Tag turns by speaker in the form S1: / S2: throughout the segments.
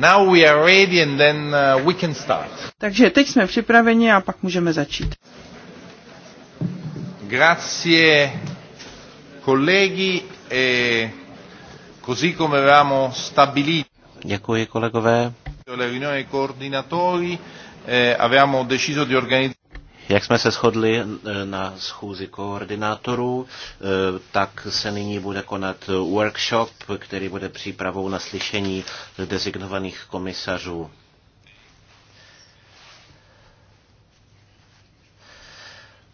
S1: Now we are ready and then uh, we can start.
S2: Takže teď jsme připraveni a pak můžeme začít.
S1: Grazie colleghi e così come avevamo stabilito. Děkuji kolegové. Le riunioni coordinatori eh, avevamo deciso di organizzare jak jsme se shodli eh, na schůzi koordinátorů, eh, tak se nyní bude konat workshop, který bude přípravou na slyšení designovaných komisařů.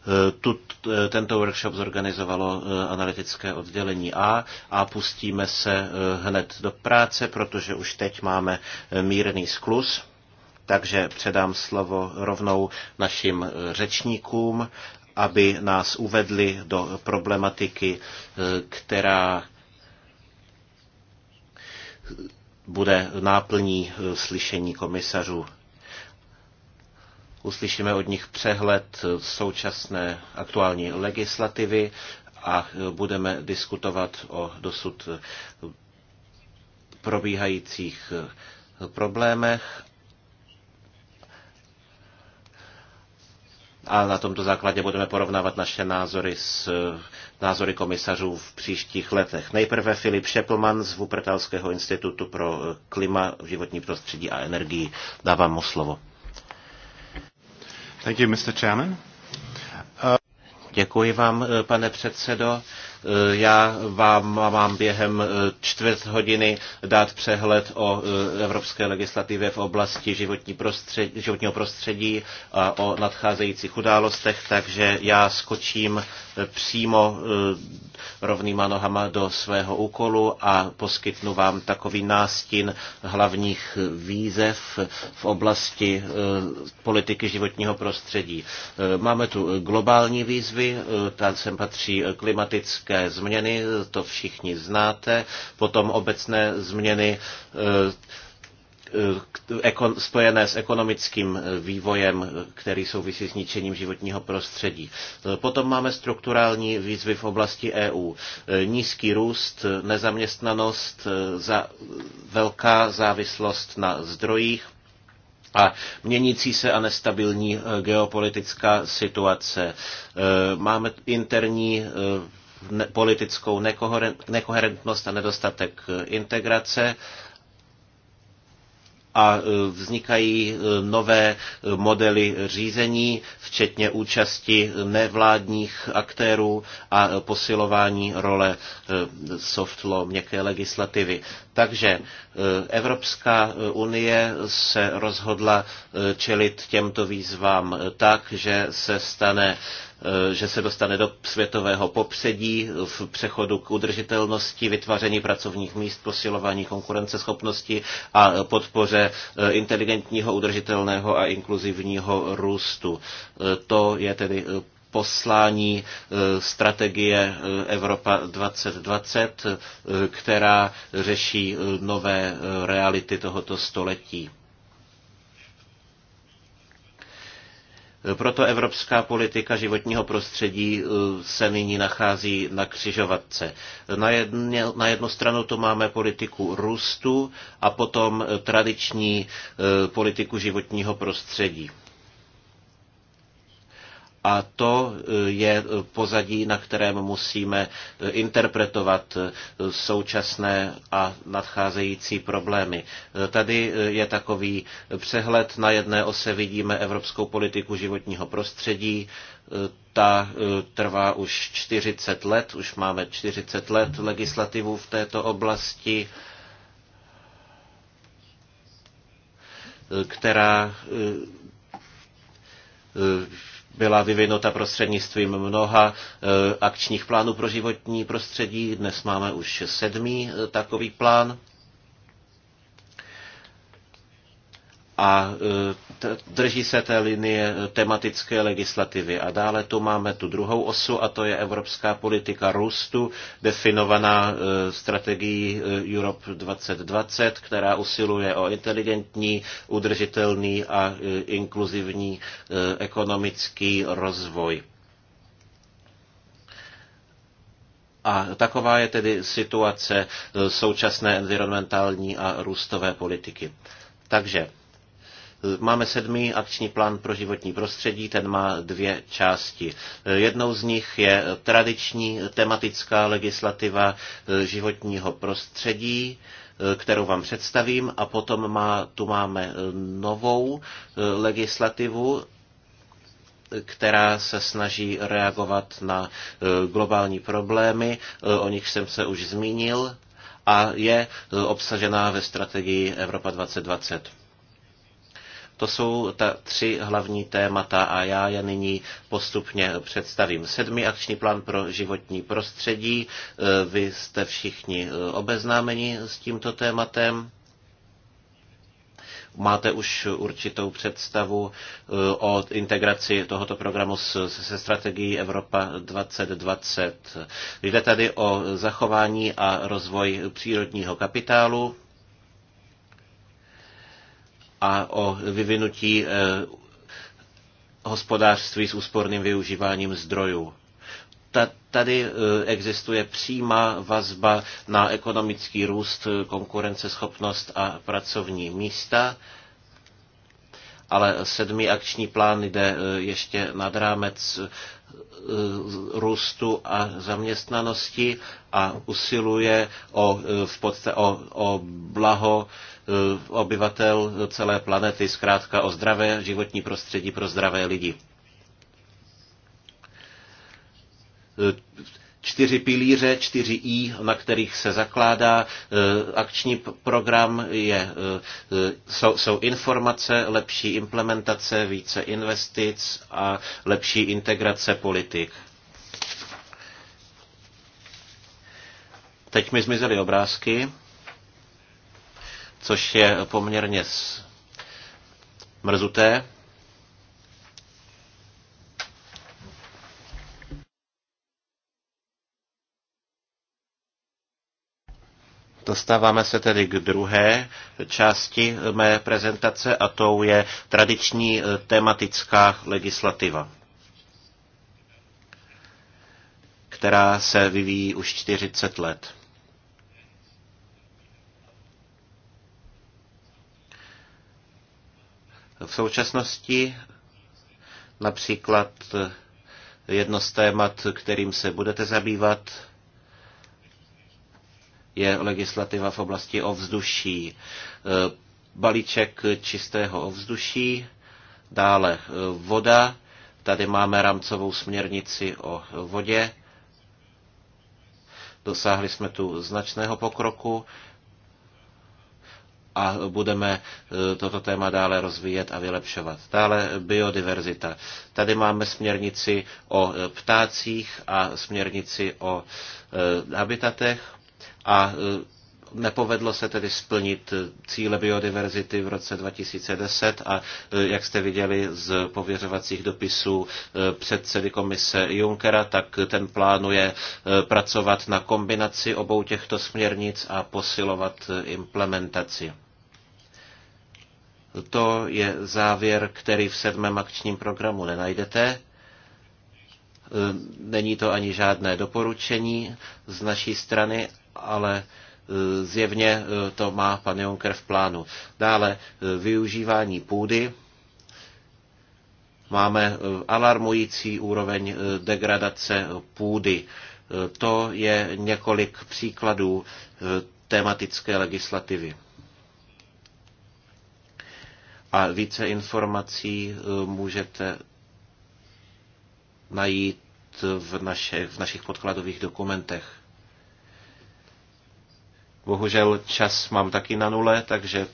S1: Eh, Tut, tento workshop zorganizovalo analytické oddělení A a pustíme se hned do práce, protože už teď máme mírný sklus takže předám slovo rovnou našim eh, řečníkům, aby nás uvedli do problematiky, eh, která eh, bude náplní slyšení komisařů. Uslyšíme od nich přehled současné aktuální legislativy a budeme diskutovat o dosud probíhajících problémech a na tomto základě budeme porovnávat naše názory s názory komisařů v příštích letech. Nejprve Filip Šeplman z Vupertalského institutu pro klima, životní prostředí a energii. Dávám mu slovo. Thank you, Mr. Chairman. Uh... Děkuji vám, pane předsedo. Eh, já vám mám během eh, čtvrt hodiny dát přehled o eh, evropské legislativě v oblasti životní prostředí, životního prostředí a o nadcházejících událostech, takže já skočím přímo rovnýma nohama do svého úkolu a poskytnu vám takový nástin hlavních výzev v oblasti politiky životního prostředí. Máme tu globální výzvy, tam sem patří klimatické klimatické změny, to všichni znáte, potom obecné změny eh, eh, spojené s ekonomickým eh, vývojem, který souvisí s ničením životního prostředí. Potom máme strukturální výzvy v oblasti EU. Nízký růst, nezaměstnanost, za, velká závislost na zdrojích, a měnící se a nestabilní geopolitická situace. Máme interní politickou nekoherentnost a nedostatek eh, integrace a eh, vznikají eh, nové modely řízení, včetně účasti nevládních aktérů a posilování role soft law, měkké legislativy. Takže Evropská unie se rozhodla čelit těmto výzvám tak, že se stane Eh, že se dostane do světového popředí v přechodu k udržitelnosti, vytváření pracovních míst, posilování konkurenceschopnosti a podpoře eh, inteligentního, udržitelného a inkluzivního růstu. Eh, to je tedy poslání strategie Evropa 2020, která řeší nové reality tohoto století. Proto evropská politika životního prostředí e, se nyní nachází na křižovatce. Na, jedně, na jednu stranu tu máme politiku růstu a potom tradiční e, politiku životního prostředí. A to eh, je eh, pozadí, na kterém musíme eh, interpretovat současné a nadcházející problémy. Tady je takový přehled. Na jedné ose vidíme evropskou politiku životního prostředí, ta trvá už 40 let, už máme 40 let legislativu v této oblasti, která byla vyvinuta prostřednictvím mnoha eh, akčních plánů pro životní prostředí. Dnes máme už sedmý eh, takový plán. a e, drží se té linie e, tematické legislativy. A dále tu máme tu druhou osu a to je evropská politika růstu, definovaná e, strategií Europe 2020, která usiluje o inteligentní, udržitelný a inkluzivní ekonomický rozvoj. A taková je tedy situace současné environmentální a růstové politiky. Takže Máme sedmý akční plán pro životní prostředí, ten má dvě části. Jednou z nich je tradiční tematická legislativa e, životního prostředí, e, kterou vám představím, a potom má, tu máme e, novou legislativu, která se snaží reagovat na globální problémy, o nich jsem se už zmínil, a je obsažená ve strategii Evropa 2020. To jsou ta tři hlavní témata a já je nyní postupně představím. Sedmý akční plán pro životní prostředí. E, vy jste všichni e, obeznámeni s tímto tématem máte už určitou představu e, o integraci tohoto programu se strategií Evropa 2020. Jde tady o zachování a rozvoj přírodního kapitálu a o vyvinutí eh, hospodářství s úsporným využíváním zdrojů. Tady eh, existuje přímá vazba na ekonomický růst, eh, konkurenceschopnost a pracovní místa ale sedmý akční plán jde e, ještě nad rámec e, růstu a zaměstnanosti a usiluje o, e, v podstatě, o, o blaho obyvatel celé planety, zkrátka o zdravé životní prostředí pro zdravé lidi čtyři pilíře, čtyři I, na kterých se zakládá. E, akční program je, e, jsou, jsou informace, lepší implementace, více investic a lepší integrace politik. Teď mi zmizely obrázky, což je poměrně mrzuté. Dostáváme se tedy k druhé části mé prezentace a tou je tradiční eh, tematická legislativa, která se vyvíjí už 40 let. V současnosti například eh, jedno z témat, kterým se budete zabývat, je legislativa v oblasti ovzduší. E, balíček čistého ovzduší, dále e, voda, tady máme rámcovou směrnici o vodě, dosáhli jsme tu značného pokroku a budeme e, toto téma dále rozvíjet a vylepšovat. Dále biodiverzita. Tady máme směrnici o ptácích a směrnici o habitatech a e, nepovedlo se tedy splnit e, cíle biodiverzity v roce 2010 a e, jak jste viděli z pověřovacích dopisů předsedy komise Junckera, tak ten plánuje pracovat na kombinaci obou těchto směrnic a posilovat implementaci. To je závěr, který v sedmém akčním programu nenajdete. Není to ani žádné doporučení z naší strany, ale e, zjevně e, to má pan Juncker v plánu. Dále e, využívání půdy. Máme alarmující úroveň degradace půdy. To je několik příkladů tematické legislativy. A více informací můžete najít v, naše, v našich podkladových dokumentech. Bohužel čas mám taky na nule, takže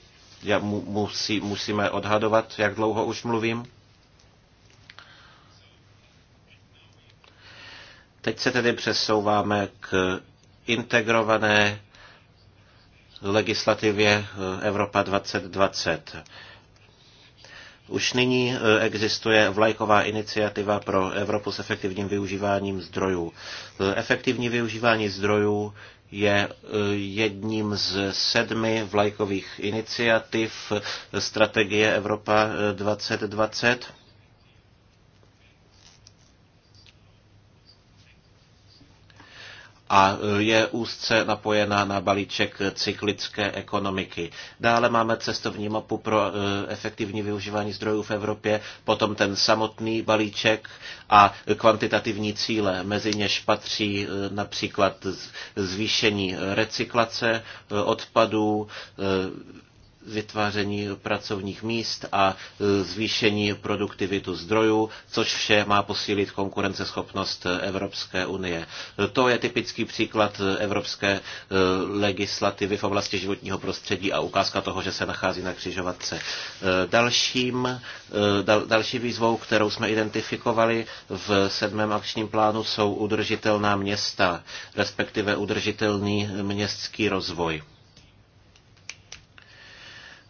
S1: já mu, musí, musíme odhadovat, jak dlouho už mluvím. Teď se tedy přesouváme k integrované legislativě eh, Evropa 2020. Už nyní eh, existuje vlajková iniciativa pro Evropu s efektivním využíváním zdrojů. Eh, efektivní využívání zdrojů je eh, jedním z sedmi vlajkových iniciativ strategie Evropa 2020 eh, a e, je úzce napojena na balíček cyklické ekonomiky. Dále máme cestovní mapu pro e, efektivní využívání zdrojů v Evropě, potom ten samotný balíček a kvantitativní cíle. Mezi něž patří e, například zvýšení recyklace odpadů, vytváření pracovních míst a e, zvýšení produktivitu zdrojů, což vše má posílit konkurenceschopnost Evropské unie. To je typický příklad evropské e, legislativy v oblasti životního prostředí a ukázka toho, že se nachází na křižovatce. E, dalším, dal, další výzvou, kterou jsme identifikovali v sedmém akčním plánu, jsou udržitelná města, respektive udržitelný městský rozvoj.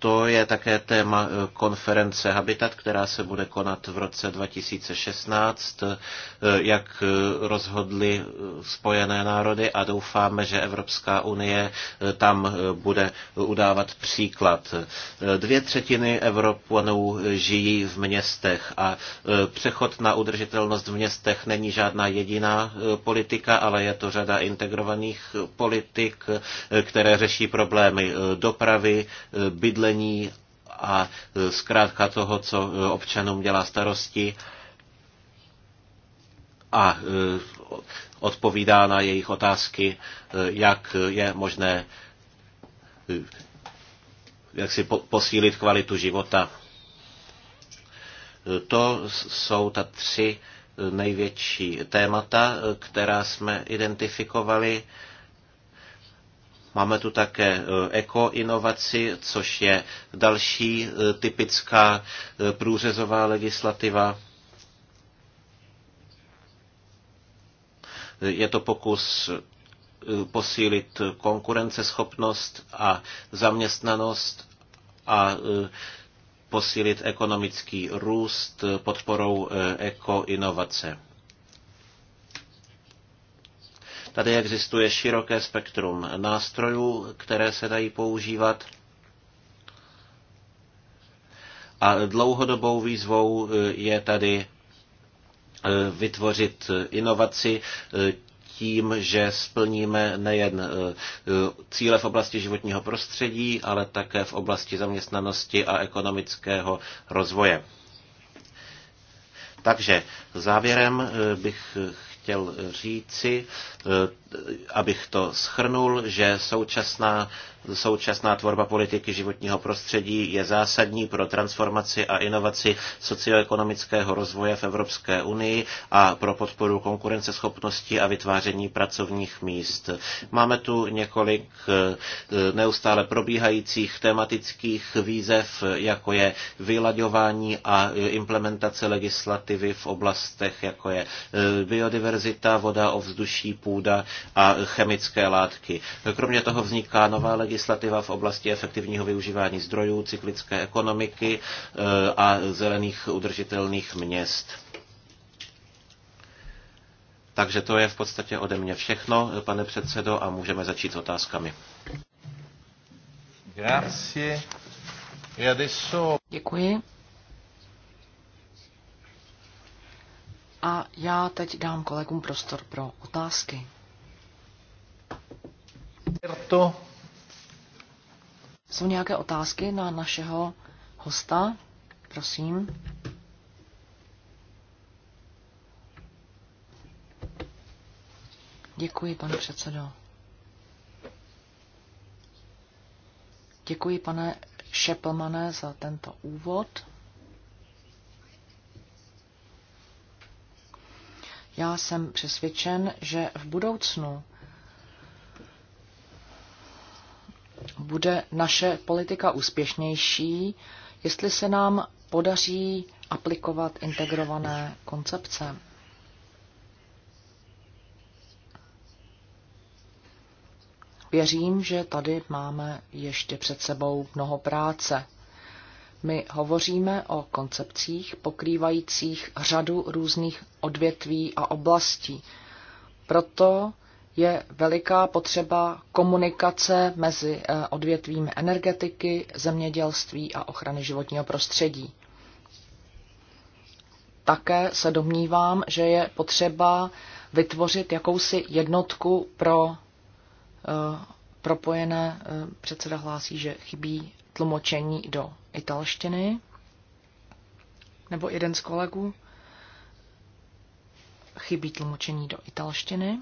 S1: To je také téma eh, konference Habitat, která se bude konat v roce 2016, eh, jak eh, rozhodly Spojené národy a doufáme, že Evropská unie tam bude udávat příklad. Dvě třetiny Evropanů žijí v městech a přechod na udržitelnost v městech není žádná jediná politika, ale je to řada integrovaných politik, které řeší problémy dopravy, bydlení, bydlení a e, zkrátka toho, co e, občanům dělá starosti a e, odpovídá na jejich otázky, jak je možné jak si posílit kvalitu života. To jsou ta tři největší témata, která jsme identifikovali Máme tu také e, ekoinovaci, což je další e, typická e, průřezová legislativa. Je to pokus posílit konkurenceschopnost a zaměstnanost a posílit ekonomický růst podporou ekoinovace. Tady existuje široké spektrum nástrojů, které se dají používat. A dlouhodobou výzvou eh, je tady eh, vytvořit eh, inovaci tím, že splníme nejen cíle v oblasti životního prostředí, ale také v oblasti zaměstnanosti a ekonomického rozvoje. Takže závěrem bych chtěl říci, eh, abych to schrnul, že současná Současná tvorba politiky životního prostředí je zásadní pro transformaci a inovaci socioekonomického rozvoje v Evropské unii a pro podporu konkurenceschopnosti a vytváření pracovních míst. Máme tu několik eh, neustále probíhajících tematických výzev, jako je vyladěvání a implementace legislativy v oblastech, jako je eh, biodiverzita, voda, ovzduší, půda a chemické látky. Kromě toho vzniká nová legislativa legislativa v oblasti efektivního využívání zdrojů, cyklické ekonomiky e, a zelených udržitelných měst. Takže to je v podstatě ode mě všechno, pane předsedo, a můžeme začít s otázkami. Grazie.
S3: E adesso... Děkuji. A já teď dám kolegům prostor pro otázky. Certo. Jsou nějaké otázky na našeho hosta? Prosím. Děkuji, pane předsedo. Děkuji, pane Šeplmane, za tento úvod. Já jsem přesvědčen, že v budoucnu bude naše politika úspěšnější, jestli se nám podaří aplikovat integrované koncepce. Věřím, že tady máme ještě před sebou mnoho práce. My hovoříme o koncepcích pokrývajících řadu různých odvětví a oblastí. Proto je veliká potřeba komunikace mezi eh, odvětvím energetiky, zemědělství a ochrany životního prostředí. Také se domnívám, že je potřeba vytvořit jakousi jednotku pro eh, propojené, eh, předseda hlásí, že chybí tlumočení do italštiny, nebo jeden z kolegů chybí tlumočení do italštiny.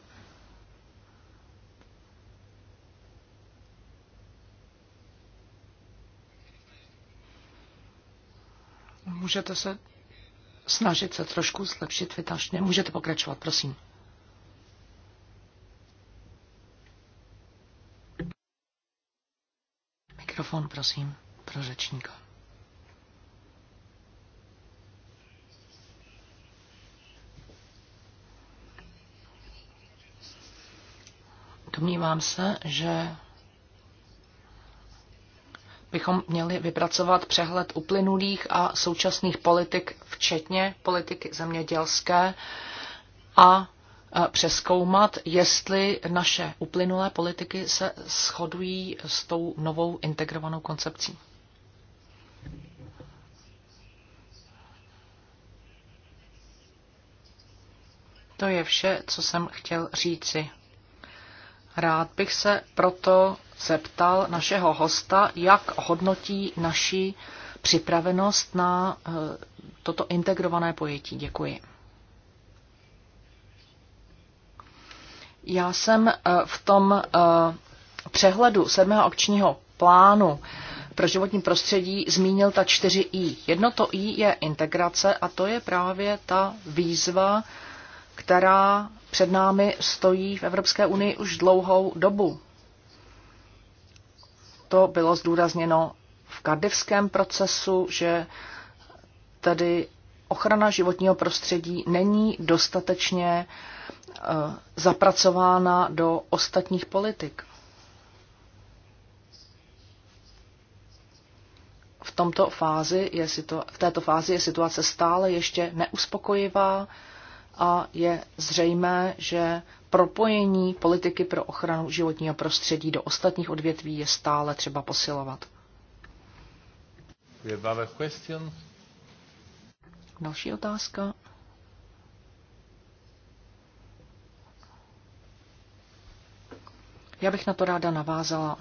S3: můžete se snažit se trošku zlepšit vytažně. Můžete pokračovat, prosím. Mikrofon, prosím, pro řečníka. Domnívám se, že bychom měli vypracovat přehled uplynulých a současných politik, včetně politiky zemědělské, a e, přeskoumat, jestli naše uplynulé politiky se shodují s tou novou integrovanou koncepcí. To je vše, co jsem chtěl říci. Rád bych se proto se ptal našeho hosta, jak hodnotí naši připravenost na eh, toto integrované pojetí. Děkuji. Já jsem eh, v tom eh, přehledu sedmého akčního plánu pro životní prostředí zmínil ta čtyři I. Jedno to I je integrace a to je právě ta výzva, která před námi stojí v Evropské unii už dlouhou dobu to bylo zdůrazněno v kardivském procesu, že tedy ochrana životního prostředí není dostatečně eh, zapracována do ostatních politik. V, tomto fázi je situa- v této fázi je situace stále ještě neuspokojivá a je zřejmé, že propojení politiky pro ochranu životního prostředí do ostatních odvětví je stále třeba posilovat. Další otázka. Já bych na to ráda navázala.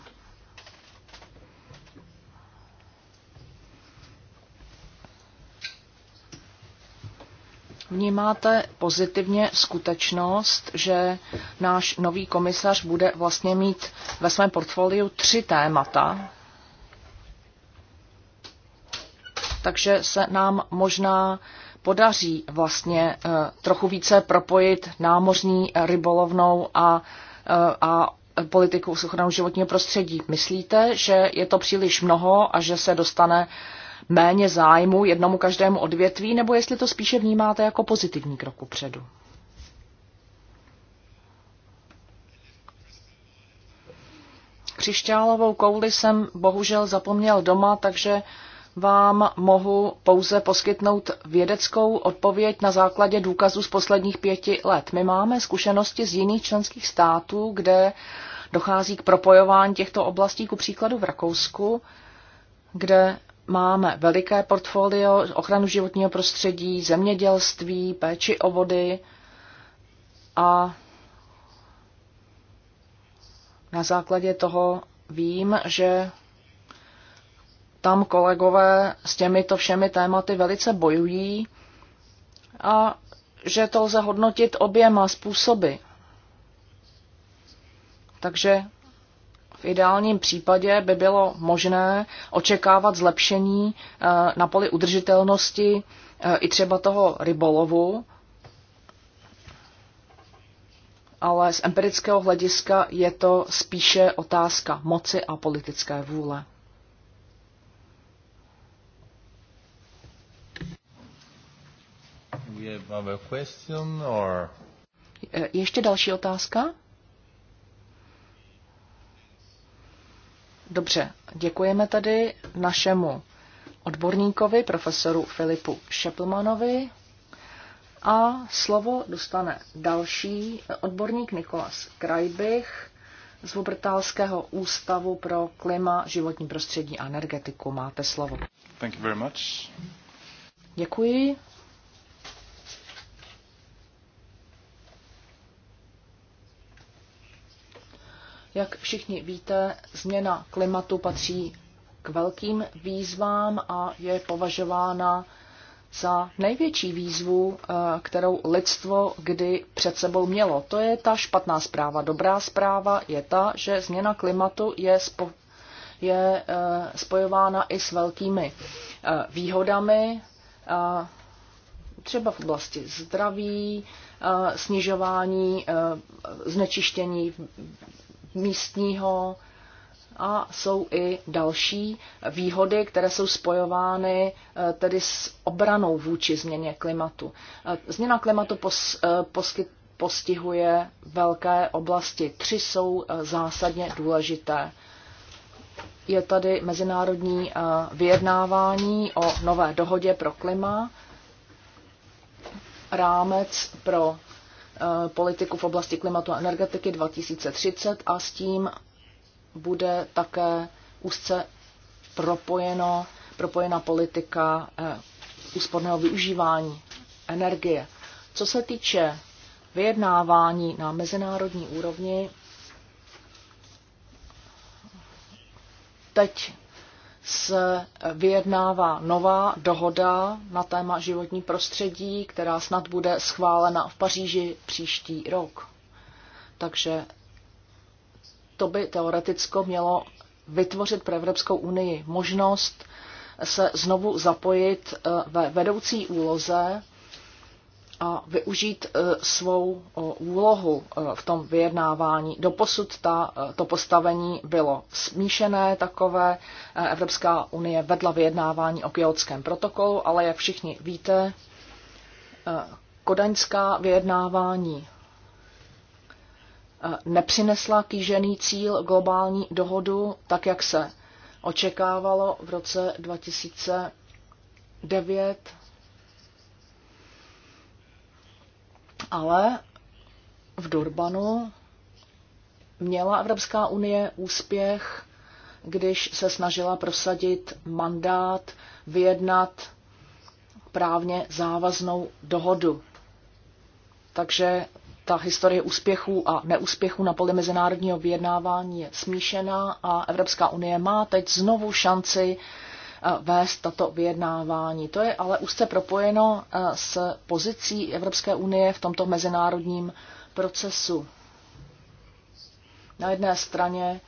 S3: Vnímáte pozitivně skutečnost, že náš nový komisař bude vlastně mít ve svém portfoliu tři témata, takže se nám možná podaří vlastně eh, trochu více propojit námořní eh, rybolovnou a, eh, a politiku s ochranou životního prostředí. Myslíte, že je to příliš mnoho a že se dostane méně zájmu jednomu každému odvětví, nebo jestli to spíše vnímáte jako pozitivní krok upředu. Křišťálovou kouli jsem bohužel zapomněl doma, takže vám mohu pouze poskytnout vědeckou odpověď na základě důkazů z posledních pěti let. My máme zkušenosti z jiných členských států, kde dochází k propojování těchto oblastí, ku příkladu v Rakousku, kde máme veliké portfolio, ochranu životního prostředí, zemědělství, péči o vody a na základě toho vím, že tam kolegové s těmito všemi tématy velice bojují a že to lze hodnotit oběma způsoby. Takže v ideálním případě by bylo možné očekávat zlepšení eh, na poli udržitelnosti eh, i třeba toho rybolovu, ale z empirického hlediska je to spíše otázka moci a politické vůle. Eh, ještě další otázka? Dobře, děkujeme tady našemu odborníkovi, profesoru Filipu Šeplmanovi. A slovo dostane další odborník Nikolas Krajbich z Vobrtálského ústavu pro klima, životní prostředí a energetiku. Máte slovo. Thank you very much. Děkuji. Jak všichni víte, změna klimatu patří k velkým výzvám a je považována za největší výzvu, eh, kterou lidstvo kdy před sebou mělo. To je ta špatná zpráva. Dobrá zpráva je ta, že změna klimatu je, spo, je eh, spojována i s velkými eh, výhodami, třeba v oblasti zdraví, snižování znečištění místního a jsou i další výhody, které jsou spojovány eh, tedy s obranou vůči změně klimatu. Eh, změna klimatu pos, eh, poskyt, postihuje velké oblasti. Tři jsou zásadně důležité. Je tady mezinárodní vyjednávání o nové dohodě pro klima, rámec pro Eh, politiku v oblasti klimatu a energetiky 2030 a s tím bude také úzce propojeno, propojena politika eh, úsporného využívání energie. Co se týče vyjednávání na mezinárodní úrovni, teď se vyjednává nová dohoda na téma životní prostředí, která snad bude schválena v Paříži příští rok. Takže to by teoreticko mělo vytvořit pro Evropskou unii možnost se znovu zapojit eh, ve vedoucí úloze a využít e, svou e, úlohu e, v tom vyjednávání. Doposud ta, to postavení bylo smíšené takové. Evropská unie vedla vyjednávání o kyotském protokolu, ale jak všichni víte, kodaňská vyjednávání nepřinesla kýžený cíl globální dohodu, tak jak se očekávalo v roce 2009 ale v Durbanu měla Evropská unie úspěch, když se snažila prosadit mandát, vyjednat právně závaznou dohodu. Takže ta historie úspěchů a neúspěchů na poli mezinárodního vyjednávání je smíšená a Evropská unie má teď znovu šanci vést tato vyjednávání. To je ale už se propojeno s pozicí Evropské unie v tomto mezinárodním procesu. Na jedné straně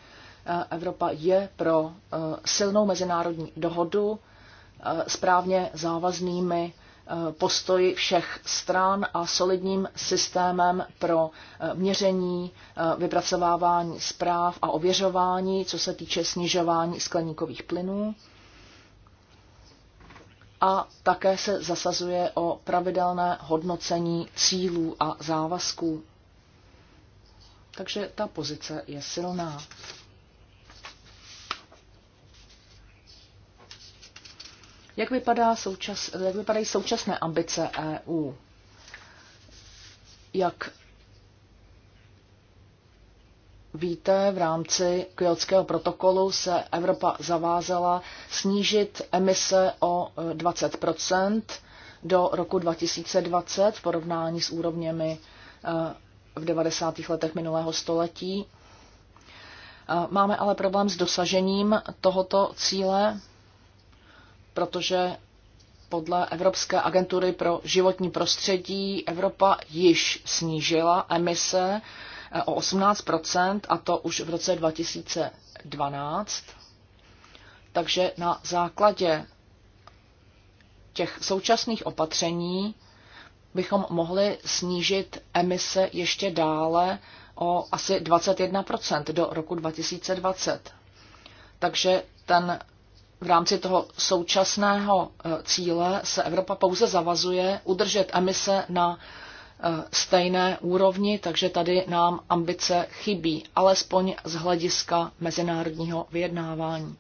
S3: Evropa je pro silnou mezinárodní dohodu správně závaznými postoji všech stran a solidním systémem pro měření, vypracovávání zpráv a ověřování, co se týče snižování skleníkových plynů a také se zasazuje o pravidelné hodnocení cílů a závazků. Takže ta pozice je silná. Jak, vypadá součas, jak vypadají současné ambice EU? Jak víte, v rámci Kyotského protokolu se Evropa zavázala snížit emise o 20 e, do roku 2020 v porovnání s úrovněmi e, v 90. letech minulého století. E, máme ale problém s dosažením tohoto cíle, protože podle Evropské agentury pro životní prostředí Evropa již snížila emise o 18 a to už v roce 2012. Takže na základě těch současných opatření bychom mohli snížit emise ještě dále o asi 21 do roku 2020. Takže ten v rámci toho současného e, cíle se Evropa pouze zavazuje udržet emise na Eh, stejné úrovni, takže tady nám ambice chybí, alespoň z hlediska mezinárodního vyjednávání.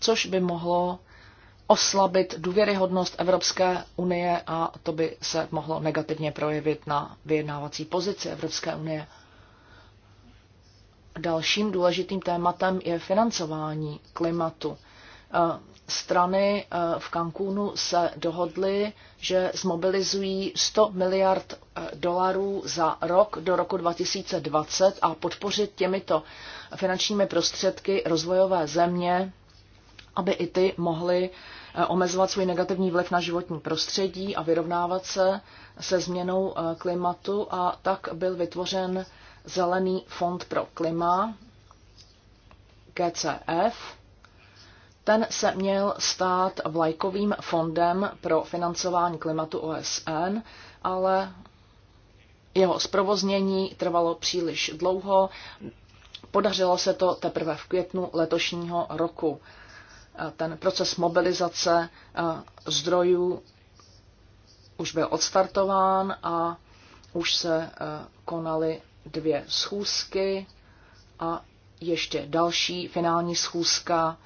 S3: Což by mohlo oslabit důvěryhodnost Evropské unie a to by se mohlo negativně projevit na vyjednávací pozici Evropské unie. Dalším důležitým tématem je financování klimatu. Eh, strany eh, v Cancúnu se dohodly, že zmobilizují 100 miliard eh, dolarů za rok do roku 2020 a podpořit těmito finančními prostředky rozvojové země, aby i ty mohly omezovat svůj negativní vliv na životní prostředí a vyrovnávat se se změnou klimatu a tak byl vytvořen Zelený fond pro klima, GCF, ten se měl stát vlajkovým fondem pro financování klimatu OSN, ale jeho zprovoznění trvalo příliš dlouho. Podařilo se to teprve v květnu letošního roku. Ten proces mobilizace zdrojů už byl odstartován a už se konaly dvě schůzky a ještě další finální schůzka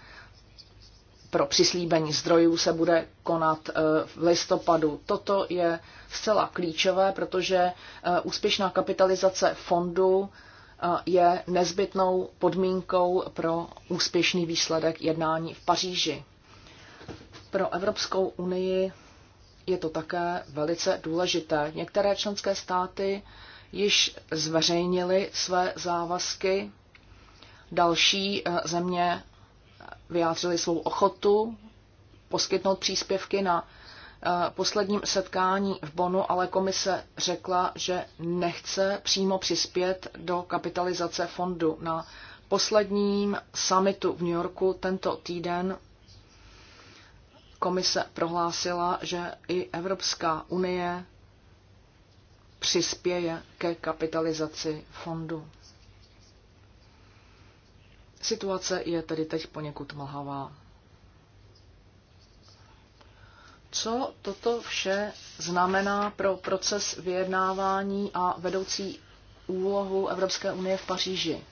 S3: pro přislíbení zdrojů se bude konat eh, v listopadu. Toto je zcela klíčové, protože eh, úspěšná kapitalizace fondu eh, je nezbytnou podmínkou pro úspěšný výsledek jednání v Paříži. Pro Evropskou unii je to také velice důležité. Některé členské státy již zveřejnily své závazky, další země vyjádřili svou ochotu poskytnout příspěvky na eh, posledním setkání v Bonu, ale komise řekla, že nechce přímo přispět do kapitalizace fondu. Na posledním summitu v New Yorku tento týden komise prohlásila, že i Evropská unie přispěje ke kapitalizaci fondu. Situace je tedy teď poněkud mlhavá. Co toto vše znamená pro proces vyjednávání a vedoucí úlohu Evropské unie v Paříži?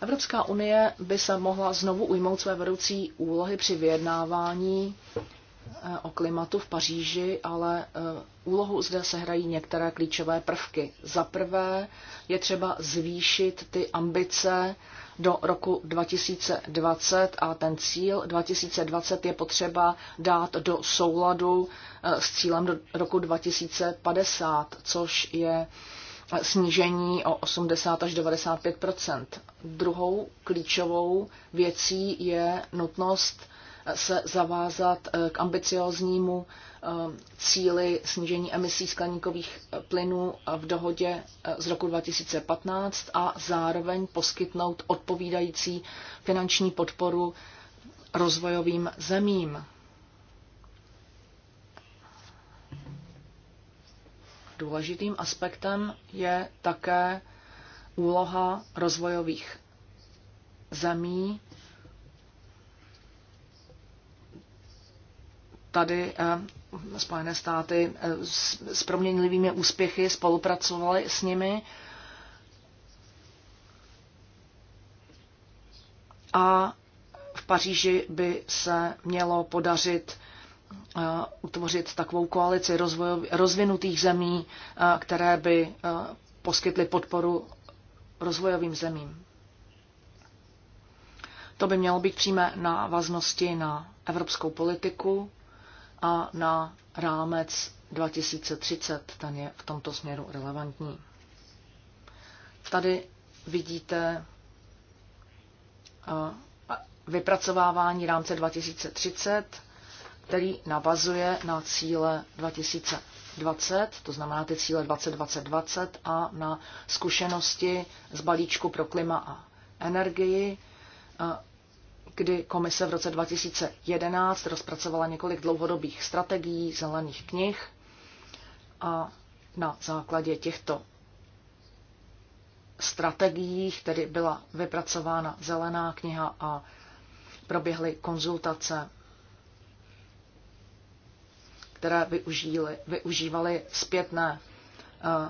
S3: Evropská unie by se mohla znovu ujmout své vedoucí úlohy při vyjednávání eh, o klimatu v Paříži, ale eh, úlohu zde hrají některé klíčové prvky. Za prvé je třeba zvýšit ty ambice do roku 2020 a ten cíl 2020 je potřeba dát do souladu eh, s cílem do roku 2050, což je eh, snížení o 80 až 95 Druhou klíčovou věcí je nutnost eh, se zavázat k ambicioznímu Eh, cíly snížení emisí skleníkových eh, plynů eh, v dohodě z roku 2015 a zároveň poskytnout odpovídající finanční podporu rozvojovým zemím. Důležitým aspektem je také úloha rozvojových zemí. Tady Spojené státy eh, s proměnlivými úspěchy spolupracovali s nimi. A v Paříži by se mělo podařit eh, utvořit takovou koalici rozvinutých zemí, eh, které by poskytly podporu rozvojovým zemím. To by mělo být přímé návaznosti na evropskou politiku a na rámec 2030, ten je v tomto směru relevantní. Tady vidíte eh, vypracovávání rámce 2030, který navazuje na cíle 2020, to znamená ty cíle 2020 a na zkušenosti z balíčku pro klima a energii, eh, kdy komise v roce 2011 rozpracovala několik dlouhodobých strategií, zelených knih a na základě těchto strategiích, tedy byla vypracována zelená kniha a proběhly konzultace, které využívaly, využívaly zpětné eh,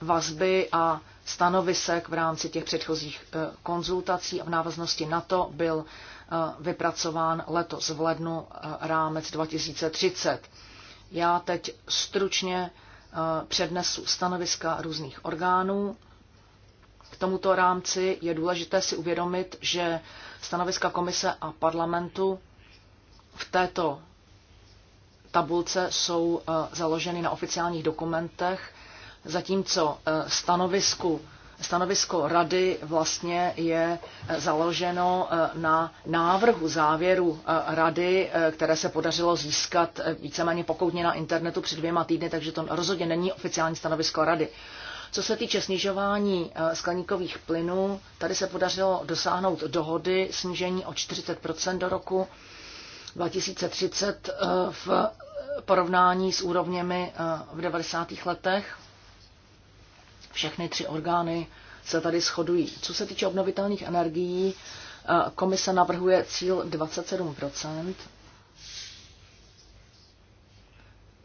S3: vazby a stanovisek v rámci těch předchozích eh, konzultací a v návaznosti na to byl eh, vypracován letos v lednu eh, rámec 2030. Já teď stručně přednesu stanoviska různých orgánů. K tomuto rámci je důležité si uvědomit, že stanoviska komise a parlamentu v této tabulce jsou založeny na oficiálních dokumentech zatímco eh, stanovisku, stanovisko rady vlastně je eh, založeno eh, na návrhu závěru rady, které se podařilo získat víceméně pokoutně na internetu před dvěma týdny, takže to rozhodně není oficiální stanovisko rady. Co se týče snižování skleníkových plynů, tady se podařilo dosáhnout dohody snížení o 40 do roku 2030 v porovnání s úrovněmi v 90. letech. Všechny tři orgány se tady shodují. Co se týče obnovitelných energií, eh, komise navrhuje cíl 27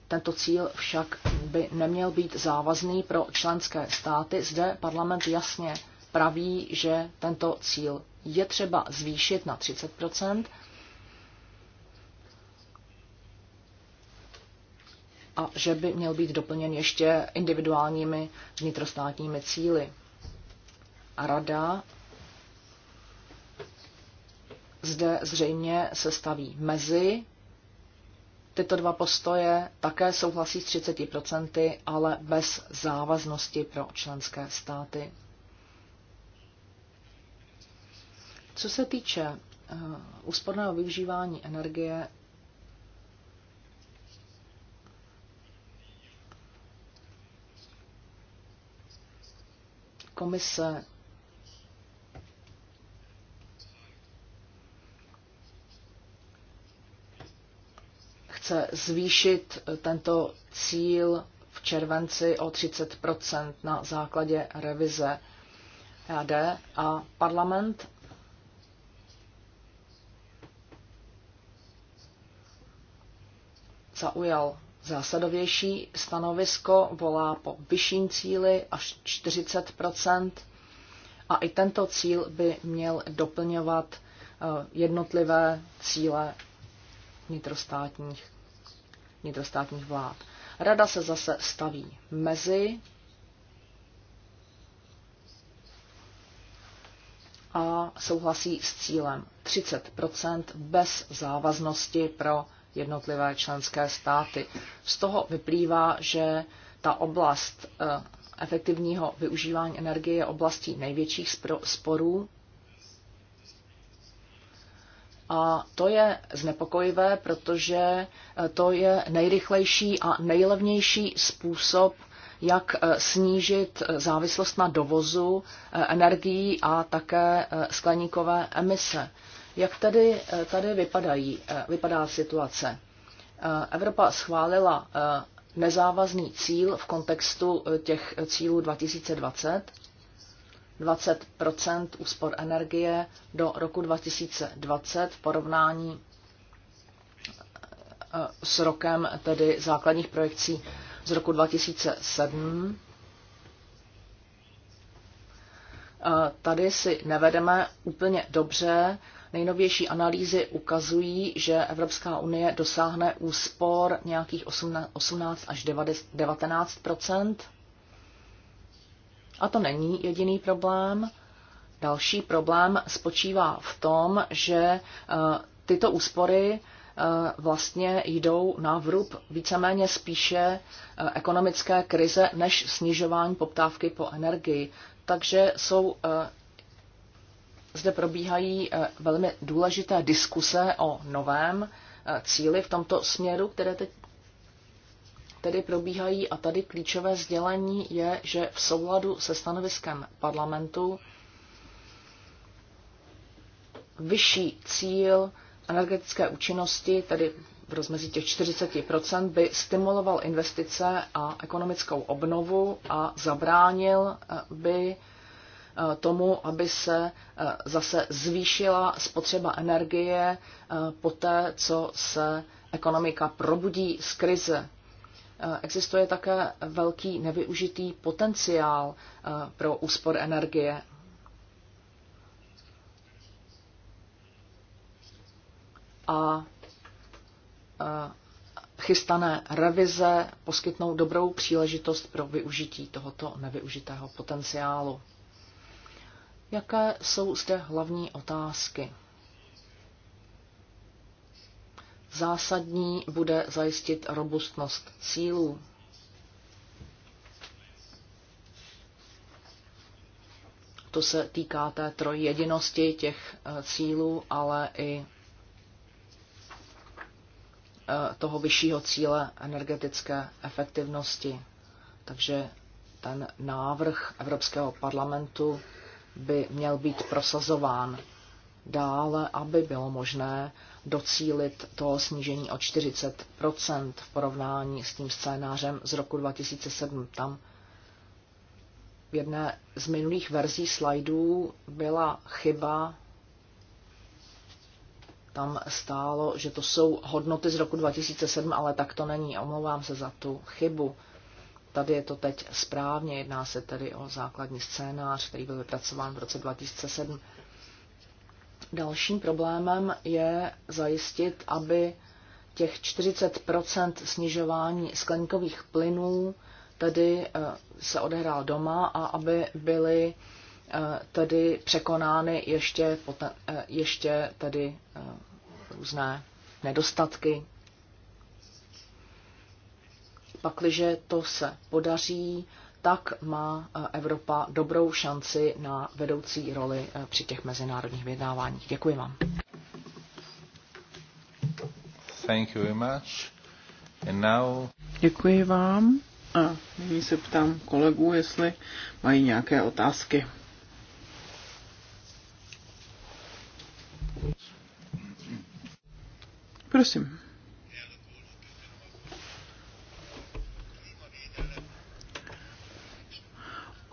S3: Tento cíl však by neměl být závazný pro členské státy. Zde parlament jasně praví, že tento cíl je třeba zvýšit na 30 a že by měl být doplněn ještě individuálními vnitrostátními cíly. A rada zde zřejmě se staví mezi tyto dva postoje, také souhlasí s 30%, ale bez závaznosti pro členské státy. Co se týče eh, úsporného využívání energie, komise chce zvýšit tento cíl v červenci o 30 na základě revize AD a parlament zaujal Zásadovější stanovisko volá po vyšším cíli až 40 a i tento cíl by měl doplňovat eh, jednotlivé cíle vnitrostátních, vnitrostátních vlád. Rada se zase staví mezi a souhlasí s cílem 30 bez závaznosti pro jednotlivé členské státy. Z toho vyplývá, že ta oblast eh, efektivního využívání energie je oblastí největších sporů. A to je znepokojivé, protože eh, to je nejrychlejší a nejlevnější způsob, jak eh, snížit závislost na dovozu energií a také skleníkové emise. Jak tady, eh, tady vypadají, eh, vypadá situace? Eh, Evropa schválila nezávazný cíl v kontextu těch cílů 2020, 20 úspor energie do roku 2020 v porovnání s rokem tedy základních projekcí z roku 2007. Tady si nevedeme úplně dobře Nejnovější analýzy ukazují, že Evropská unie dosáhne úspor nějakých 18 až 19 A to není jediný problém. Další problém spočívá v tom, že eh, tyto úspory eh, vlastně jdou na vrub víceméně spíše eh, ekonomické krize než snižování poptávky po energii. Takže jsou zde probíhají eh, velmi důležité diskuse o novém eh, cíli v tomto směru, které teď tedy probíhají a tady klíčové sdělení je, že v souladu se stanoviskem parlamentu vyšší cíl energetické účinnosti, tedy v rozmezí těch 40%, by stimuloval investice a ekonomickou obnovu a zabránil eh, by Eh, tomu, aby se eh, zase zvýšila spotřeba energie eh, poté, co se ekonomika probudí z krize. Existuje také velký nevyužitý potenciál pro úspor energie. A chystané revize poskytnou dobrou příležitost pro využití tohoto nevyužitého potenciálu. Jaké jsou zde hlavní otázky? Zásadní bude zajistit robustnost cílů. To se týká té trojjedinosti těch eh, cílů, ale i eh, toho vyššího cíle energetické efektivnosti. Takže ten návrh Evropského parlamentu by měl být prosazován dále, aby bylo možné docílit toho snížení o 40 v porovnání s tím scénářem z roku 2007. Tam v jedné z minulých verzí slajdů byla chyba, tam stálo, že to jsou hodnoty z roku 2007, ale tak to není. Omlouvám se za tu chybu. Tady je to teď správně, jedná se tedy o základní scénář, který byl vypracován v roce 2007. Dalším problémem je zajistit, aby těch 40 snižování skleníkových plynů tedy eh, se odehrál doma a aby byly eh, tedy překonány ještě, eh, ještě tedy různé nedostatky Pakliže to se podaří, tak má e, Evropa dobrou šanci na vedoucí roli e, při těch mezinárodních vyjednáváních. Děkuji vám. Thank you very much. And now... Děkuji vám. A nyní se
S2: ptám kolegů, jestli mají nějaké otázky. Prosím.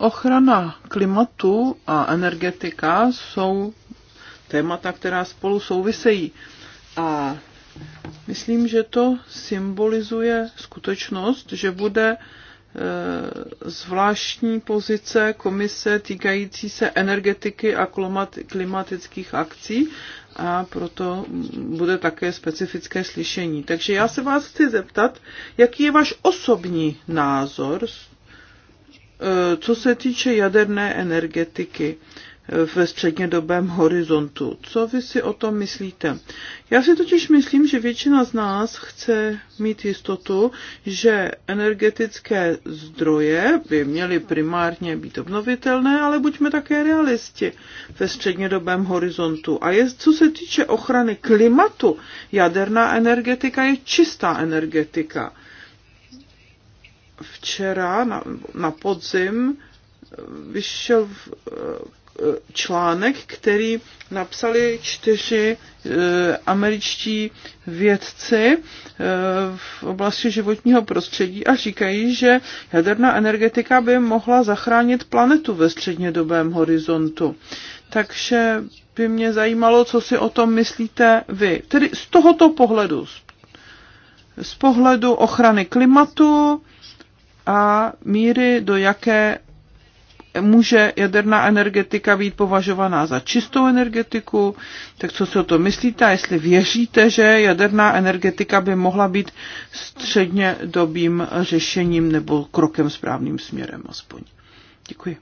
S2: Ochrana klimatu a energetika jsou témata, která spolu souvisejí. A myslím, že to symbolizuje skutečnost, že bude e, zvláštní pozice komise týkající se energetiky a klimatických akcí a proto bude také specifické slyšení. Takže já se vás chci zeptat, jaký je váš osobní názor z Eh, co se týče jaderné energetiky eh, ve střednědobém horizontu. Co vy si o tom myslíte? Já si totiž myslím, že většina z nás chce mít jistotu, že energetické zdroje by měly primárně být obnovitelné, ale buďme také realisti ve střednědobém horizontu. A je, co se týče ochrany klimatu, jaderná energetika je čistá energetika včera na, na podzim vyšel eh, článek, který napsali čtyři eh, američtí vědci eh, v oblasti životního prostředí a říkají, že jaderná energetika by mohla zachránit planetu ve střednědobém horizontu. Takže by mě zajímalo, co si o tom myslíte vy. Tedy z tohoto pohledu, z pohledu ochrany klimatu, a míry, do jaké může jaderná energetika být považovaná za čistou energetiku, tak co si o to myslíte, jestli věříte, že jaderná energetika by mohla být středně dobým řešením nebo krokem správným směrem aspoň. Děkuji.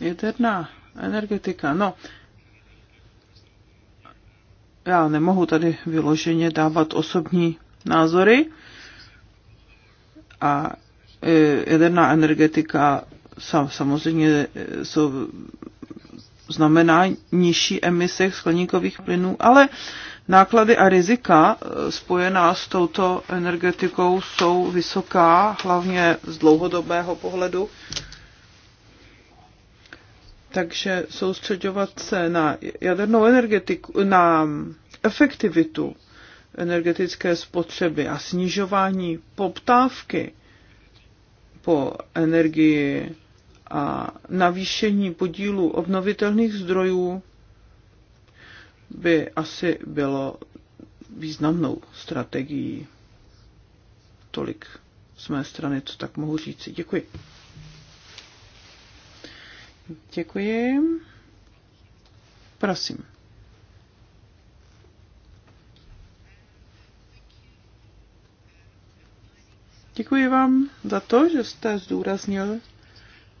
S2: Jaderná energetika. No, já nemohu tady vyloženě dávat osobní názory a e, jaderná energetika sam, samozřejmě e, jsou, znamená nižší emise skleníkových plynů, ale náklady a rizika e, spojená s touto energetikou jsou vysoká, hlavně z dlouhodobého pohledu. Takže soustředovat se na jadernou energetiku, na efektivitu energetické spotřeby a snižování poptávky po energii a navýšení podílu obnovitelných zdrojů by asi bylo významnou strategií. Tolik z mé strany, co tak mohu říci. Děkuji. Děkuji. Prosím. Děkuji vám za to, že jste zdůraznil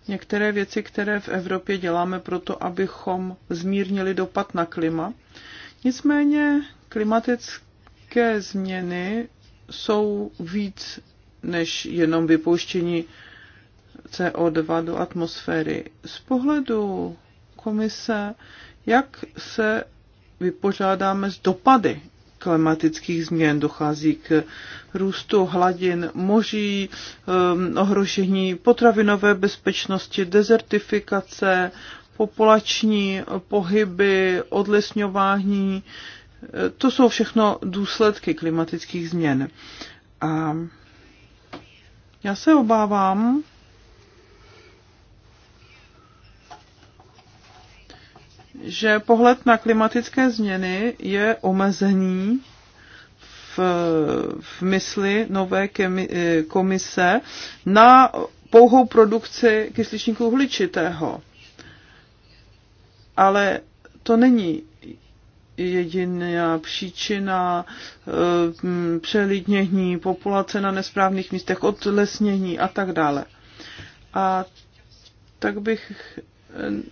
S2: některé věci, které v Evropě děláme proto, abychom zmírnili dopad na klima. Nicméně klimatické změny jsou víc než jenom vypouštění CO2 do atmosféry. Z pohledu komise, jak se vypořádáme s dopady klimatických změn, dochází k růstu hladin moří, um, ohrožení potravinové bezpečnosti, dezertifikace, populační pohyby, odlesňování. To jsou všechno důsledky klimatických změn. A já se obávám, že pohled na klimatické změny je omezený v, v mysli nové eh, komise na pouhou produkci kysličníku uhličitého. Ale to není jediná příčina eh, přelidnění, populace na nesprávných místech, odlesnění a tak dále. A tak bych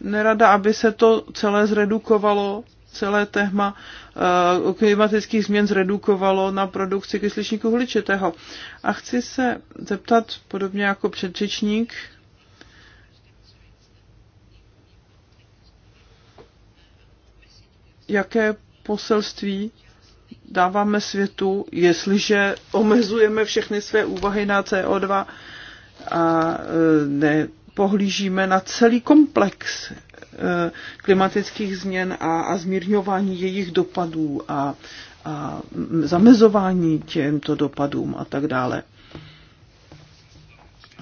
S2: nerada, aby se to celé zredukovalo, celé téma eh, klimatických změn zredukovalo na produkci kysličníku uhličitého. A chci se zeptat, podobně jako předřečník, jaké poselství dáváme světu, jestliže omezujeme všechny své úvahy na CO2 a eh, ne pohlížíme na celý komplex eh, klimatických změn a, a zmírňování jejich dopadů a, a zamezování těmto dopadům a tak dále.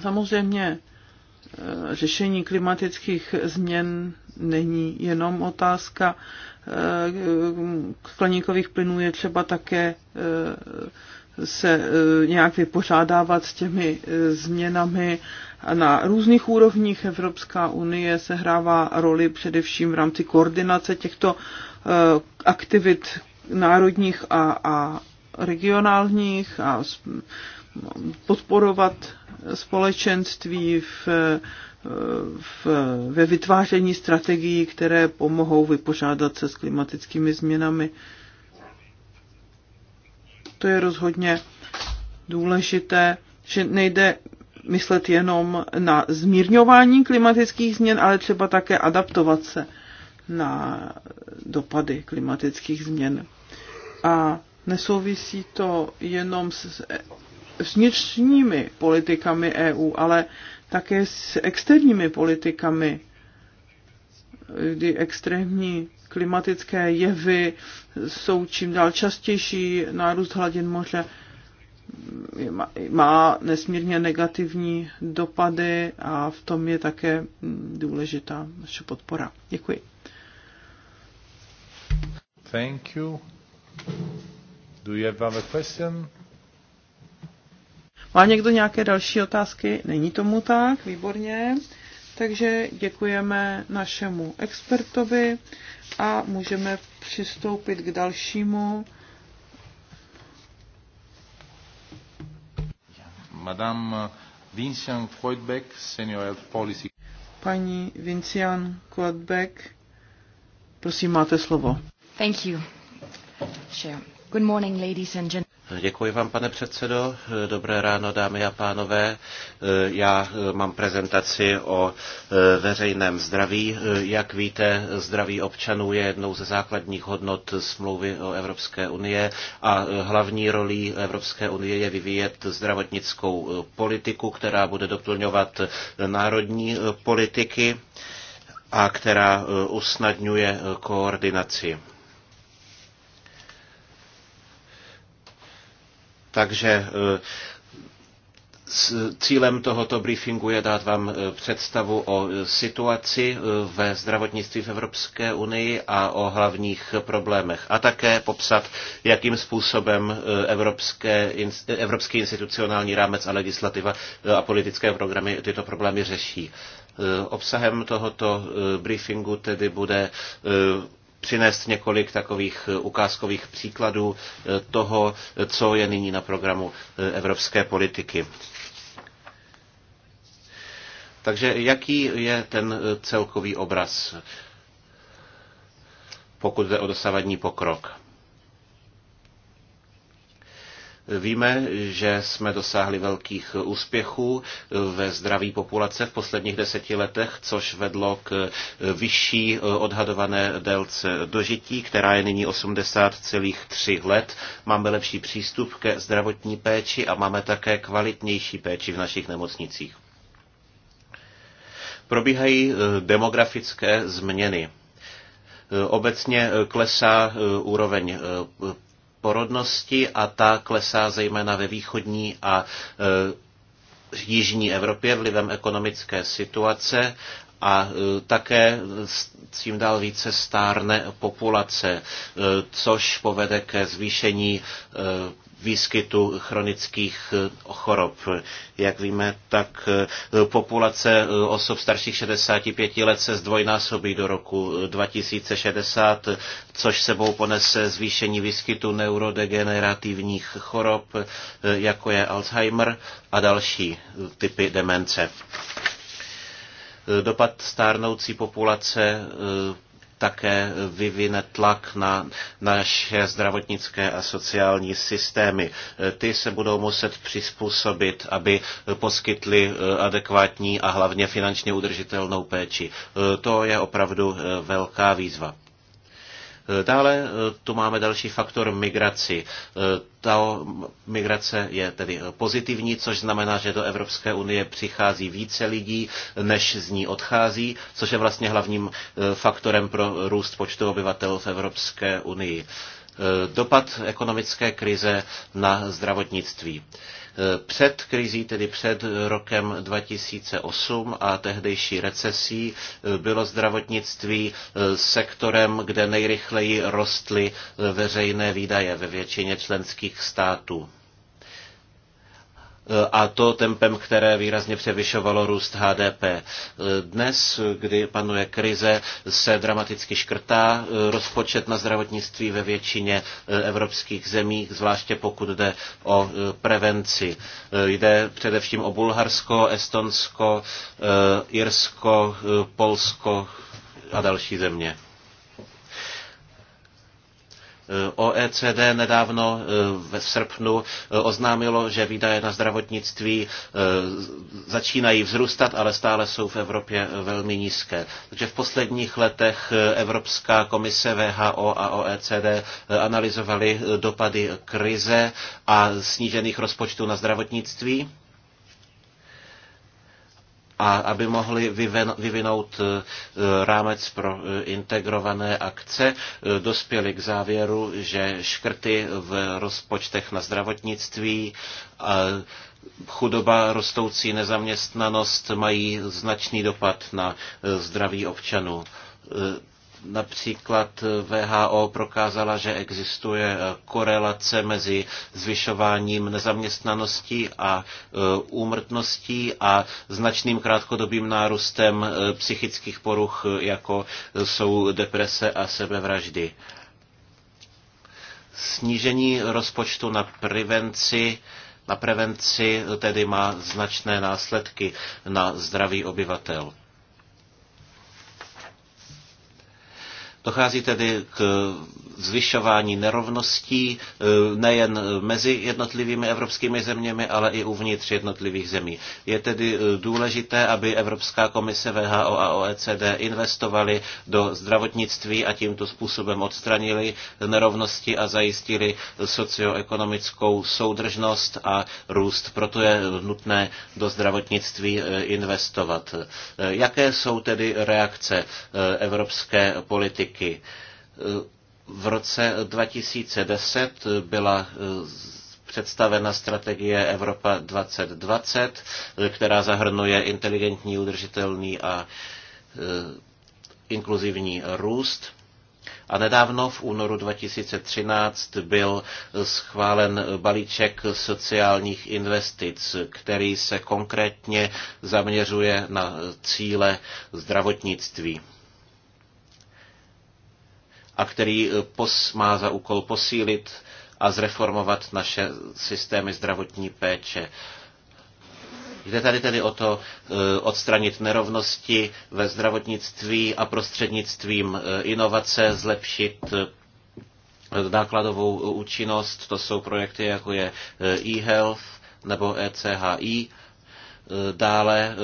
S2: Samozřejmě eh, řešení klimatických změn není jenom otázka eh, skleníkových plynů, je třeba také se e, nějak vypořádávat s těmi e, změnami na různých úrovních. Evropská unie se hrává roli především v rámci koordinace těchto e, aktivit národních a, a regionálních a podporovat společenství v, v, ve vytváření strategií, které pomohou vypořádat se s klimatickými změnami to je rozhodně důležité, že nejde myslet jenom na zmírňování klimatických změn, ale třeba také adaptovat se na dopady klimatických změn. A nesouvisí to jenom s vnitřními politikami EU, ale také s externími politikami kdy extrémní klimatické jevy jsou čím dál častější, nárůst hladin moře má nesmírně negativní dopady a v tom je také důležitá naše podpora.
S3: Děkuji. Thank you. Do you have a question?
S2: Má někdo nějaké další otázky? Není tomu tak, výborně. Takže děkujeme našemu expertovi a můžeme přistoupit k dalšímu.
S1: Madame Vincian Freudbeck, Senior Health Policy.
S2: Paní Vincian Freudbeck, prosím, máte slovo.
S3: Thank you. Good morning, ladies and gentlemen.
S1: Děkuji vám, pane předsedo. Dobré ráno, dámy a pánové. Já mám prezentaci o e, veřejném zdraví. Jak víte, zdraví občanů je jednou ze základních hodnot smlouvy o Evropské unie a hlavní rolí Evropské unie je vyvíjet zdravotnickou politiku, která bude doplňovat národní politiky a která usnadňuje koordinaci. Takže e, Cílem tohoto briefingu je dát vám e, představu o e, situaci ve zdravotnictví v Evropské unii a o hlavních problémech. A také popsat, jakým způsobem evropské, evropský institucionální rámec a legislativa a politické programy tyto problémy řeší. Obsahem tohoto briefingu tedy bude přinést několik takových eh, ukázkových příkladů eh, toho, co je nyní na programu eh, evropské politiky. Takže jaký je ten celkový obraz, pokud jde o dosavadní pokrok? Víme, že jsme dosáhli velkých úspěchů ve zdraví populace v posledních deseti letech, což vedlo k vyšší odhadované délce dožití, která je nyní 80,3 let. Máme lepší přístup ke zdravotní péči a máme také kvalitnější péči v našich nemocnicích. Probíhají demografické změny obecně klesá úroveň porodnosti a ta klesá zejména ve východní a e, jižní Evropě vlivem ekonomické situace a e, také tím dál více stárne populace, e, což povede ke zvýšení e, výskytu chronických chorob. Jak víme, tak populace osob starších 65 let se zdvojnásobí do roku 2060, což sebou ponese zvýšení výskytu neurodegenerativních chorob, jako je Alzheimer a další typy demence. Eh, dopad stárnoucí populace eh, také vyvine tlak na naše zdravotnické a sociální systémy. Eh, ty se budou muset přizpůsobit, aby poskytly adekvátní a hlavně finančně udržitelnou péči. To je opravdu velká výzva. Dále eh, tu máme další faktor migraci. Eh, ta migrace je tedy pozitivní, což znamená, že do Evropské unie přichází více lidí, než z ní odchází, což je vlastně hlavním eh, faktorem pro růst počtu obyvatel v Evropské unii. Dopad ekonomické krize na zdravotnictví. Před krizí, tedy před rokem 2008 a tehdejší recesí, bylo zdravotnictví eh, sektorem, kde nejrychleji rostly eh, veřejné výdaje ve většině členských států a to tempem, které výrazně převyšovalo růst HDP. Dnes, kdy panuje krize, se dramaticky škrtá rozpočet na zdravotnictví ve většině eh, evropských zemí, zvláště pokud jde o eh, prevenci. Eh, jde především o Bulharsko, Estonsko, Irsko, Polsko a další země. Eh, OECD nedávno eh, v srpnu eh, oznámilo, že výdaje na zdravotnictví začínají vzrůstat, ale stále jsou v Evropě velmi nízké. Takže v posledních letech Evropská komise VHO a OECD analyzovaly dopady krize a snížených rozpočtů na zdravotnictví a aby mohli vyvinout eh, rámec pro eh, integrované akce, eh, dospěli k závěru, že škrty v rozpočtech na zdravotnictví a chudoba, rostoucí nezaměstnanost mají značný dopad na zdraví občanů. Například VHO prokázala, že existuje korelace mezi zvyšováním nezaměstnanosti a e, úmrtností a značným krátkodobým nárůstem e, psychických poruch, e, jako jsou deprese a sebevraždy. Snížení rozpočtu na prevenci na prevenci tedy má značné následky na zdraví obyvatel. Dochází tedy k zvyšování nerovností eh, nejen mezi jednotlivými evropskými zeměmi, ale i uvnitř jednotlivých zemí. Je tedy eh, důležité, aby Evropská komise VHO a OECD investovali do zdravotnictví a tímto způsobem odstranili nerovnosti a zajistili socioekonomickou soudržnost a růst. Proto je nutné do zdravotnictví eh, investovat. Jaké jsou tedy reakce evropské politiky? republiky. V roce 2010 byla eh, představena strategie Evropa 2020, eh, která zahrnuje inteligentní, udržitelný a eh, inkluzivní růst. A nedávno v únoru 2013 byl schválen balíček sociálních investic, který se konkrétně zaměřuje na cíle zdravotnictví a který eh, pos, má za úkol posílit a zreformovat naše systémy zdravotní péče. Jde tady tedy o to eh, odstranit nerovnosti ve zdravotnictví a prostřednictvím eh, inovace zlepšit nákladovou účinnost. To jsou projekty, jako je e-health nebo ECHI. Dále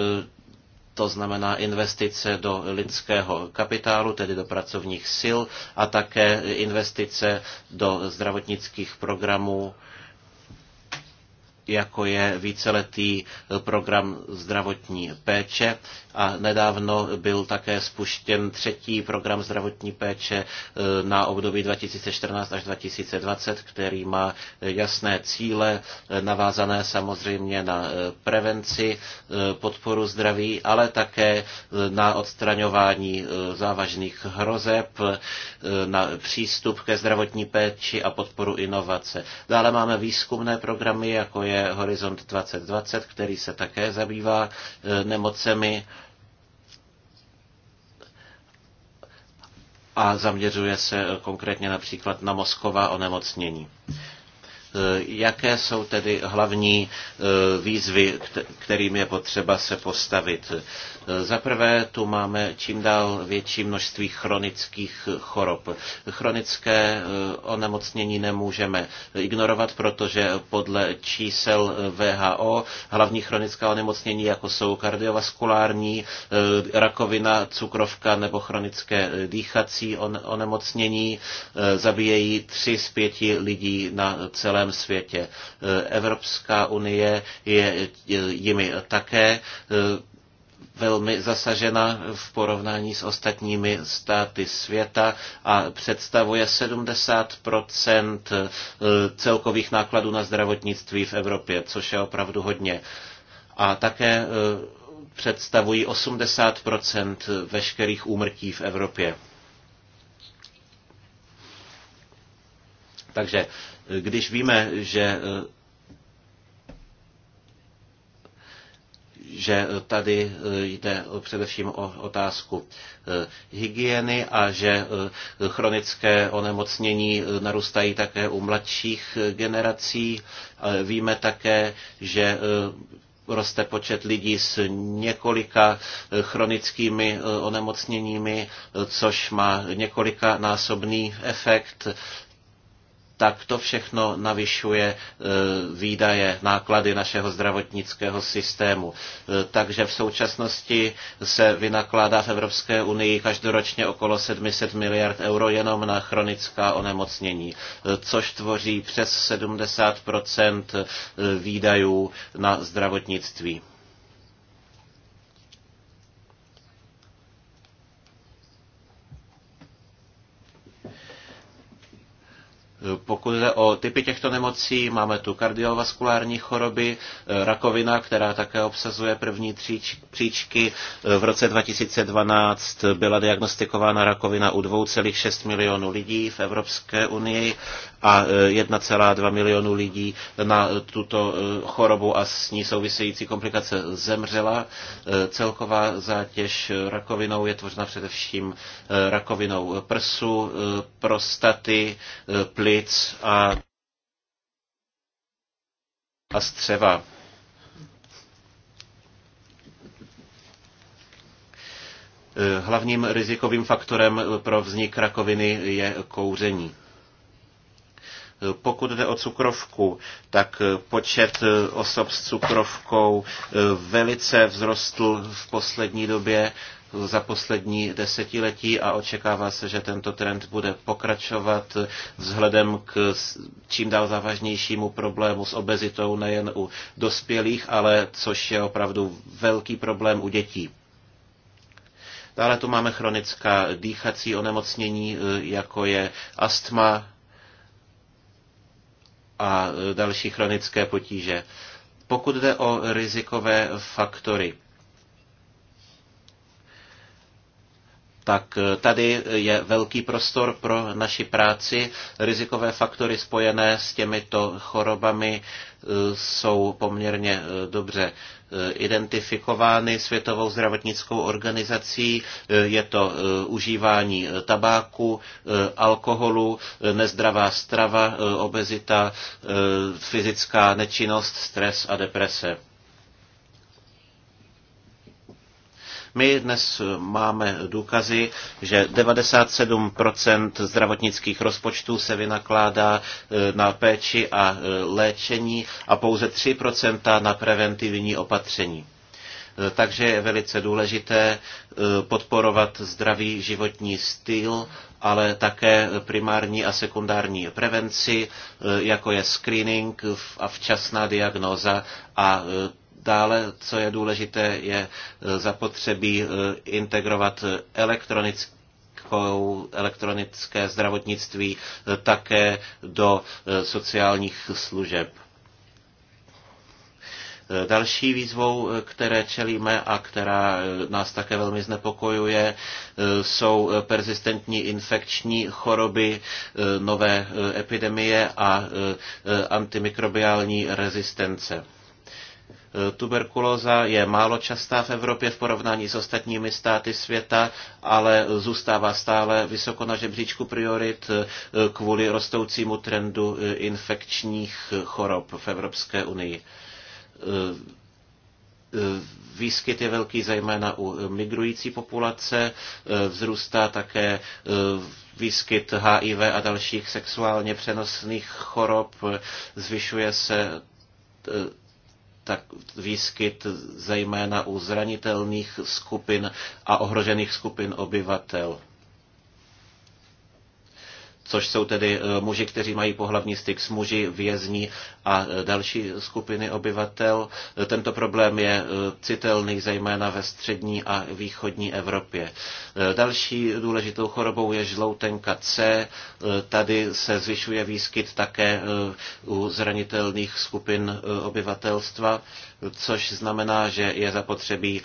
S1: to znamená investice do lidského kapitálu, tedy do pracovních sil a také investice do zdravotnických programů jako je víceletý program zdravotní péče a nedávno byl také spuštěn třetí program zdravotní péče e, na období 2014 až 2020, který má jasné cíle, e, navázané samozřejmě na e, prevenci, podporu zdraví, ale také na odstraňování závažných hrozeb, na přístup ke zdravotní péči a podporu inovace. Dále máme výzkumné programy, jako je je Horizont 2020, který se také zabývá e, nemocemi a zaměřuje se e, konkrétně například na mozková onemocnění. Eh, jaké jsou tedy hlavní eh, výzvy, kterým je potřeba se postavit? Eh, za prvé tu máme čím dál větší množství chronických chorob. Chronické onemocnění nemůžeme ignorovat, protože podle čísel VHO hlavní chronická onemocnění, jako jsou kardiovaskulární, rakovina, cukrovka nebo chronické dýchací onemocnění, zabíjejí tři z pěti lidí na celé celém světě. Eh, Evropská unie je jimi také eh, velmi zasažena v porovnání s ostatními státy světa a představuje 70 eh, celkových nákladů na zdravotnictví v Evropě, což je opravdu hodně. A také představují 80 veškerých úmrtí v Evropě. Takže když víme, že že tady jde především o otázku hygieny a že chronické onemocnění narůstají také u mladších generací. Víme také, že roste počet lidí s několika chronickými onemocněními, což má několika násobný efekt tak to všechno navyšuje e, výdaje, náklady našeho zdravotnického systému. E, takže v současnosti se vynakládá v Evropské unii každoročně okolo 700 miliard euro jenom na chronická onemocnění, e, což tvoří přes 70 výdajů na zdravotnictví. Pokud jde o typy těchto nemocí, máme tu kardiovaskulární choroby, eh, rakovina, která také obsazuje první tříč, příčky. Eh, v roce 2012 byla diagnostikována rakovina u 2,6 milionů lidí v Evropské unii a 1,2 eh, milionů lidí na tuto chorobu a s ní související komplikace zemřela. Celková zátěž rakovinou je tvořena především rakovinou prsu, prostaty, pli plic a, a střeva. Eh, hlavním rizikovým faktorem pro vznik rakoviny je kouření. Eh, pokud jde o cukrovku, tak eh, počet osob s cukrovkou velice vzrostl v poslední době za poslední desetiletí a očekává se, že tento trend bude pokračovat vzhledem k čím dál závažnějšímu problému s obezitou nejen u dospělých, ale což je opravdu velký problém u dětí. Dále tu máme chronická dýchací onemocnění, e, jako je astma a e, další chronické potíže. Pokud jde o rizikové faktory, tak eh, tady je velký prostor pro naši práci. Rizikové faktory spojené s těmito chorobami eh, jsou poměrně eh, dobře identifikovány Světovou zdravotnickou organizací. Je to užívání tabáku, alkoholu, nezdravá strava, obezita, fyzická nečinnost, stres a deprese. My dnes eh, máme důkazy, že 97% zdravotnických rozpočtů se vynakládá eh, na péči a eh, léčení a pouze 3% na preventivní opatření. Takže je velice důležité podporovat zdravý životní styl, ale také primární a sekundární prevenci, jako je screening a včasná diagnóza a Dále, co je důležité, je e, zapotřebí e, integrovat elektronické elektronické zdravotnictví e, také do sociálních služeb. Další výzvou, které čelíme a která nás také velmi znepokojuje, jsou persistentní infekční choroby, nové epidemie a antimikrobiální rezistence. Tuberkulóza je málo častá v Evropě v porovnání s ostatními státy světa, ale zůstává stále vysoko na žebříčku priorit kvůli rostoucímu trendu infekčních chorob v Evropské unii. Výskyt je velký zejména u migrující populace, vzrůstá také výskyt HIV a dalších sexuálně přenosných chorob, zvyšuje se tak výskyt zejména u zranitelných skupin a ohrožených skupin obyvatel což jsou tedy eh, muži, kteří mají pohlavní styk s muži, vězni a eh, další skupiny obyvatel. Eh, tento problém je citelný zejména ve střední a východní Evropě. Další důležitou chorobou je žloutenka C. Tady se zvyšuje výskyt také u zranitelných skupin obyvatelstva, což znamená, že je zapotřebí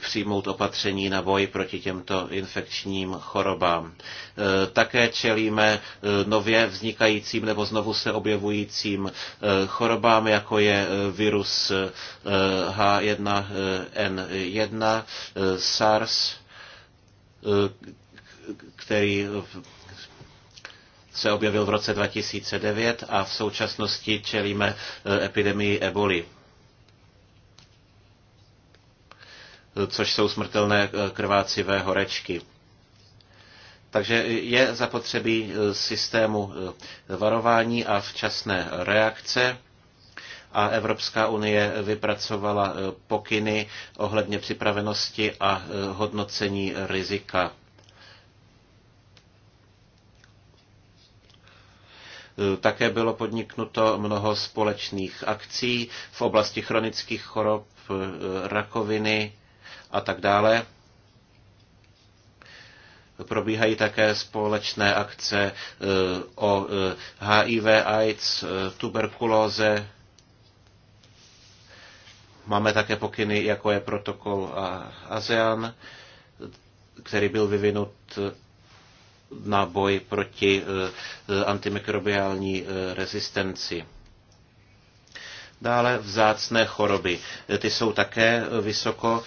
S1: přijmout opatření na boj proti těmto infekčním chorobám. Také čelíme Eh, nově vznikajícím nebo znovu se objevujícím eh, chorobám, jako je eh, virus H1N1, SARS, který se objevil v roce 2009 a v současnosti čelíme epidemii eboli. což jsou smrtelné krvácivé horečky. Takže je zapotřebí eh, systému eh, varování a včasné reakce a Evropská unie vypracovala eh, pokyny ohledně připravenosti a hodnocení rizika. Také bylo podniknuto mnoho společných akcí v oblasti chronických chorob, rakoviny a tak dále probíhají také společné akce e, o e, HIV, AIDS, e, tuberkulóze. Máme také pokyny, jako je protokol ASEAN, který byl vyvinut na boj proti antimikrobiální rezistenci. Dále vzácné choroby. Ty jsou také vysoko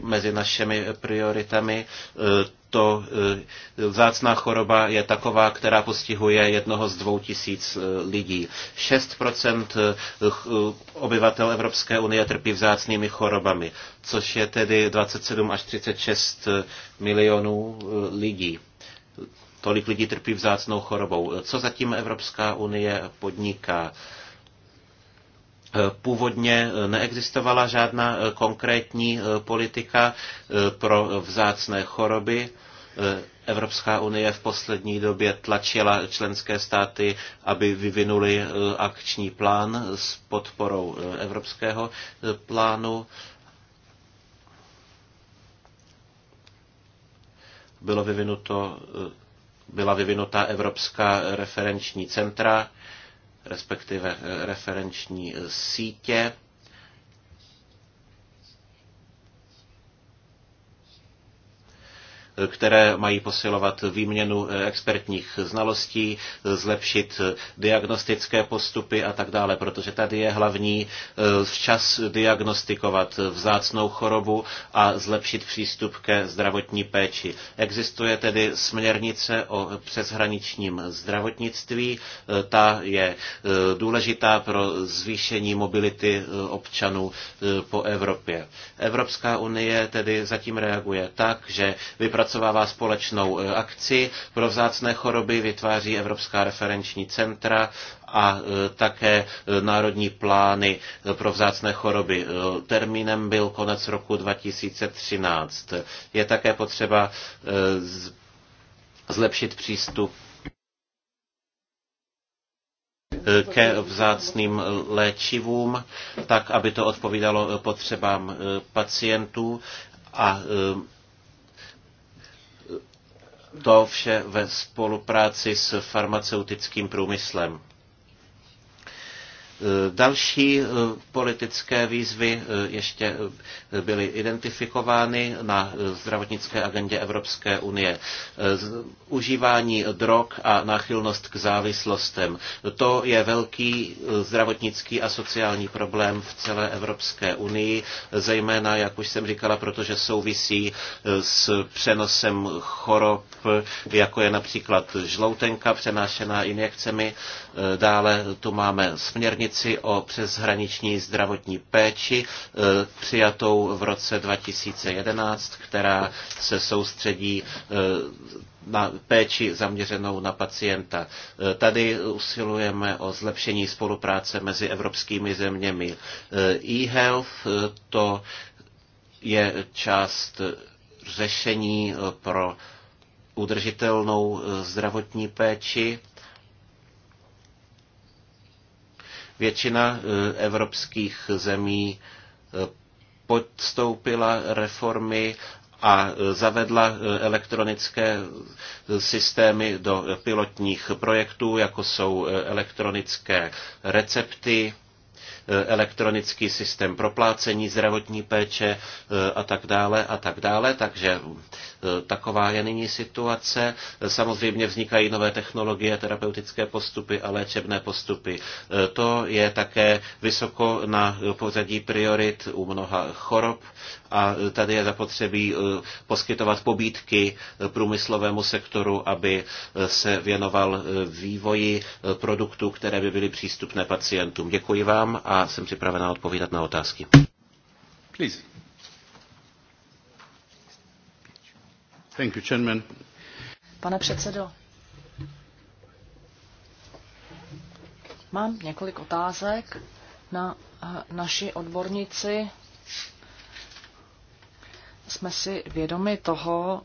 S1: mezi našimi prioritami to eh, vzácná choroba je taková, která postihuje jednoho z dvou tisíc eh, lidí. 6% eh, obyvatel Evropské unie trpí vzácnými chorobami, což je tedy 27 až 36 milionů lidí. Tolik lidí trpí vzácnou chorobou. Co zatím Evropská unie podniká? Původně neexistovala žádná eh, konkrétní eh, politika eh, pro vzácné choroby. Evropská unie v poslední době tlačila členské státy, aby vyvinuli akční plán s podporou evropského plánu. Bylo vyvinuto, byla vyvinuta Evropská referenční centra, respektive eh, referenční eh, sítě které mají posilovat výměnu eh, expertních znalostí, zlepšit eh, diagnostické postupy a tak dále, protože tady je hlavní eh, včas diagnostikovat vzácnou chorobu a zlepšit přístup ke zdravotní péči. Existuje tedy směrnice o přeshraničním zdravotnictví. Ta je důležitá pro zvýšení mobility občanů po Evropě. Evropská unie tedy zatím reaguje tak, že vypracuje zpracovává společnou e, akci pro vzácné choroby, vytváří Evropská referenční centra a e, také e, národní plány pro vzácné choroby. Termínem byl konec roku 2013. Je také potřeba zlepšit přístup ke vzácným léčivům, tak aby to odpovídalo potřebám pacientů a to vše ve spolupráci s farmaceutickým průmyslem. Eh, další eh, politické výzvy eh, ještě byly identifikovány na zdravotnické agendě Evropské unie. Užívání drog a náchylnost k závislostem. To je velký zdravotnický a sociální problém v celé Evropské unii, zejména, jak už jsem říkala, protože souvisí s přenosem chorob, jako je například žloutenka přenášená injekcemi. Dále tu máme směrnici směrnici o přeshraniční zdravotní péči, e, přijatou v roce 2011, která se soustředí e, na péči zaměřenou na pacienta. E, tady usilujeme o zlepšení spolupráce mezi evropskými zeměmi. E-health to je část řešení pro udržitelnou zdravotní péči Většina e, evropských zemí e, podstoupila reformy a e, zavedla elektronické systémy do pilotních projektů, jako jsou elektronické recepty Eh, elektronický systém proplácení, zdravotní péče eh, a tak dále a tak dále. Takže eh, taková je nyní situace. Samozřejmě vznikají nové technologie, terapeutické postupy a léčebné postupy. To je také vysoko na pořadí priorit u mnoha chorob a tady je zapotřebí poskytovat pobídky průmyslovému sektoru, aby se věnoval vývoji produktů, které by byly přístupné pacientům. Děkuji vám a a jsem připravená odpovídat na otázky. Please. Thank you, chairman.
S3: Pane předsedo, mám několik otázek na eh, naši odbornici. Jsme si vědomi toho,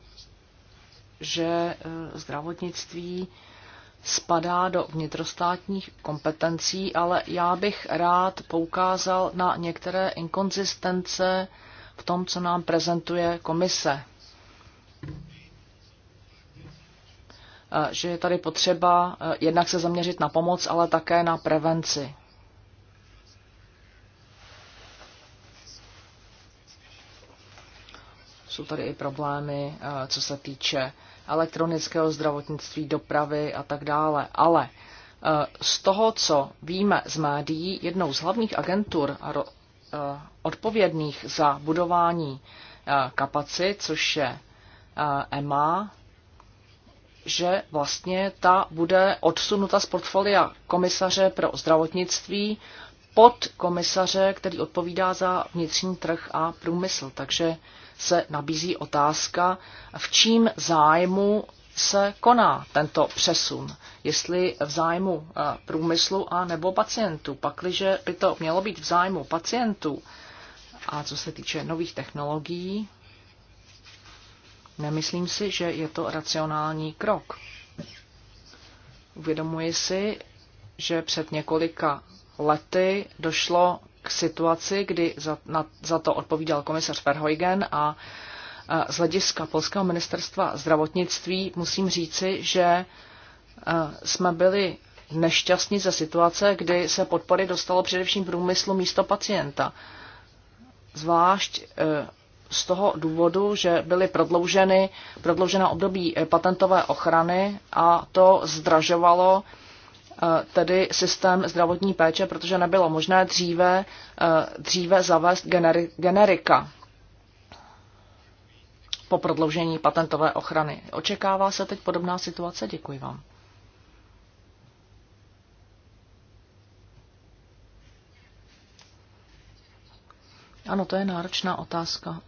S3: že eh, zdravotnictví spadá do vnitrostátních kompetencí, ale já bych rád poukázal na některé inkonzistence v tom, co nám prezentuje komise. Eh, že je tady potřeba eh, jednak se zaměřit na pomoc, ale také na prevenci. Jsou tady i problémy, eh, co se týče elektronického zdravotnictví, dopravy a tak dále. Ale eh, z toho, co víme z médií, jednou z hlavních agentur eh, odpovědných za budování eh, kapaci, což je EMA, e že vlastně ta bude odsunuta z portfolia komisaře pro zdravotnictví pod komisaře, který odpovídá za vnitřní trh a průmysl. Takže se nabízí otázka, v čím zájmu se koná tento přesun, jestli v zájmu eh, průmyslu a nebo pacientů. Pakliže by to mělo být v zájmu pacientů, a co se týče nových technologií, nemyslím si, že je to racionální krok. Uvědomuji si, že před několika lety došlo k situaci, kdy za, na, za to odpovídal komisař Verheugen a z hlediska Polského ministerstva zdravotnictví musím říci, že jsme byli nešťastní ze situace, kdy se podpory dostalo především průmyslu místo pacienta. Zvlášť e, z toho důvodu, že byly prodlouženy, prodloužena období e, patentové ochrany a to zdražovalo tedy systém zdravotní péče, protože nebylo možné dříve, dříve zavést generi, generika po prodloužení patentové ochrany. Očekává se teď podobná situace? Děkuji vám. Ano, to je náročná otázka.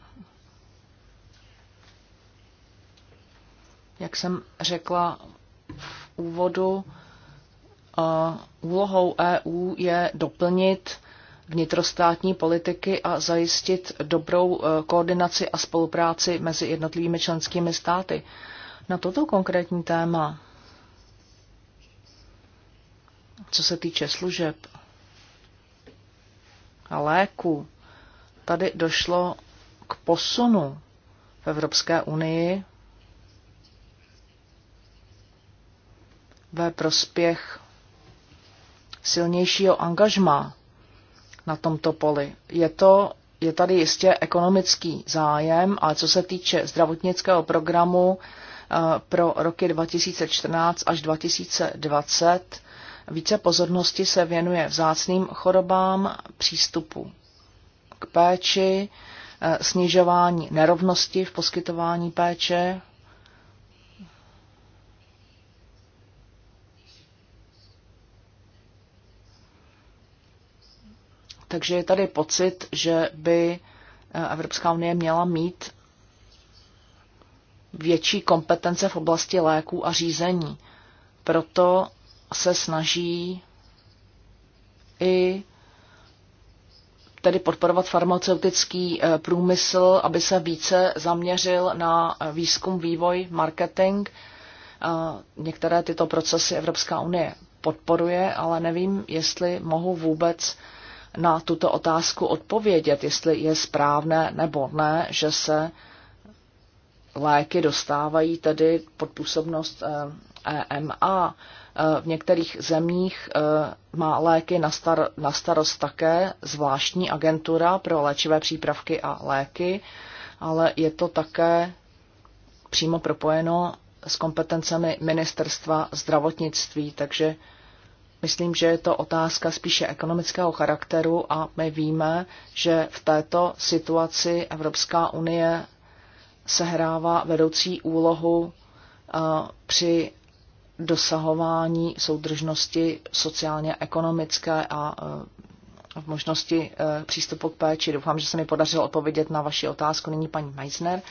S3: Jak jsem řekla v úvodu, úlohou EU je doplnit vnitrostátní politiky a zajistit dobrou eh, koordinaci a spolupráci mezi jednotlivými členskými státy. Na toto konkrétní téma, co se týče služeb a léku, tady došlo k posunu v Evropské unii ve prospěch silnějšího angažma na tomto poli. Je, to, je tady jistě ekonomický zájem, ale co se týče zdravotnického programu eh, pro roky 2014 až 2020, více pozornosti se věnuje vzácným chorobám přístupu k péči, eh, snižování nerovnosti v poskytování péče Takže je tady pocit, že by eh, Evropská unie měla mít větší kompetence v oblasti léků a řízení. Proto se snaží i tedy podporovat farmaceutický eh, průmysl, aby se více zaměřil na výzkum, vývoj, marketing. Eh, některé tyto procesy Evropská unie podporuje, ale nevím, jestli mohu vůbec na tuto otázku odpovědět, jestli je správné nebo ne, že se léky dostávají tedy pod působnost EMA. Eh, e eh, v některých zemích eh, má léky na, star- na starost také zvláštní agentura pro léčivé přípravky a léky, ale je to také přímo propojeno s kompetencemi ministerstva zdravotnictví, takže Myslím, že je to otázka spíše ekonomického charakteru a my víme, že v této situaci Evropská unie sehrává vedoucí úlohu eh, při dosahování soudržnosti sociálně-ekonomické a eh, v možnosti eh, přístupu k péči. Doufám, že se mi podařilo odpovědět na vaši otázku. Nyní paní Meisner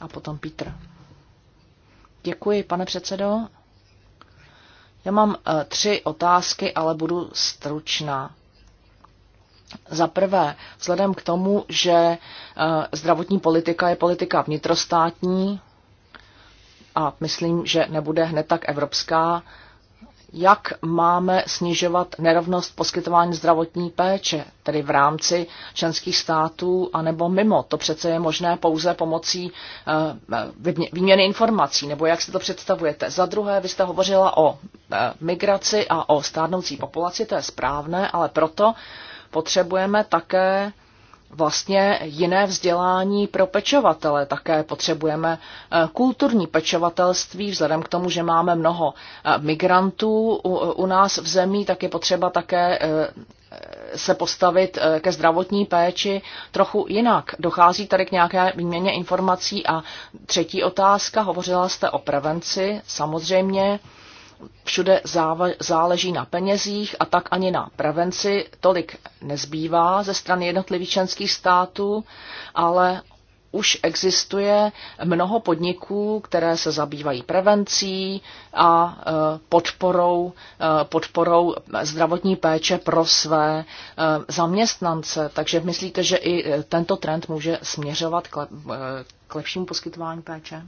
S3: a potom Petr. Děkuji, pane předsedo. Já mám eh, tři otázky, ale budu stručná. Za prvé, vzhledem k tomu, že eh, zdravotní politika je politika vnitrostátní a myslím, že nebude hned tak evropská, jak máme snižovat nerovnost poskytování zdravotní péče, tedy v rámci členských států anebo mimo. To přece je možné pouze pomocí eh, výměny informací, nebo jak si to představujete. Za druhé, vy jste hovořila o eh, migraci a o stárnoucí populaci, to je správné, ale proto potřebujeme také vlastně jiné vzdělání pro pečovatele. Také potřebujeme eh, kulturní pečovatelství, vzhledem k tomu, že máme mnoho eh, migrantů u nás v zemi, tak je potřeba také eh, se postavit ke zdravotní péči trochu jinak. Dochází tady k nějaké výměně informací a třetí otázka, hovořila jste o prevenci, samozřejmě všude záleží na penězích a tak ani na prevenci tolik nezbývá ze strany jednotlivých členských států, ale už existuje mnoho podniků, které se zabývají prevencí a e, podporou, e, podporou zdravotní péče pro své e, zaměstnance. Takže myslíte, že i tento trend může směřovat k lepšímu poskytování péče?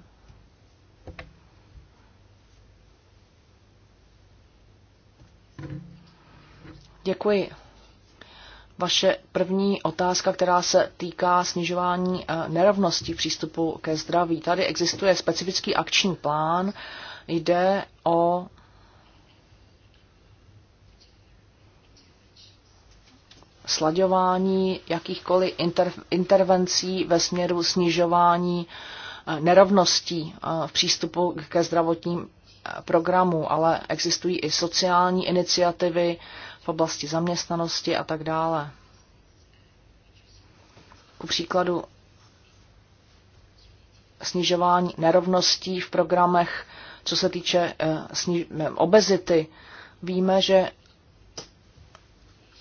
S3: Děkuji. Vaše první otázka, která se týká snižování eh, v přístupu ke zdraví. Tady existuje specifický akční plán. Jde o slaďování jakýchkoliv inter, intervencí ve směru snižování eh, nerovností eh, v přístupu ke zdravotním programů, ale existují i sociální iniciativy v oblasti zaměstnanosti a tak dále. Ku příkladu snižování nerovností v programech, co se týče eh, obezity. Víme, že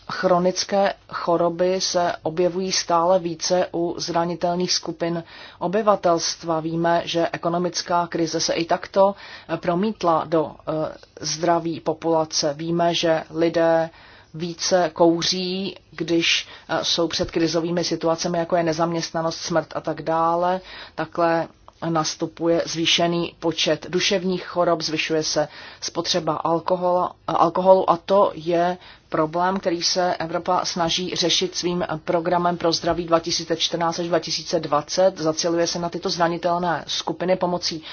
S3: chronické choroby se objevují stále více u zranitelných skupin obyvatelstva. Víme, že ekonomická krize se i takto promítla do eh, zdraví populace. Víme, že lidé více kouří, když eh, jsou před krizovými situacemi, jako je nezaměstnanost, smrt a tak dále. Takhle nastupuje zvýšený počet duševních chorob, zvyšuje se spotřeba alkoholu, eh, alkoholu a to je problém, který se Evropa snaží řešit svým programem pro zdraví 2014 až 2020. Zaciluje se na tyto zranitelné skupiny pomocí,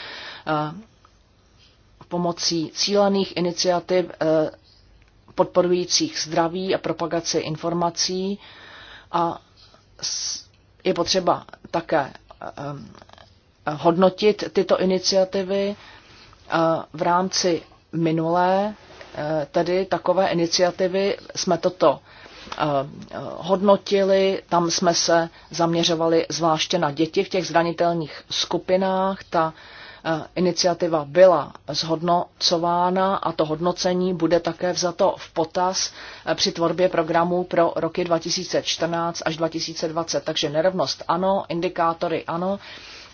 S3: eh, pomocí cílených iniciativ eh, podporujících zdraví a propagaci informací a je potřeba také eh, hodnotit tyto iniciativy v rámci minulé Eh, tedy takové iniciativy jsme toto eh, eh, hodnotili, tam jsme se zaměřovali zvláště na děti v těch zranitelných skupinách. Ta iniciativa byla zhodnocována a to hodnocení bude také vzato v potaz při tvorbě programů pro roky 2014 až 2020. Takže nerovnost ano, indikátory ano,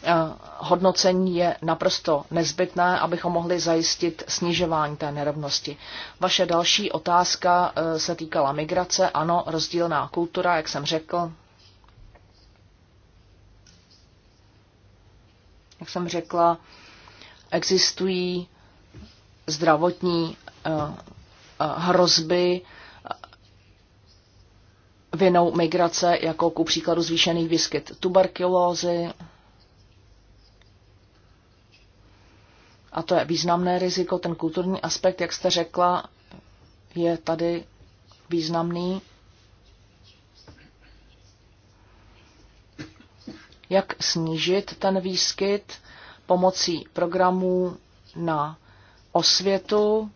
S3: Eh, hodnocení je naprosto nezbytné, abychom mohli zajistit snižování té nerovnosti. Vaše další otázka eh, se týkala migrace. Ano, rozdílná kultura, jak jsem řekl. Jak jsem řekla, existují zdravotní eh, hrozby vinou migrace, jako ku příkladu zvýšený výskyt tuberkulózy, a to je významné riziko, ten kulturní aspekt, jak jste řekla, je tady významný. Jak snížit ten výskyt pomocí programů na osvětu,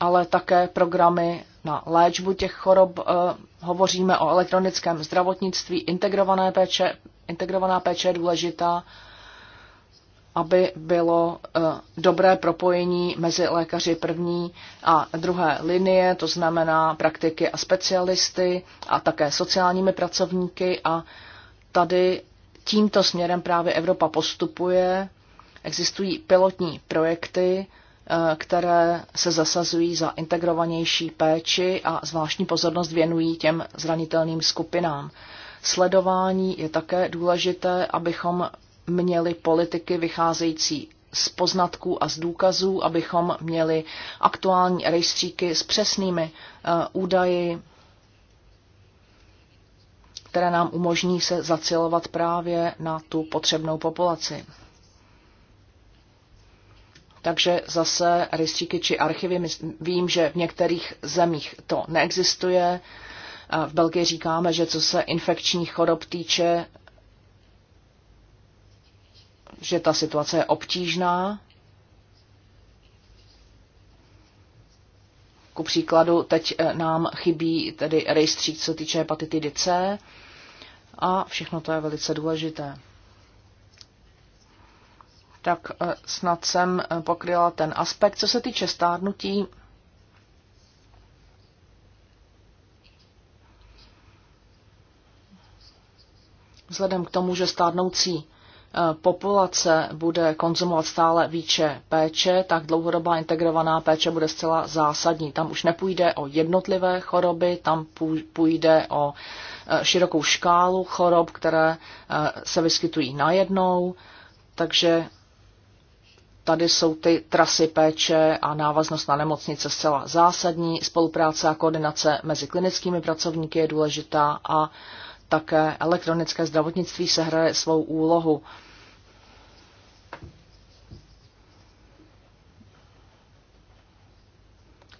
S3: ale také programy na léčbu těch chorob. Eh, hovoříme o elektronickém zdravotnictví, integrované péče, integrovaná péče je důležitá aby bylo eh, dobré propojení mezi lékaři první a druhé linie, to znamená praktiky a specialisty a také sociálními pracovníky a tady tímto směrem právě Evropa postupuje. Existují pilotní projekty, eh, které se zasazují za integrovanější péči a zvláštní pozornost věnují těm zranitelným skupinám. Sledování je také důležité, abychom měli politiky vycházející z poznatků a z důkazů, abychom měli aktuální rejstříky s přesnými eh, údaji, které nám umožní se zacilovat právě na tu potřebnou populaci. Takže zase rejstříky či archivy, vím, že v některých zemích to neexistuje. Eh, v Belgii říkáme, že co se infekčních chorob týče, že ta situace je obtížná. Ku příkladu, teď eh, nám chybí tedy rejstřík, co týče hepatitidy C a všechno to je velice důležité. Tak eh, snad jsem eh, pokryla ten aspekt. Co se týče stárnutí, vzhledem k tomu, že stárnoucí Eh, populace bude konzumovat stále více péče, tak dlouhodobá integrovaná péče bude zcela zásadní. Tam už nepůjde o jednotlivé choroby, tam půjde o eh, širokou škálu chorob, které eh, se vyskytují najednou, takže tady jsou ty trasy péče a návaznost na nemocnice zcela zásadní. Spolupráce a koordinace mezi klinickými pracovníky je důležitá a také elektronické zdravotnictví hraje svou úlohu.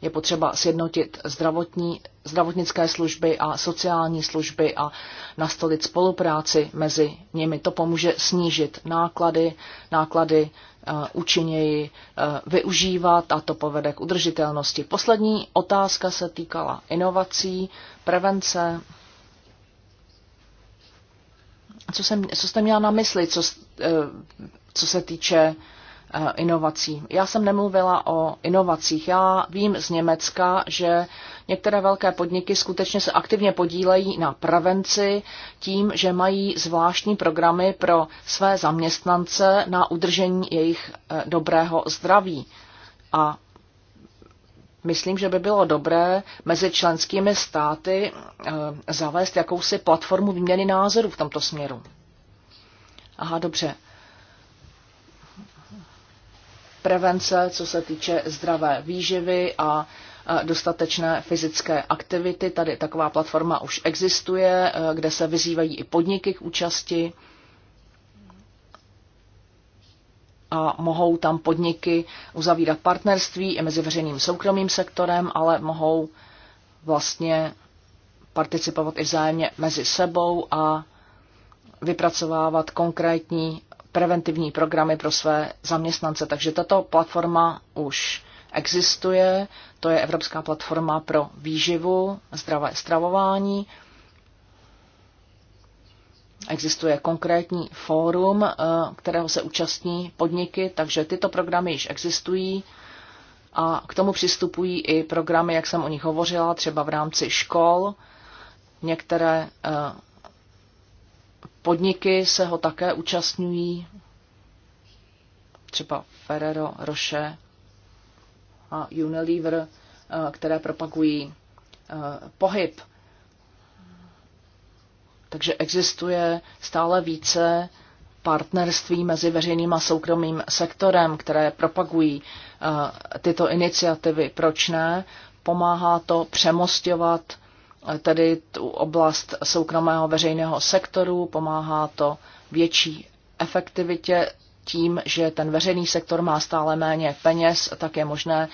S3: Je potřeba sjednotit zdravotní, zdravotnické služby a sociální služby a nastolit spolupráci mezi nimi. To pomůže snížit náklady, náklady uh, účinněji uh, využívat a to povede k udržitelnosti. Poslední otázka se týkala inovací, prevence co, jsem, co jste měla na mysli, co, eh, co se týče eh, inovací. Já jsem nemluvila o inovacích. Já vím z Německa, že některé velké podniky skutečně se aktivně podílejí na prevenci tím, že mají zvláštní programy pro své zaměstnance na udržení jejich eh, dobrého zdraví. A Myslím, že by bylo dobré mezi členskými státy eh, zavést jakousi platformu výměny názorů v tomto směru. Aha, dobře. Prevence, co se týče zdravé výživy a dostatečné fyzické aktivity. Tady taková platforma už existuje, eh, kde se vyzývají i podniky k účasti. a mohou tam podniky uzavírat partnerství i mezi veřejným soukromým sektorem, ale mohou vlastně participovat i vzájemně mezi sebou a vypracovávat konkrétní preventivní programy pro své zaměstnance. Takže tato platforma už existuje, to je Evropská platforma pro výživu, zdravé stravování Existuje konkrétní fórum, eh, kterého se účastní podniky, takže tyto programy již existují a k tomu přistupují i programy, jak jsem o nich hovořila, třeba v rámci škol. Některé eh, podniky se ho také účastňují, třeba Ferrero Rocher a Unilever, eh, které propagují pohyb takže existuje stále více partnerství mezi veřejným a soukromým sektorem, které propagují eh, tyto iniciativy. Proč ne? Pomáhá to přemostovat eh, tedy tu oblast soukromého veřejného sektoru, pomáhá to větší efektivitě tím, že ten veřejný sektor má stále méně peněz, tak je možné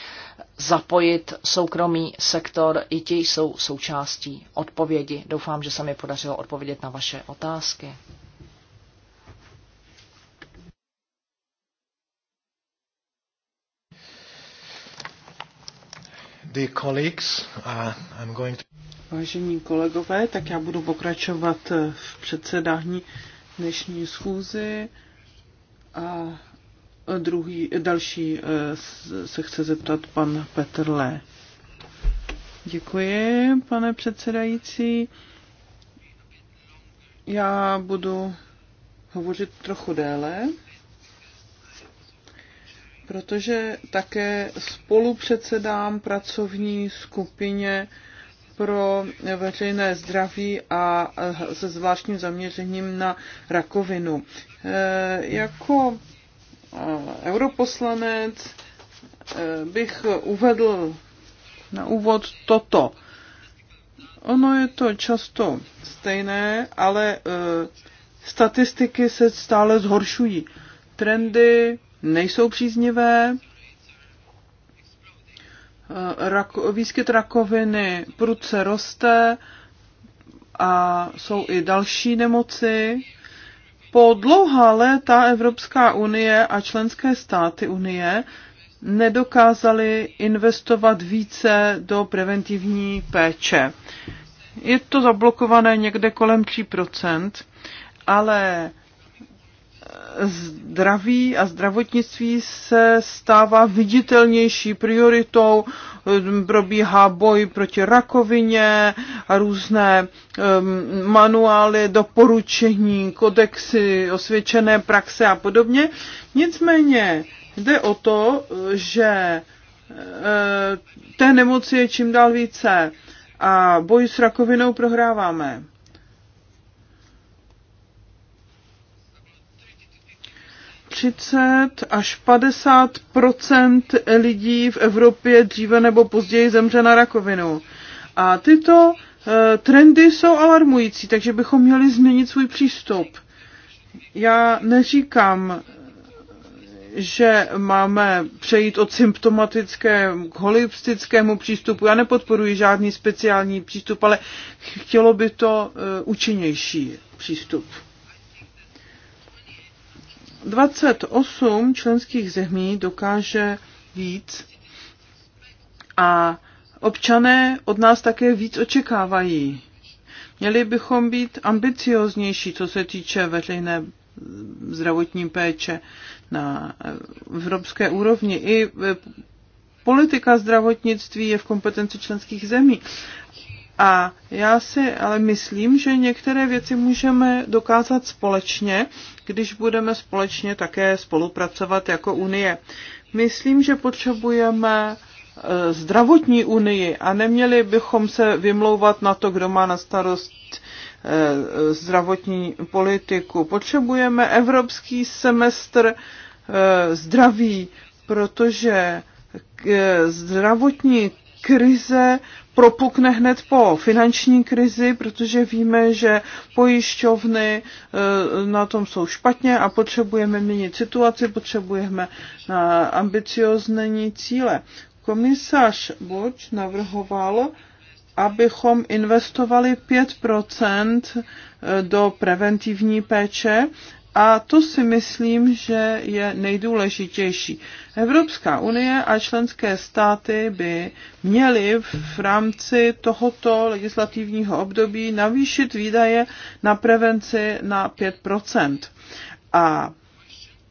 S3: zapojit soukromý sektor. I ti jsou součástí odpovědi. Doufám, že se mi podařilo odpovědět na vaše otázky.
S1: Uh,
S2: Vážení kolegové, tak já budu pokračovat v předsedání dnešní schůzi. A druhý, další eh, se chce zeptat pan Petr Lé. Děkuji, pane předsedající. Já budu hovořit trochu déle, protože také spolu pracovní skupině pro veřejné zdraví a se zvláštním zaměřením na rakovinu. Eh, jako eh, europoslanec eh, bych uvedl na úvod toto. Ono je to často stejné, ale statistiky se stále zhoršují. Trendy nejsou příznivé, Eh, rak, výskyt rakoviny prudce roste a jsou i další nemoci. Po dlouhá léta Evropská unie a členské státy unie nedokázali investovat více do preventivní péče. Je to zablokované někde kolem 3%, ale zdraví a zdravotnictví se stává viditelnější prioritou, probíhá boj proti rakovině a různé um, manuály, doporučení, kodexy, osvědčené praxe a podobně. Nicméně jde o to, že eh, té nemoci je čím dál více a boj s rakovinou prohráváme. 30 až 50 lidí v Evropě dříve nebo později zemře na rakovinu. A tyto eh, trendy jsou alarmující, takže bychom měli změnit svůj přístup. Já neříkám, že máme přejít od symptomatického k holistickému přístupu. Já nepodporuji žádný speciální přístup, ale chtělo by to eh, účinnější přístup. 28 členských zemí dokáže víc a občané od nás také víc očekávají. Měli bychom být ambicioznější, co se týče veřejné zdravotní péče na evropské úrovni. I politika zdravotnictví je v kompetenci členských zemí. A já si ale myslím, že některé věci můžeme dokázat společně, když budeme společně také spolupracovat jako Unie. Myslím, že potřebujeme e, zdravotní unii a neměli bychom se vymlouvat na to, kdo má na starost e, zdravotní politiku. Potřebujeme evropský semestr e, zdraví, protože zdravotní krize propukne hned po finanční krizi, protože víme, že pojišťovny e, na tom jsou špatně a potřebujeme měnit situaci, potřebujeme ambiciozní cíle. Komisař Boč navrhoval, abychom investovali 5 e, do preventivní péče a to si myslím, že je nejdůležitější. Evropská unie a členské státy by měly v rámci tohoto legislativního období navýšit výdaje na prevenci na 5 A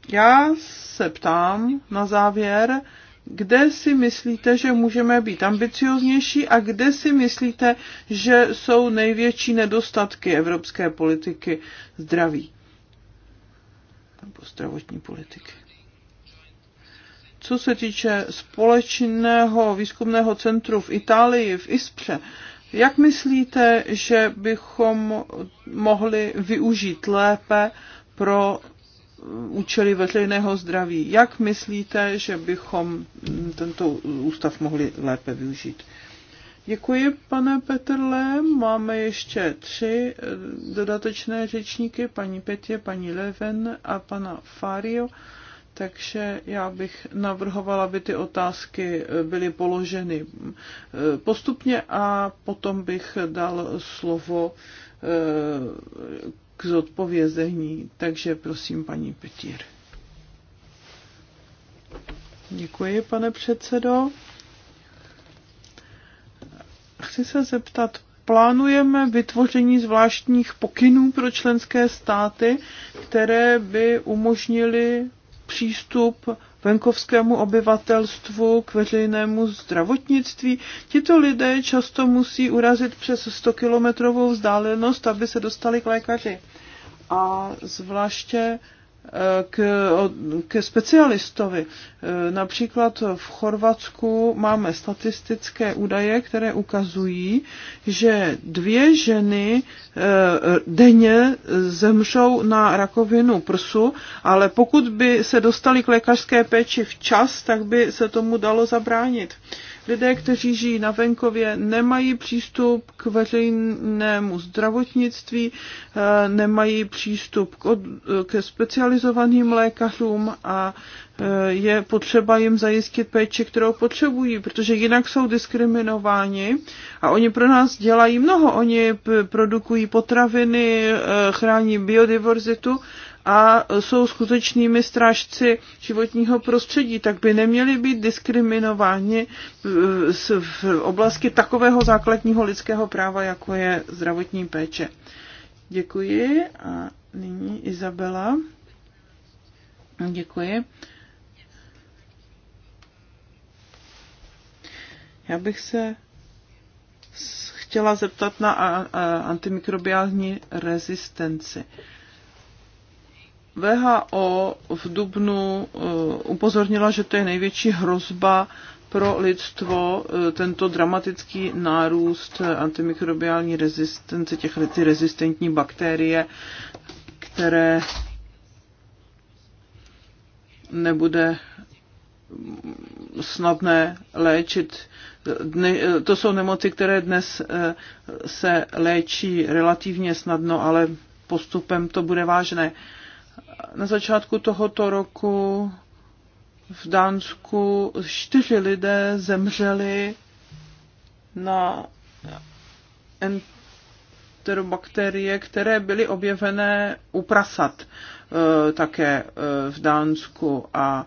S2: já se ptám na závěr, kde si myslíte, že můžeme být ambicioznější a kde si myslíte, že jsou největší nedostatky evropské politiky zdraví nebo zdravotní politiky. Co se týče společného výzkumného centru v Itálii, v Ispře, jak myslíte, že bychom mohli využít lépe pro účely veřejného zdraví? Jak myslíte, že bychom tento ústav mohli lépe využít? Děkuji, pane Petrle. Máme ještě tři eh, dodatečné řečníky, paní Petě, paní Leven a pana Fario. Takže já bych navrhovala, aby ty otázky eh, byly položeny eh, postupně a potom bych dal slovo k zodpovězení. Takže prosím, paní Petír. Děkuji, pane předsedo. Chci se zeptat, plánujeme vytvoření zvláštních pokynů pro členské státy, které by umožnili přístup venkovskému obyvatelstvu k veřejnému zdravotnictví. Tito lidé často musí urazit přes 100-kilometrovou vzdálenost, aby se dostali k lékaři. A zvláště k, ke specialistovi. E, například v Chorvatsku máme statistické údaje, které ukazují, že dvě ženy e, denně zemřou na rakovinu prsu, ale pokud by se dostali k lékařské péči včas, tak by se tomu dalo zabránit lidé, kteří žijí na venkově, nemají přístup k veřejnému zdravotnictví, eh, nemají přístup k od, ke specializovaným lékařům a eh, je potřeba jim zajistit péči, kterou potřebují, protože jinak jsou diskriminováni a oni pro nás dělají mnoho. Oni produkují potraviny, eh, chrání biodiverzitu a jsou skutečnými strážci životního prostředí, tak by neměli být diskriminováni v oblasti takového základního lidského práva, jako je zdravotní péče. Děkuji a nyní Izabela. Děkuji. Já bych se chtěla zeptat na antimikrobiální rezistenci. VHO v Dubnu eh, upozornila, že to je největší hrozba pro lidstvo, eh, tento dramatický nárůst eh, antimikrobiální rezistence, těch ty rezistentní bakterie, které nebude snadné léčit. To jsou nemoci, které dnes se léčí relativně snadno, ale postupem to bude vážné na začátku tohoto roku v Dánsku čtyři lidé zemřeli na enterobakterie, které byly objevené u prasat eh, také eh, v Dánsku a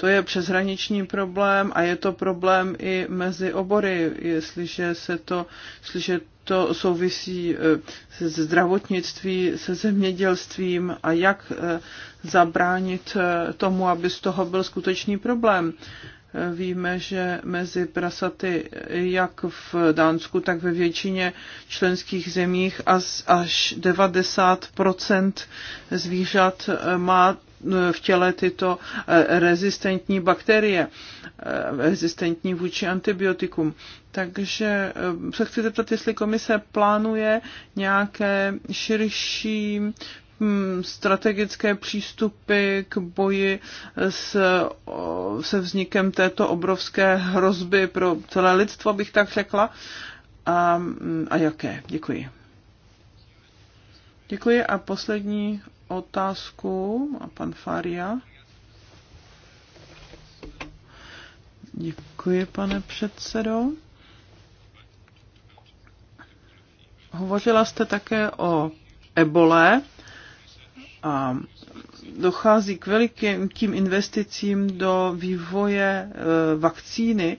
S2: To je přeshraniční problém a je to problém i mezi obory, jestliže se to, jestliže to souvisí eh, se zdravotnictví, se zemědělstvím a jak eh, zabránit eh, tomu, aby z toho byl skutečný problém. Víme, že mezi prasaty jak v Dánsku, tak ve většině členských zemích až 90 zvířat má v těle tyto eh, rezistentní bakterie, eh, rezistentní vůči antibiotikum. Takže eh, se chci zeptat, jestli komise plánuje nějaké širší hm, strategické přístupy k boji s, se vznikem této obrovské hrozby pro celé lidstvo, bych tak řekla. A, hm, a jaké? Děkuji. Děkuji a poslední otázku a pan Faria. Děkuji, pane předsedo. Hovořila jste také o ebole a dochází k velikým investicím do vývoje eh, vakcíny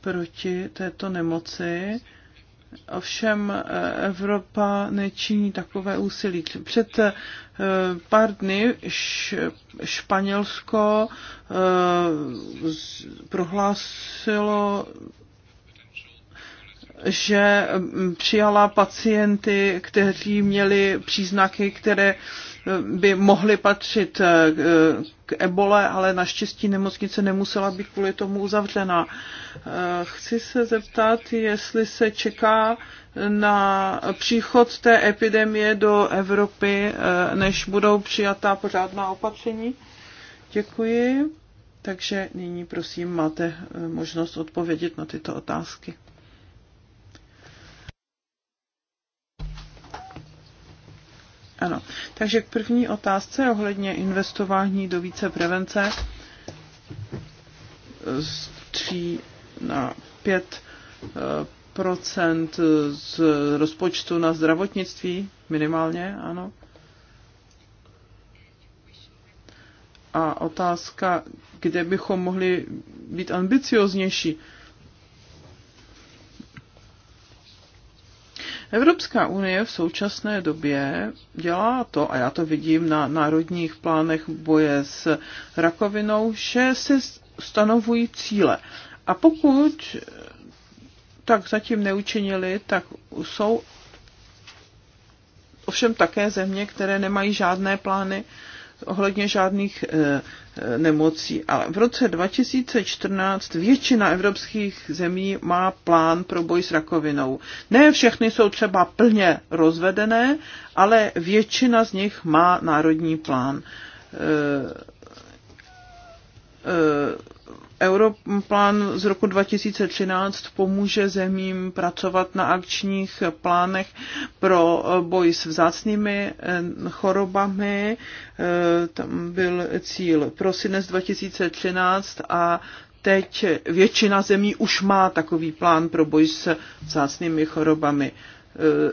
S2: proti této nemoci Ovšem eh, Evropa nečiní takové úsilí. Před eh, pár dny Španělsko eh, prohlásilo že mm, přijala pacienty, kteří měli příznaky, které by mohly patřit eh, k ebole, ale naštěstí nemocnice nemusela být kvůli tomu uzavřena. Eh, chci se zeptat, jestli se čeká na příchod té epidemie do Evropy, eh, než budou přijatá pořádná opatření. Děkuji. Takže nyní prosím máte možnost odpovědět na tyto otázky. Ano. Takže k první otázce ohledně investování do více prevence z 3 na 5 eh, procent z rozpočtu na zdravotnictví, minimálně, ano. A otázka, kde bychom mohli být ambicioznější Evropská unie v současné době dělá to, a já to vidím na národních plánech boje s rakovinou, že si stanovují cíle. A pokud tak zatím neučinili, tak jsou ovšem také země, které nemají žádné plány ohledně žádných eh, eh, nemocí. Ale v roce 2014 většina evropských zemí má plán pro boj s rakovinou. Ne všechny jsou třeba plně rozvedené, ale většina z nich má národní plán eh, Europlán z roku 2013 pomůže zemím pracovat na akčních plánech pro boj s vzácnými eh, chorobami. Eh, tam byl cíl prosinec 2013 a teď většina zemí už má takový plán pro boj s vzácnými chorobami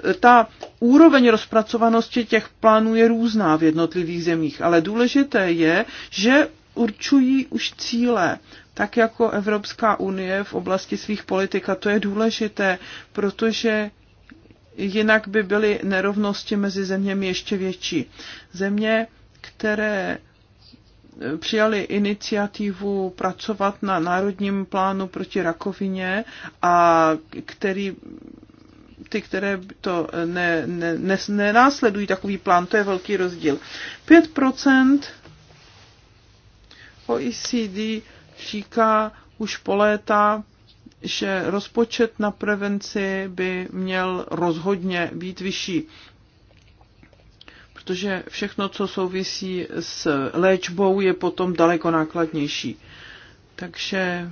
S2: eh, ta úroveň rozpracovanosti těch plánů je různá v jednotlivých zemích, ale důležité je, že určují už cíle, tak jako Evropská unie v oblasti svých politik. A to je důležité, protože jinak by byly nerovnosti mezi zeměmi ještě větší. Země, které eh, přijali iniciativu pracovat na národním plánu proti rakovině a který ty, které to ne, ne, ne, nenásledují takový plán, to je velký rozdíl. OECD říká už po léta, že rozpočet na prevenci by měl rozhodně být vyšší protože všechno, co souvisí s léčbou, je potom daleko nákladnější. Takže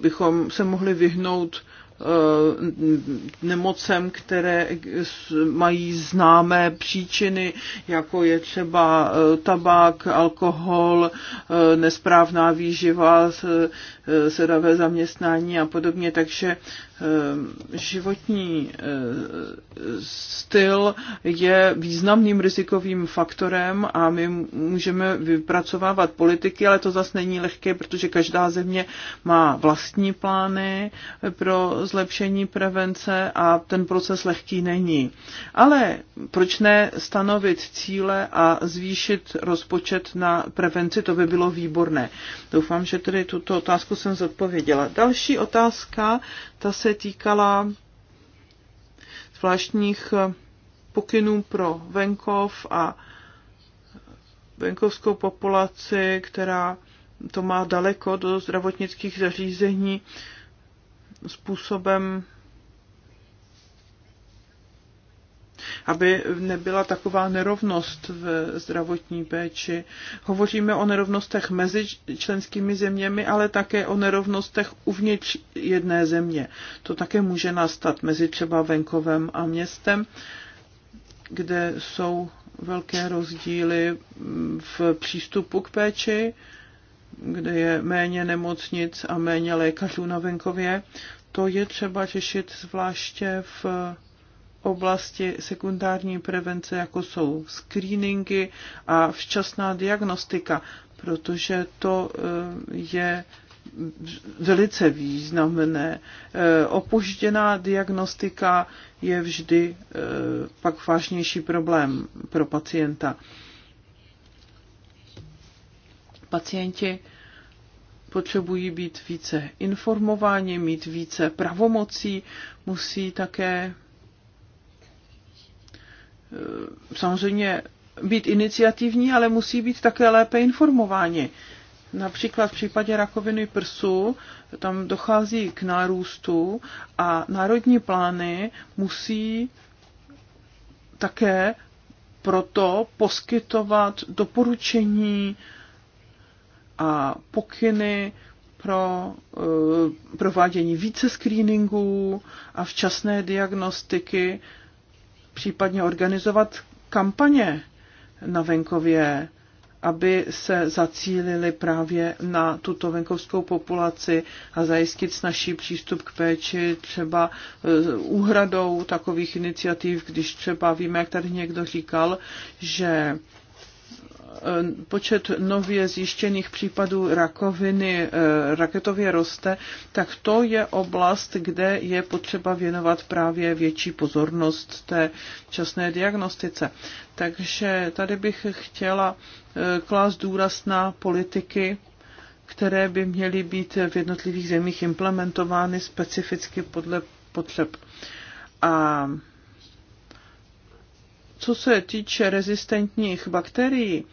S2: bychom se mohli vyhnout Eh, nemocem, které mají známé příčiny, jako je třeba eh, tabák, alkohol, eh, nesprávná výživa, sedavé zaměstnání a podobně. Takže Eh, životní eh, styl je významným rizikovým faktorem a my můžeme vypracovávat politiky, ale to zase není lehké, protože každá země má vlastní plány eh, pro zlepšení prevence a ten proces lehký není. Ale proč ne stanovit cíle a zvýšit rozpočet na prevenci, to by bylo výborné. Doufám, že tedy tuto otázku jsem zodpověděla. Další otázka, ta se týkala zvláštních eh, pokynů pro venkov a venkovskou populaci, která to má daleko do zdravotnických zařízení způsobem aby nebyla taková nerovnost v zdravotní péči. Hovoříme o nerovnostech mezi členskými zeměmi, ale také o nerovnostech uvnitř jedné země. To také může nastat mezi třeba venkovem a městem, kde jsou velké rozdíly v přístupu k péči, kde je méně nemocnic a méně lékařů na venkově. To je třeba řešit zvláště v oblasti sekundární prevence, jako jsou screeningy a včasná diagnostika, protože to eh, je velice významné. Eh, opožděná diagnostika je vždy eh, pak vážnější problém pro pacienta. Pacienti potřebují být více informováni, mít více pravomocí, musí také Eh, samozřejmě být iniciativní, ale musí být také lépe informováni. Například v případě rakoviny prsu eh, tam dochází k nárůstu a národní plány musí také proto poskytovat doporučení a pokyny pro eh, provádění více screeningů a včasné diagnostiky případně organizovat kampaně na venkově, aby se zacílili právě na tuto venkovskou populaci a zajistit snažší přístup k péči třeba e, úhradou takových iniciativ, když třeba víme, jak tady někdo říkal, že Eh, počet nově zjištěných případů rakoviny eh, raketově roste, tak to je oblast, kde je potřeba věnovat právě větší pozornost té časné diagnostice. Takže tady bych chtěla eh, klást důraz na politiky, které by měly být v jednotlivých zemích implementovány specificky podle potřeb. A co se týče rezistentních bakterií,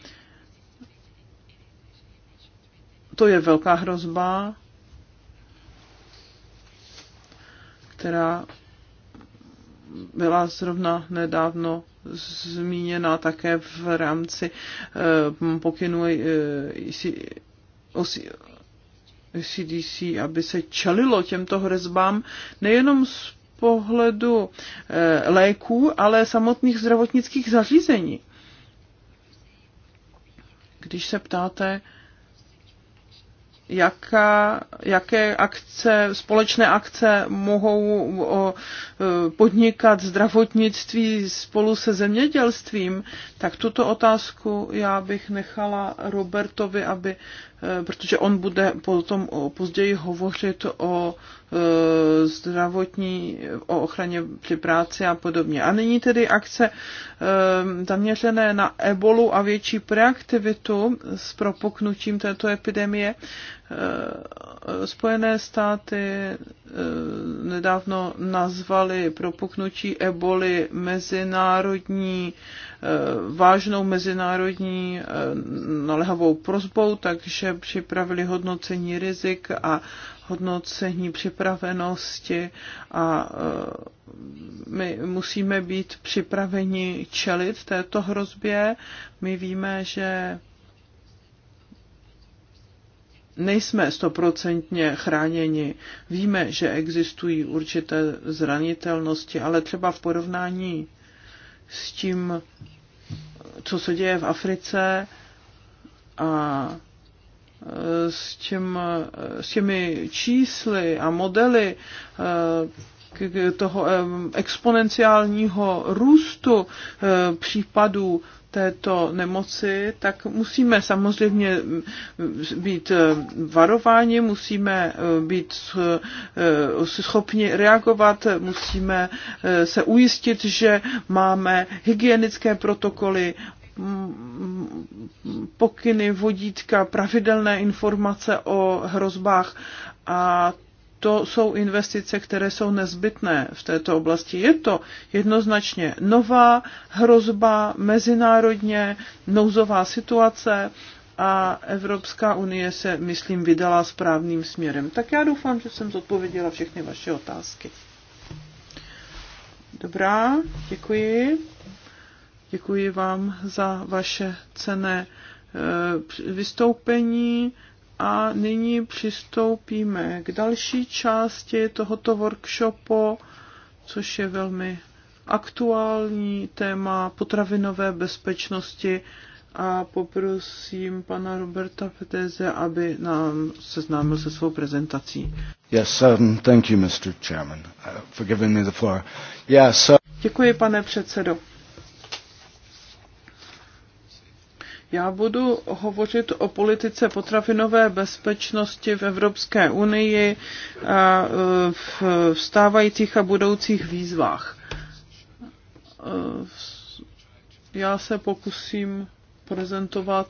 S2: to je velká hrozba, která byla zrovna nedávno zmíněna také v rámci eh, pokynu CDC, eh, aby se čelilo těmto hrozbám nejenom z pohledu eh, léků, ale samotných zdravotnických zařízení. Když se ptáte, jaká, jaké akce, společné akce mohou o, eh, podnikat zdravotnictví spolu se zemědělstvím, tak tuto otázku já bych nechala Robertovi, aby Eh, protože on bude potom později hovořit o eh, zdravotní, o ochraně při práci a podobně. A nyní tedy akce eh, zaměřené na ebolu a větší preaktivitu s propuknutím této epidemie. Eh, Spojené státy eh, nedávno nazvali propuknutí eboli mezinárodní, eh, vážnou mezinárodní nalehavou prozbou, takže připravili hodnocení rizik a hodnocení připravenosti a my musíme být připraveni čelit této hrozbě. My víme, že nejsme stoprocentně chráněni. Víme, že existují určité zranitelnosti, ale třeba v porovnání s tím, co se děje v Africe a e, s, tím e, s těmi čísly a modely e, toho exponenciálního růstu případů této nemoci, tak musíme samozřejmě být eh, varováni, musíme eh, být eh, schopni reagovat, musíme se ujistit, že máme hygienické protokoly, mm, pokyny, vodítka, pravidelné informace o hrozbách a to jsou investice, které jsou nezbytné v této oblasti. Je to jednoznačně nová hrozba, mezinárodně nouzová situace a Evropská unie se, myslím, vydala správným směrem. Tak já doufám, že jsem zodpověděla všechny vaše otázky. Dobrá, děkuji. Děkuji vám za vaše cené eh, vystoupení a nyní přistoupíme k další části tohoto workshopu, což je velmi aktuální téma potravinové bezpečnosti a poprosím pana Roberta Peteze, aby nám seznámil se svou prezentací.
S3: Yes, um, thank you,
S2: Mr. Chairman, uh, for giving me the floor. Yes, uh... Děkuji, pane předsedo. Já budu hovořit o politice potravinové bezpečnosti v Evropské unii a v vstávajících a budoucích výzvách. Já se pokusím prezentovat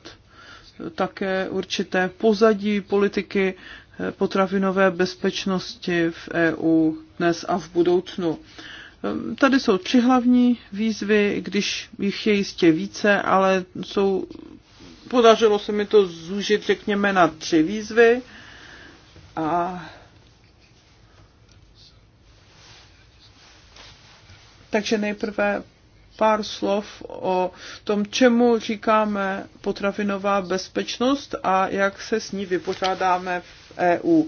S2: také určité pozadí politiky potravinové bezpečnosti v EU dnes a v budoucnu. Tady jsou tři hlavní výzvy, když jich je jistě více, ale jsou, podařilo se mi to zúžit, řekněme, na tři výzvy. A Takže nejprve pár slov o tom, čemu říkáme potravinová bezpečnost a jak se s ní vypořádáme v EU.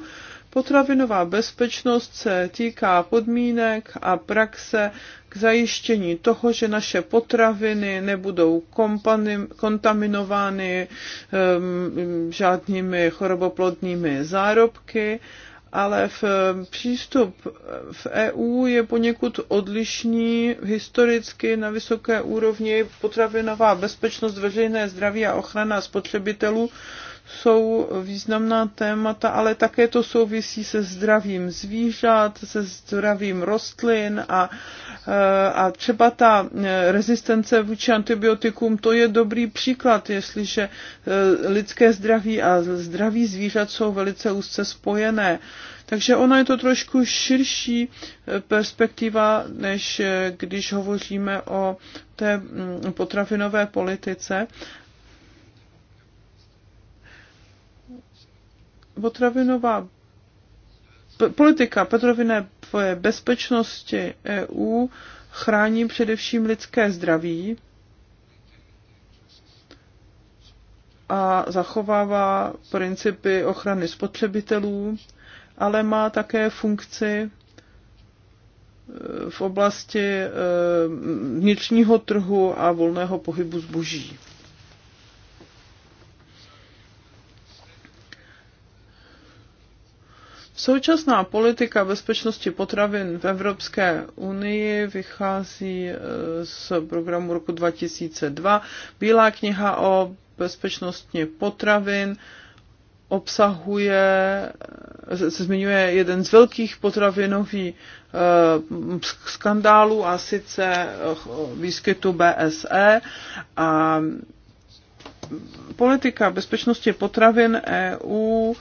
S2: Potravinová bezpečnost se týká podmínek a praxe k zajištění toho, že naše potraviny nebudou kontaminovány um, žádnými choroboplodnými zárobky ale v ehm, přístup v EU je poněkud odlišný historicky na vysoké úrovni potravinová bezpečnost, veřejné zdraví a ochrana spotřebitelů jsou významná témata, ale také to souvisí se zdravím zvířat, se zdravím rostlin a, eh, a třeba ta eh, rezistence vůči antibiotikům, to je dobrý příklad, jestliže eh, lidské zdraví a zdraví zvířat jsou velice úzce spojené. Takže ona je to trošku širší perspektiva, než když hovoříme o té mm, potravinové politice. potravinová politika potravinové bezpečnosti EU chrání především lidské zdraví a zachovává principy ochrany spotřebitelů, ale má také funkci e, v oblasti e, vnitřního trhu a volného pohybu zboží. Současná politika bezpečnosti potravin v Evropské unii vychází e, z programu roku 2002. Bílá kniha o bezpečnosti potravin obsahuje, se zmiňuje jeden z velkých potravinových e, skandálů a sice e, výskytu BSE a politika bezpečnosti potravin EU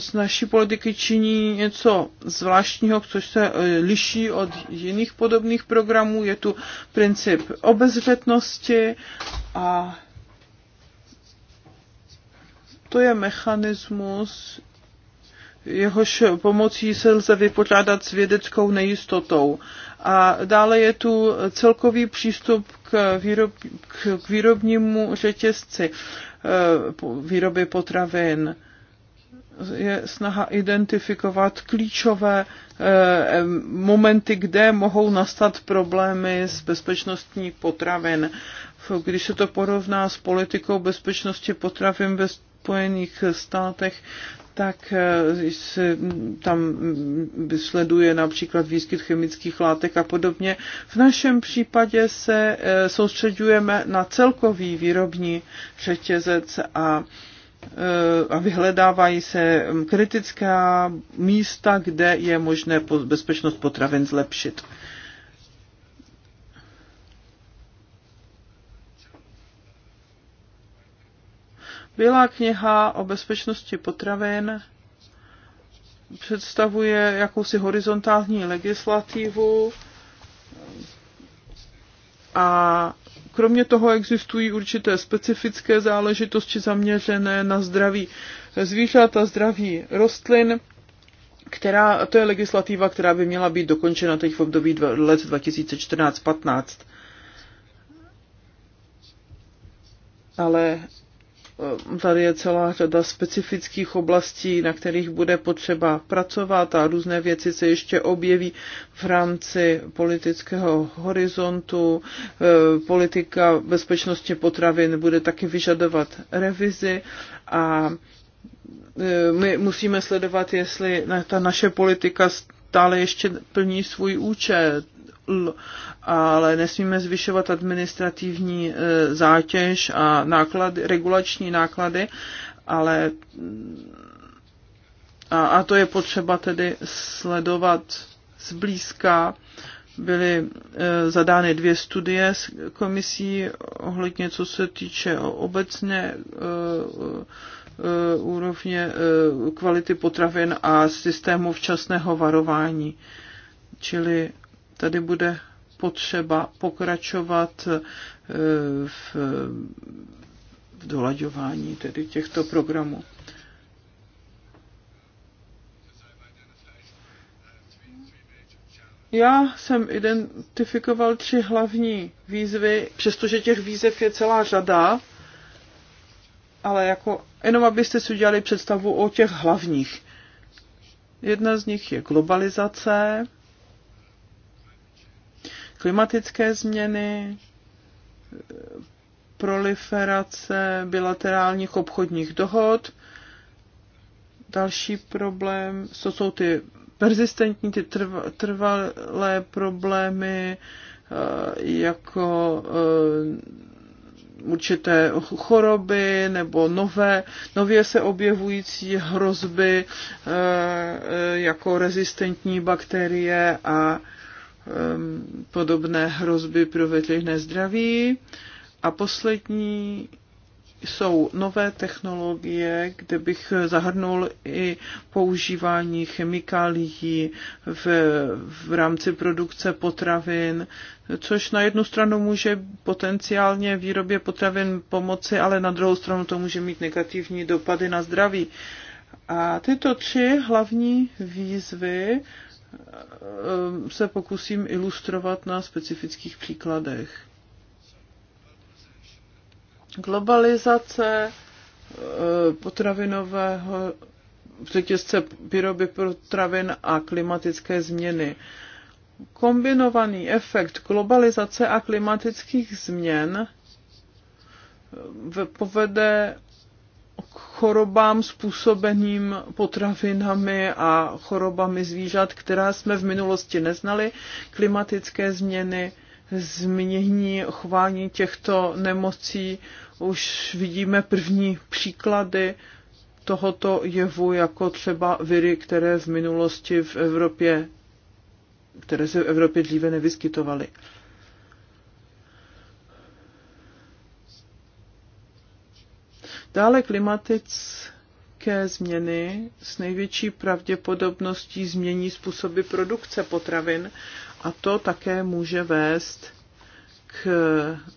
S2: z naší politiky činí něco zvláštního, což se eh, liší od jiných podobných programů. Je tu princip obezřetnosti a to je mechanismus, jehož pomocí se lze vypořádat s vědeckou nejistotou. A dále je tu celkový přístup k, výrob, k výrobnímu řetězci eh, výroby potravin je snaha identifikovat klíčové eh, momenty, kde mohou nastat problémy s bezpečnostní potravin. Když se to porovná s politikou bezpečnosti potravin ve Spojených státech, tak eh, se tam mm, sleduje například výskyt chemických látek a podobně. V našem případě se eh, soustředujeme na celkový výrobní řetězec a Eh, a vyhledávají se kritická místa, kde je možné bezpečnost potravin zlepšit. Bílá kniha o bezpečnosti potravin představuje jakousi horizontální legislativu a Kromě toho existují určité specifické záležitosti zaměřené na zdraví zvířat a zdraví rostlin, která, to je legislativa, která by měla být dokončena teď v období let 2014-15. Ale Tady je celá řada specifických oblastí, na kterých bude potřeba pracovat a různé věci se ještě objeví v rámci politického horizontu. E, politika bezpečnosti potravin bude taky vyžadovat revizi a e, my musíme sledovat, jestli ta naše politika stále ještě plní svůj účel, ale nesmíme zvyšovat administrativní e, zátěž a náklady, regulační náklady, ale a, a to je potřeba tedy sledovat zblízka. Byly e, zadány dvě studie s komisí ohledně co se týče obecně e, e, úrovně e, kvality potravin a systému včasného varování. Čili tady bude potřeba pokračovat eh, v, v dolaďování tedy těchto programů. Já jsem identifikoval tři hlavní výzvy, přestože těch výzev je celá řada, ale jako jenom abyste si udělali představu o těch hlavních. Jedna z nich je globalizace, klimatické změny, proliferace bilaterálních obchodních dohod. Další problém, co jsou ty persistentní, ty trvalé problémy, eh, jako eh, určité choroby nebo nové, nově se objevující hrozby eh, jako rezistentní bakterie a Um, podobné hrozby pro veřejné zdraví. A poslední jsou nové technologie, kde bych zahrnul i používání chemikálií v, v rámci produkce potravin, což na jednu stranu může potenciálně výrobě potravin pomoci, ale na druhou stranu to může mít negativní dopady na zdraví. A tyto tři hlavní výzvy Ehm, se pokusím ilustrovat na specifických příkladech. Globalizace ehm, potravinového řetězce výroby potravin a klimatické změny. Kombinovaný efekt globalizace a klimatických změn ehm, povede chorobám způsobeným potravinami a chorobami zvířat, která jsme v minulosti neznali. Klimatické změny změní chování těchto nemocí. Už vidíme první příklady tohoto jevu, jako třeba viry, které v minulosti v Evropě, které se v Evropě dříve nevyskytovaly. Dále klimatické změny s největší pravděpodobností změní způsoby produkce potravin a to také může vést k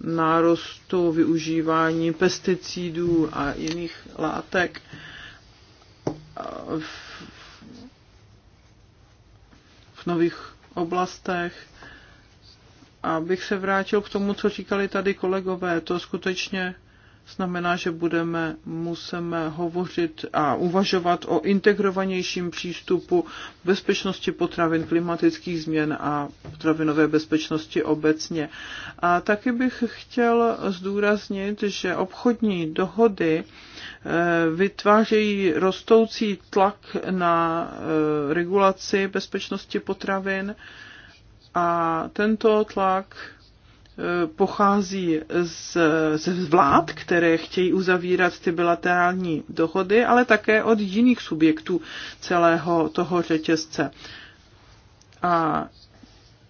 S2: nárostu využívání pesticidů a jiných látek. V nových oblastech. Abych se vrátil k tomu, co říkali tady kolegové, to skutečně znamená, že budeme musíme hovořit a uvažovat o integrovanějším přístupu bezpečnosti potravin, klimatických změn a potravinové bezpečnosti obecně. A taky bych chtěl zdůraznit, že obchodní dohody eh, vytvářejí rostoucí tlak na eh, regulaci bezpečnosti potravin a tento tlak pochází z, z vlád, které chtějí uzavírat ty bilaterální dohody, ale také od jiných subjektů celého toho řetězce. A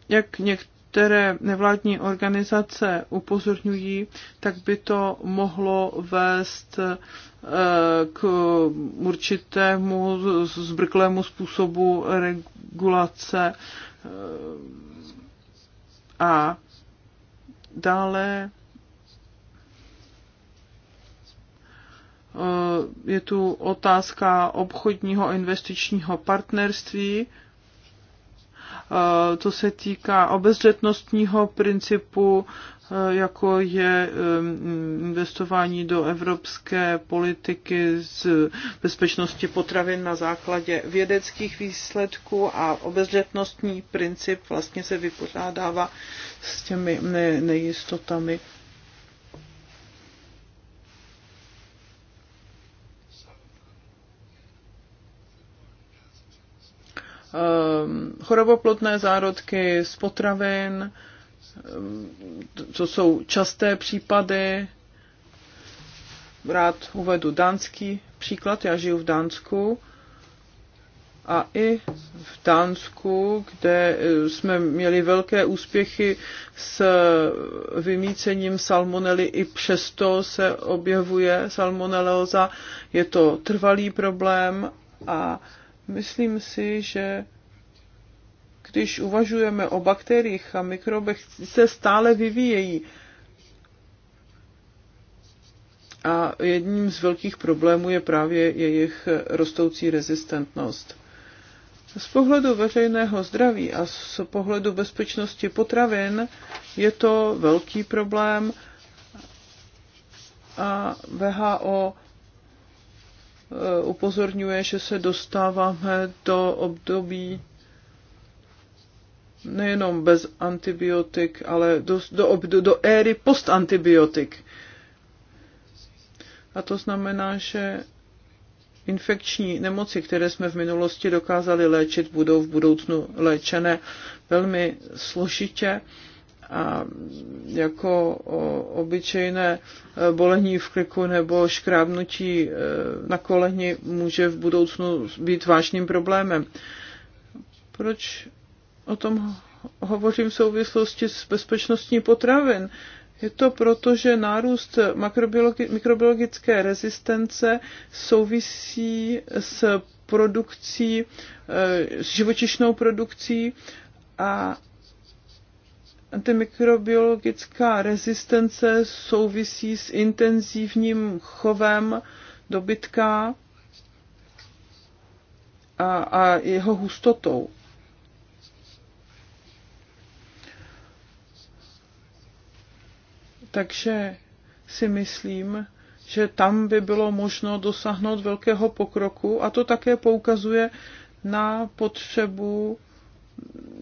S2: jak některé nevládní organizace upozorňují, tak by to mohlo vést eh, k určitému zbrklému způsobu regulace eh, a Dále eh, je tu otázka obchodního a investičního partnerství. To eh, se týká obezřetnostního principu, Eh, jako je eh, investování do evropské politiky z bezpečnosti potravin na základě vědeckých výsledků a obezřetnostní princip vlastně se vypořádává s těmi nejistotami. Eh, choroboplodné zárodky z potravin, Ehm, co jsou časté případy. Rád uvedu dánský příklad, já žiju v Dánsku a i v Dánsku, kde eh, jsme měli velké úspěchy s vymícením salmonely, i přesto se objevuje salmonelóza. Je to trvalý problém a myslím si, že když uvažujeme o bakteriích a mikrobech, se stále vyvíjejí. A jedním z velkých problémů je právě jejich rostoucí rezistentnost. Z pohledu veřejného zdraví a z pohledu bezpečnosti potravin je to velký problém a VHO eh, upozorňuje, že se dostáváme do období nejenom bez antibiotik, ale do, do, do, do éry postantibiotik. A to znamená, že infekční nemoci, které jsme v minulosti dokázali léčit, budou v budoucnu léčené velmi složitě a jako obyčejné eh, bolení v kliku nebo škrábnutí eh, na koleni může v budoucnu být vážným problémem. Proč o tom hovořím v souvislosti s bezpečností potravin. Je to proto, že nárůst mikrobiologické rezistence souvisí s produkcí, eh, s živočišnou produkcí a antimikrobiologická rezistence souvisí s intenzivním chovem dobytka a, a jeho hustotou. Takže si myslím, že tam by bylo možno dosáhnout velkého pokroku a to také poukazuje na potřebu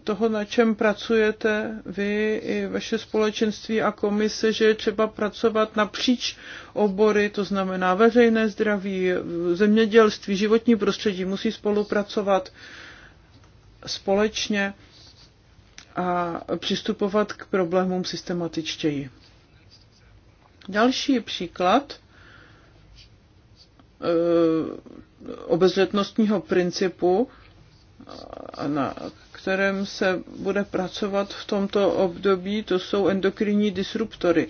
S2: toho, na čem pracujete vy i vaše společenství a komise, že je třeba pracovat napříč obory, to znamená veřejné zdraví, zemědělství, životní prostředí, musí spolupracovat společně a přistupovat k problémům systematičtěji. Další příklad eh, obezřetnostního principu, eh, na kterém se bude pracovat v tomto období, to jsou endokrinní disruptory.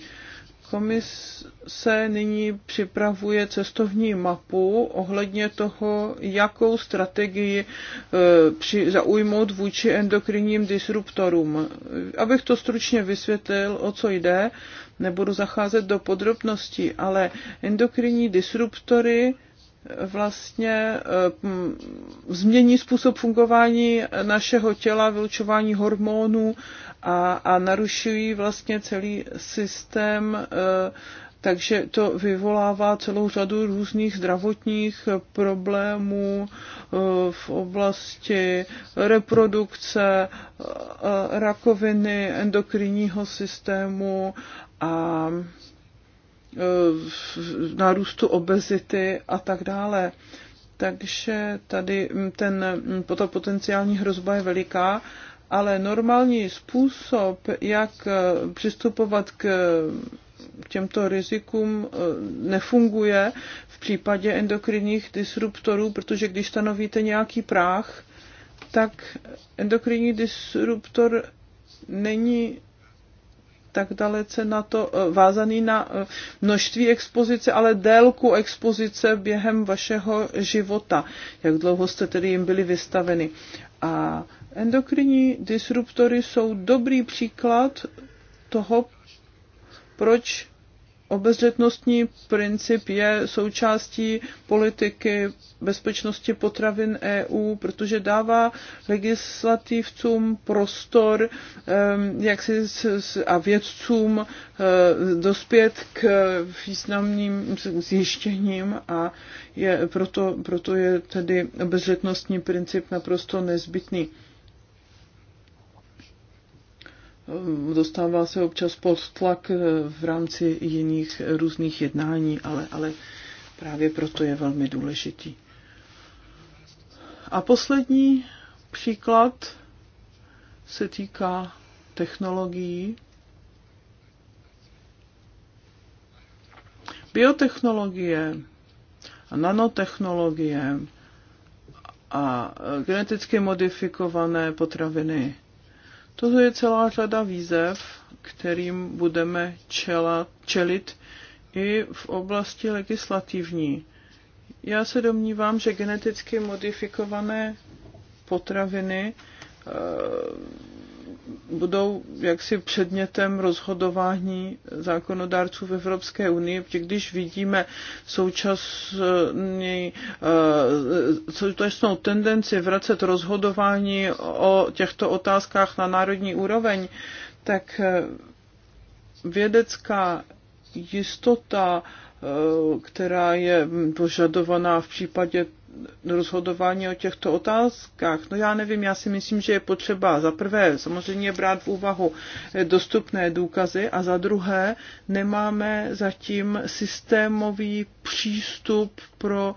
S2: Komise nyní připravuje cestovní mapu ohledně toho, jakou strategii e, při, zaujmout vůči endokrinním disruptorům. Abych to stručně vysvětlil, o co jde, nebudu zacházet do podrobností, ale endokrinní disruptory vlastně eh, změní způsob fungování našeho těla, vylučování hormonů a, a narušují vlastně celý systém, eh, takže to vyvolává celou řadu různých zdravotních problémů eh, v oblasti reprodukce, rakoviny, endokrinního systému a nárůstu obezity a tak dále. Takže tady ten, ta potenciální hrozba je veliká, ale normální způsob, jak přistupovat k těmto rizikům nefunguje v případě endokrinních disruptorů, protože když stanovíte nějaký práh, tak endokrinní disruptor není tak dalece na to eh, vázaný na eh, množství expozice, ale délku expozice během vašeho života, jak dlouho jste tedy jim byli vystaveni. A endokrinní disruptory jsou dobrý příklad toho, proč obezřetnostní princip je součástí politiky bezpečnosti potravin EU, protože dává legislativcům prostor jak si, a vědcům eh, dospět k významným zjištěním a je, proto, proto je tedy obezřetnostní princip naprosto nezbytný dostává se občas pod tlak eh, v rámci jiných eh, různých jednání, ale, ale právě proto je velmi důležitý. A poslední příklad se týká technologií. Biotechnologie a nanotechnologie a eh, geneticky modifikované potraviny to je celá řada výzev, kterým budeme čela, čelit i v oblasti legislativní. Já se domnívám, že geneticky modifikované potraviny eh, budou jaksi předmětem rozhodování zákonodárců v Evropské unii, protože když vidíme současný, eh, současnou tendenci vracet rozhodování o těchto otázkách na národní úroveň, tak eh, vědecká jistota, eh, která je požadovaná v případě rozhodování o těchto otázkách? No já nevím, já si myslím, že je potřeba za prvé samozřejmě brát v úvahu dostupné důkazy a za druhé nemáme zatím systémový přístup pro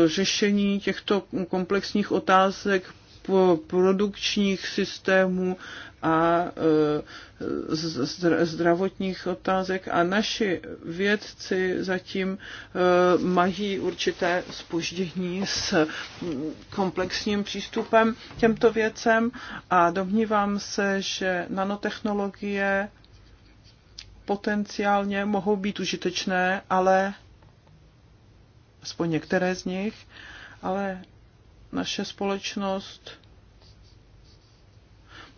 S2: e, e, řešení těchto komplexních otázek produkčních systémů a e, zdravotních otázek a naši vědci zatím e, mají určité spoždění s komplexním přístupem těmto věcem a domnívám se, že nanotechnologie potenciálně mohou být užitečné, ale aspoň některé z nich, ale naše společnost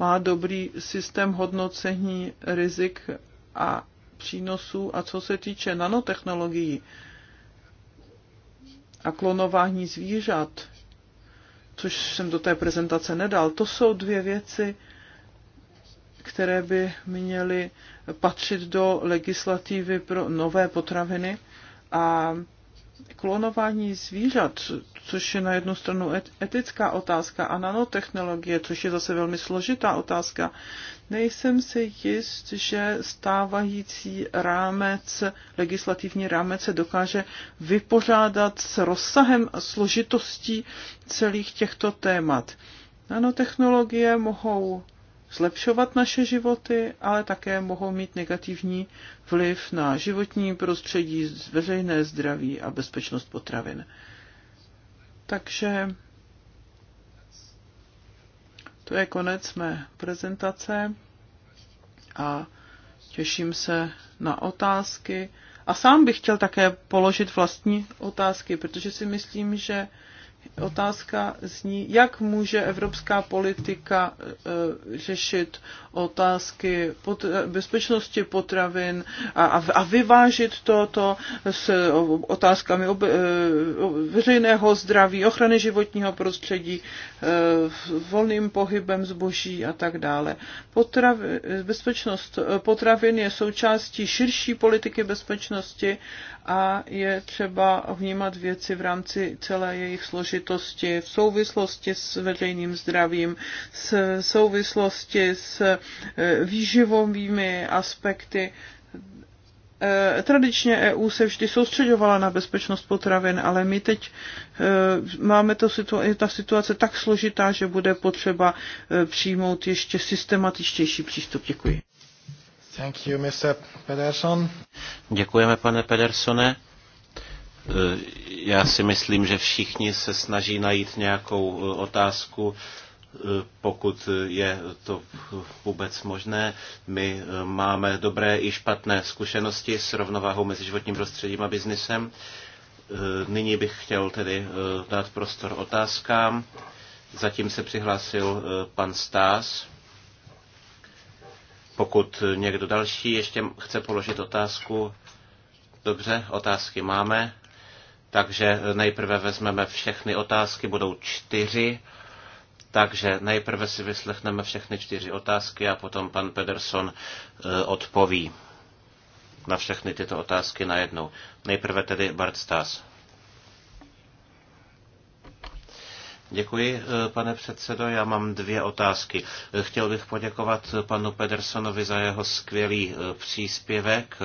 S2: má dobrý systém hodnocení rizik a přínosů. A co se týče nanotechnologií a klonování zvířat, což jsem do té prezentace nedal, to jsou dvě věci, které by měly patřit do legislativy pro nové potraviny a klonování zvířat, což je na jednu stranu etická otázka, a nanotechnologie, což je zase velmi složitá otázka, nejsem si jist, že stávající rámec, legislativní rámec se dokáže vypořádat s rozsahem a složitostí celých těchto témat. Nanotechnologie mohou zlepšovat naše životy, ale také mohou mít negativní vliv na životní prostředí, veřejné zdraví a bezpečnost potravin. Takže to je konec mé prezentace a těším se na otázky. A sám bych chtěl také položit vlastní otázky, protože si myslím, že Otázka zní, jak může evropská politika e, řešit otázky pot, bezpečnosti potravin a, a vyvážit toto s otázkami ob, e, veřejného zdraví, ochrany životního prostředí, e, volným pohybem zboží a tak dále. Potravi, bezpečnost potravin je součástí širší politiky bezpečnosti a je třeba vnímat věci v rámci celé jejich složitosti, v souvislosti s veřejným zdravím, s souvislosti s eh, výživovými aspekty. Eh, tradičně EU se vždy soustředovala na bezpečnost potravin, ale my teď eh, máme to, je ta situace tak složitá, že bude potřeba přijmout ještě systematičtější přístup. Děkuji.
S1: Thank you, Mr. Děkujeme, pane Pedersone. E, já si myslím, že všichni se snaží najít nějakou e, otázku, e, pokud je to vůbec možné. My máme dobré i špatné zkušenosti s rovnováhou mezi životním prostředím a biznesem. Nyní bych chtěl tedy dát prostor otázkám. Zatím se přihlásil pan Stás. Pokud někdo další ještě chce položit otázku, dobře, otázky máme. Takže nejprve vezmeme všechny otázky, budou čtyři. Takže nejprve si vyslechneme všechny čtyři otázky a potom pan Pederson eh, odpoví na všechny tyto otázky najednou. Nejprve tedy Bart Stas. Děkuji, eh, pane předsedo. Já mám dvě otázky. Eh, chtěl bych poděkovat panu Pedersonovi za jeho skvělý eh, příspěvek.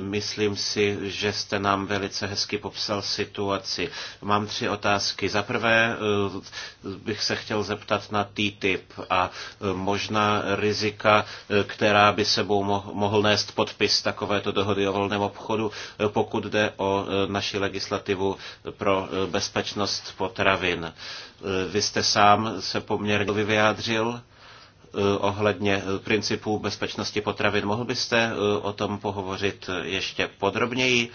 S1: Myslím si, že jste nám velice hezky popsal situaci. Mám tři otázky. Za prvé eh, bych se chtěl zeptat na TTIP a eh, možná rizika, eh, která by sebou mohl nést podpis takovéto dohody o volném obchodu, pokud jde o naši legislativu pro bezpečnost potravin. Vy jste sám se poměrně vyjádřil Eh, ohledně eh, principů bezpečnosti potravin. Mohl byste eh, o tom pohovořit ještě podrobněji,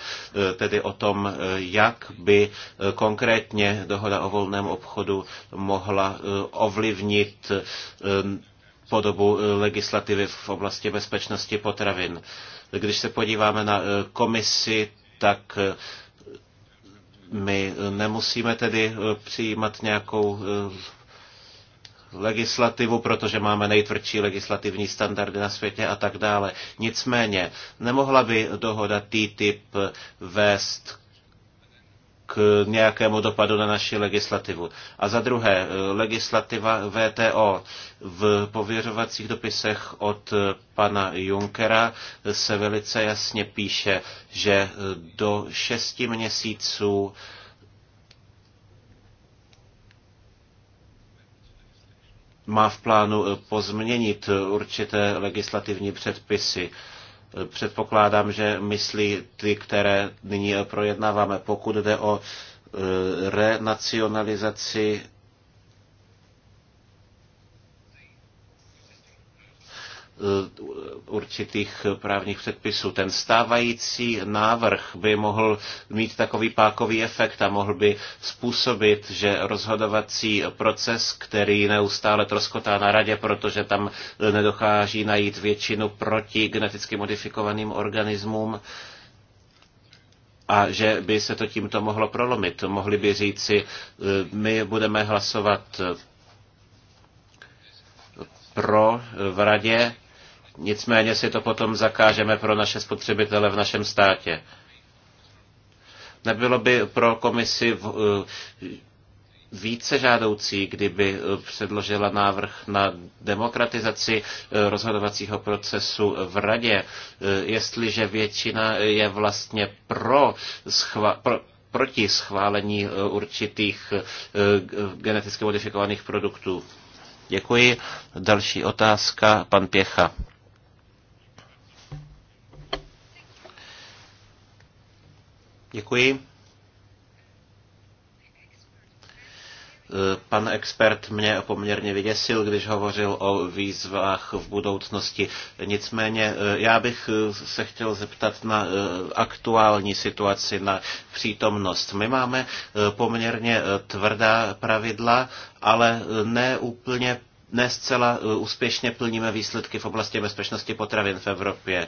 S1: tedy o tom, jak by konkrétně dohoda o volném obchodu mohla ovlivnit podobu legislativy v oblasti bezpečnosti potravin. Když se podíváme na komisi, tak my nemusíme tedy přijímat nějakou legislativu, protože máme nejtvrdší legislativní standardy na světě a tak dále. Nicméně, nemohla by dohoda TTIP vést k nějakému dopadu na naši legislativu. A za druhé, legislativa VTO. V pověřovacích dopisech od pana Junkera se velice jasně píše, že do šesti měsíců má v plánu eh, pozměnit eh, určité legislativní předpisy. Eh, předpokládám, že myslí ty, které nyní projednáváme. Pokud jde o renacionalizaci Eh, určitých právních předpisů. Ten stávající návrh by mohl mít takový pákový efekt a mohl by způsobit, že rozhodovací proces, který neustále troskotá na radě, protože tam nedochází najít většinu proti geneticky modifikovaným organismům, a že by se to tímto mohlo prolomit. Mohli by říci, eh, my budeme hlasovat pro v radě, Nicméně si to potom zakážeme pro naše spotřebitele v našem státě. Nebylo by pro komisi eh, více žádoucí, kdyby eh, předložila návrh na demokratizaci eh, rozhodovacího procesu v radě, jestliže většina je vlastně pro, schva- pro proti schválení určitých geneticky modifikovaných produktů. Děkuji. Další otázka, pan Pěcha. Děkuji. E, pan expert mě poměrně vyděsil, když hovořil o výzvách v budoucnosti. Nicméně e, já bych e, se chtěl zeptat na aktuální situaci, na přítomnost. My máme poměrně tvrdá pravidla, ale ne úplně ne zcela e, úspěšně plníme výsledky v oblasti bezpečnosti potravin v Evropě. E,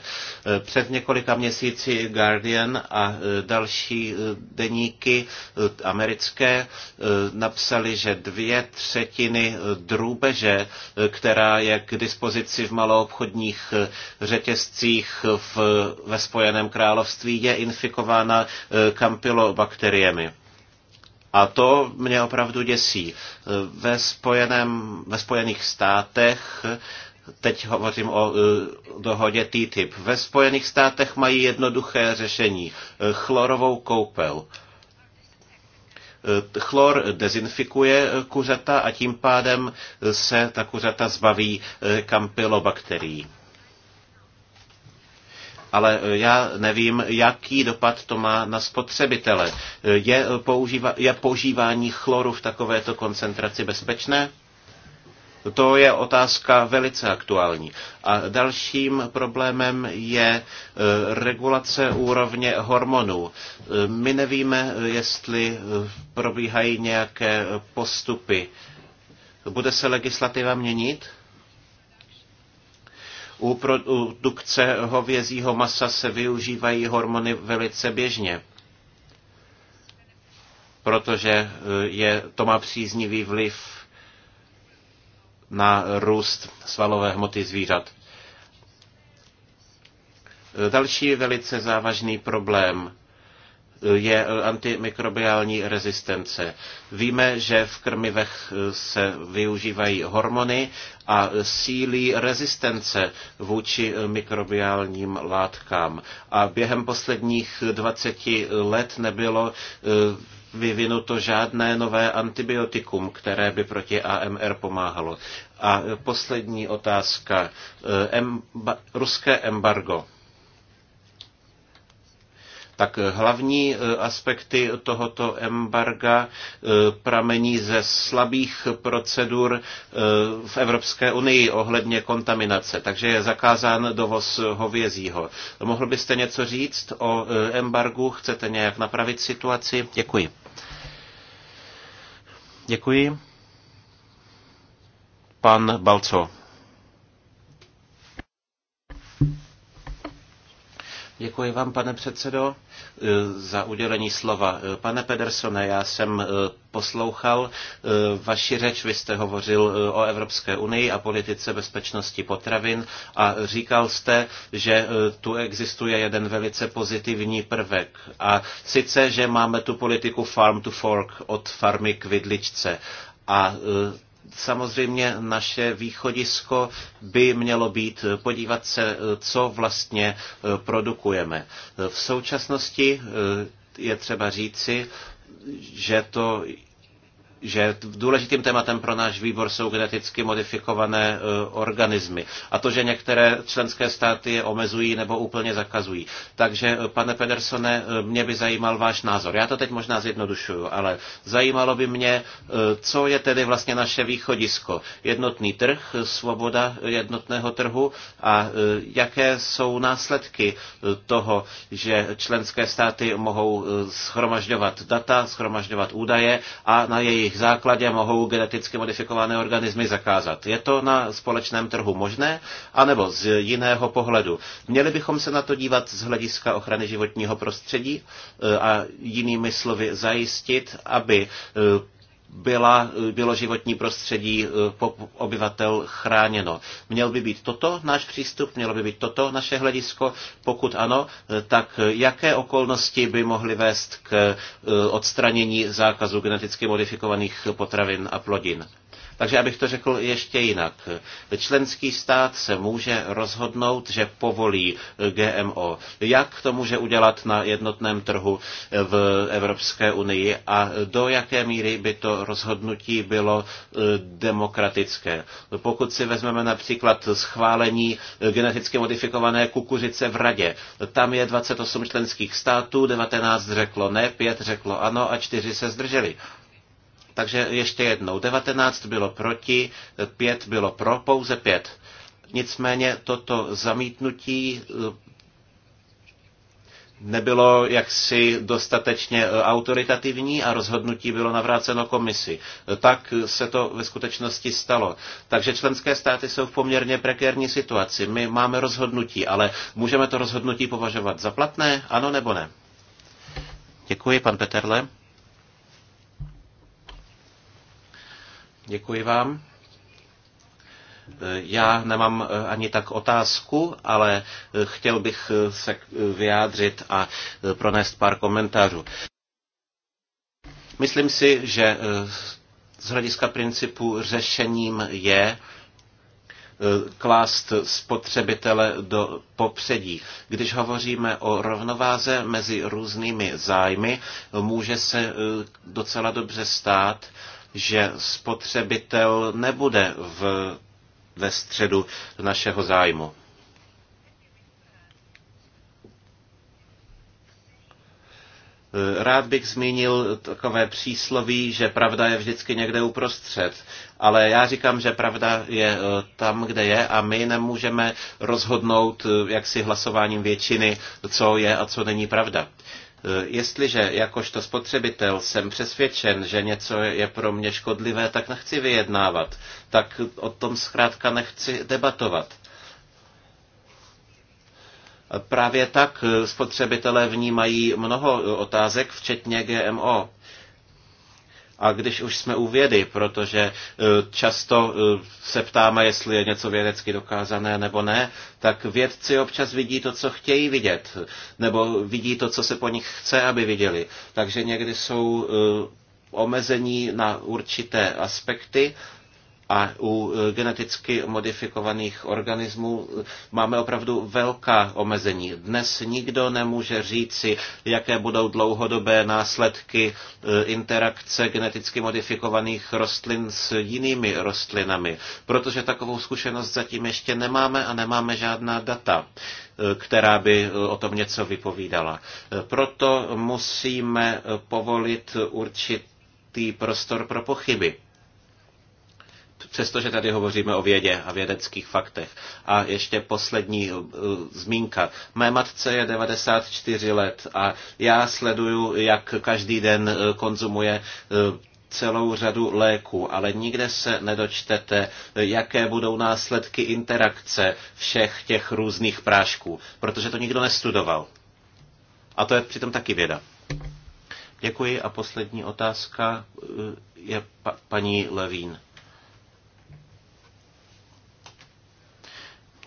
S1: před několika měsíci Guardian a e, další deníky americké napsali, že dvě třetiny drůbeže, která je k dispozici v maloobchodních řetězcích v, ve Spojeném království, je infikována kampylobakteriemi. A to mě opravdu děsí. Ve, spojeném, ve Spojených státech teď hovořím o e, dohodě TTIP. Ve Spojených státech mají jednoduché řešení. E, chlorovou koupel. E, chlor dezinfikuje kuřata a tím pádem se ta kuřata zbaví kampylobakterií ale e, já nevím, jaký dopad to má na spotřebitele. E, je, používa, je používání chloru v takovéto koncentraci bezpečné? To je otázka velice aktuální. A dalším problémem je e, regulace úrovně hormonů. My nevíme, jestli probíhají nějaké postupy. Bude se legislativa měnit? U produkce hovězího masa se využívají hormony velice běžně, protože eh, je, to má příznivý vliv na růst svalové hmoty zvířat. Eh, další velice závažný problém je eh, antimikrobiální rezistence. Víme, že v krmivech eh, se využívají hormony a sílí rezistence vůči eh, mikrobiálním látkám. A během posledních 20 let nebylo vyvinuto žádné nové antibiotikum, které by proti AMR pomáhalo. A poslední otázka. ruské embargo. Tak hlavní e, aspekty tohoto embarga e, pramení ze slabých procedur e, v Evropské unii ohledně kontaminace, takže je zakázán dovoz hovězího. Mohl byste něco říct o embargu? Chcete nějak napravit situaci? Děkuji. Děkuji. Pan Balco. Děkuji vám, pane předsedo, e, za udělení slova. E, pane Pedersone, já jsem e, poslouchal vaši řeč, vy jste hovořil o Evropské unii a politice bezpečnosti potravin a říkal jste, že tu existuje jeden velice pozitivní prvek. A sice, že máme tu politiku farm to fork od farmy k vidličce. A samozřejmě naše východisko by mělo být eh, podívat se, eh, co vlastně eh, produkujeme. V současnosti je třeba říci, že to že důležitým tématem pro náš výbor jsou geneticky modifikované e, organismy. A to, že některé členské státy je omezují nebo úplně zakazují. Takže, e, pane Pedersone, e, mě by zajímal váš názor. Já to teď možná zjednodušuju, ale zajímalo by mě, co je tedy vlastně naše východisko. Jednotný trh, svoboda jednotného trhu a jaké jsou následky toho, že členské státy mohou schromažďovat data, schromažďovat údaje a na jejich jejich základě mohou geneticky modifikované organismy zakázat. Je to na společném trhu možné, anebo z jiného pohledu? Měli bychom se na to dívat z hlediska ochrany životního prostředí e, a jinými slovy zajistit, aby e, byla, bylo životní prostředí eh, obyvatel chráněno. Měl by být toto náš přístup, mělo by být toto naše hledisko. Pokud ano, eh, tak eh, jaké okolnosti by mohly vést k odstranění zákazu geneticky modifikovaných potravin a plodin? Takže abych to řekl ještě jinak. Členský stát se může rozhodnout, že povolí GMO. Jak to může udělat na jednotném trhu v Evropské unii a do jaké míry by to rozhodnutí bylo eh, demokratické. Pokud si vezmeme například schválení geneticky modifikované kukuřice v radě, tam je 28 členských států, 19 řeklo ne, 5 řeklo ano a 4 se zdrželi. Takže ještě jednou, 19 bylo proti, 5 bylo pro, pouze 5. Nicméně toto zamítnutí eh, nebylo jaksi dostatečně eh, autoritativní a rozhodnutí bylo navráceno komisi. Tak se to ve skutečnosti stalo. Takže členské státy jsou v poměrně prekérní situaci. My máme rozhodnutí, ale můžeme to rozhodnutí považovat za platné, ano nebo ne? Děkuji, pan Peterle. Děkuji vám. Já nemám eh, ani tak otázku, ale eh, chtěl bych eh, se vyjádřit a pronést pár komentářů. Myslím si, že z hlediska principu řešením je klást spotřebitele do popředí. Když hovoříme o rovnováze mezi různými zájmy, může se docela dobře stát, že spotřebitel nebude v, ve středu našeho zájmu. Rád bych zmínil takové přísloví, že pravda je vždycky někde uprostřed, ale já říkám, že pravda je eh, tam, kde je a my nemůžeme rozhodnout eh, jaksi hlasováním většiny, co je a co není pravda. Eh, jestliže jakožto spotřebitel jsem přesvědčen, že něco je pro mě škodlivé, tak nechci vyjednávat. Tak o tom zkrátka nechci debatovat. Právě tak eh, spotřebitelé vnímají mnoho otázek, včetně GMO. A když už jsme u vědy, protože e, často e, se ptáme, jestli je něco vědecky dokázané nebo ne, tak vědci občas vidí to, co chtějí vidět, nebo vidí to, co se po nich chce, aby viděli. Takže někdy jsou e, omezení na určité aspekty a u e, geneticky modifikovaných organismů máme opravdu velká omezení. Dnes nikdo nemůže říci, jaké budou dlouhodobé následky e, interakce geneticky modifikovaných rostlin s jinými rostlinami, protože takovou zkušenost zatím ještě nemáme a nemáme žádná data e, která by o tom něco vypovídala. Proto musíme povolit určitý prostor pro pochyby přestože tady hovoříme o vědě a vědeckých faktech. A ještě poslední eh, zmínka. Mé matce je 94 let a já sleduju, jak každý den eh, konzumuje eh, celou řadu léků, ale nikde se nedočtete, jaké budou následky interakce všech těch různých prášků, protože to nikdo nestudoval. A to je přitom taky věda. Děkuji a poslední otázka je pa- paní Levín.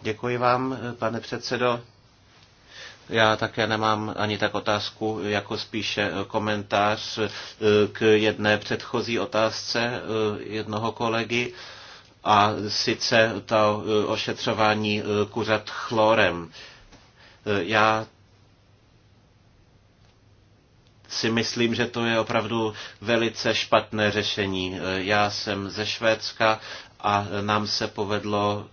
S1: Děkuji vám, pane předsedo. Já také nemám ani tak otázku, jako spíše komentář eh, k jedné předchozí otázce eh, jednoho kolegy, a sice to eh, ošetřování kuřat chlorem. Já si myslím, že to je opravdu velice špatné řešení. Já jsem ze Švédska a nám se povedlo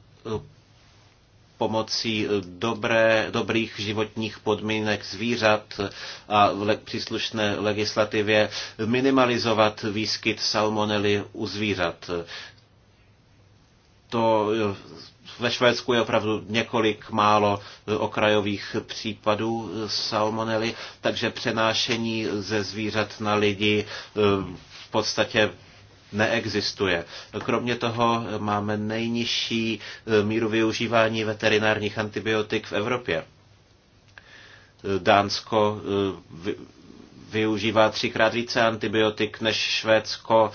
S1: pomocí eh, dobré, dobrých životních podmínek zvířat a v příslušné legislativě minimalizovat výskyt salmonely u zvířat. To eh, ve Švédsku je opravdu několik málo eh, okrajových případů salmonely, takže přenášení ze zvířat na lidi v podstatě neexistuje. Kromě toho máme nejnižší eh, míru využívání veterinárních antibiotik v Evropě. Eh, Dánsko eh, využívá třikrát více antibiotik než Švédsko,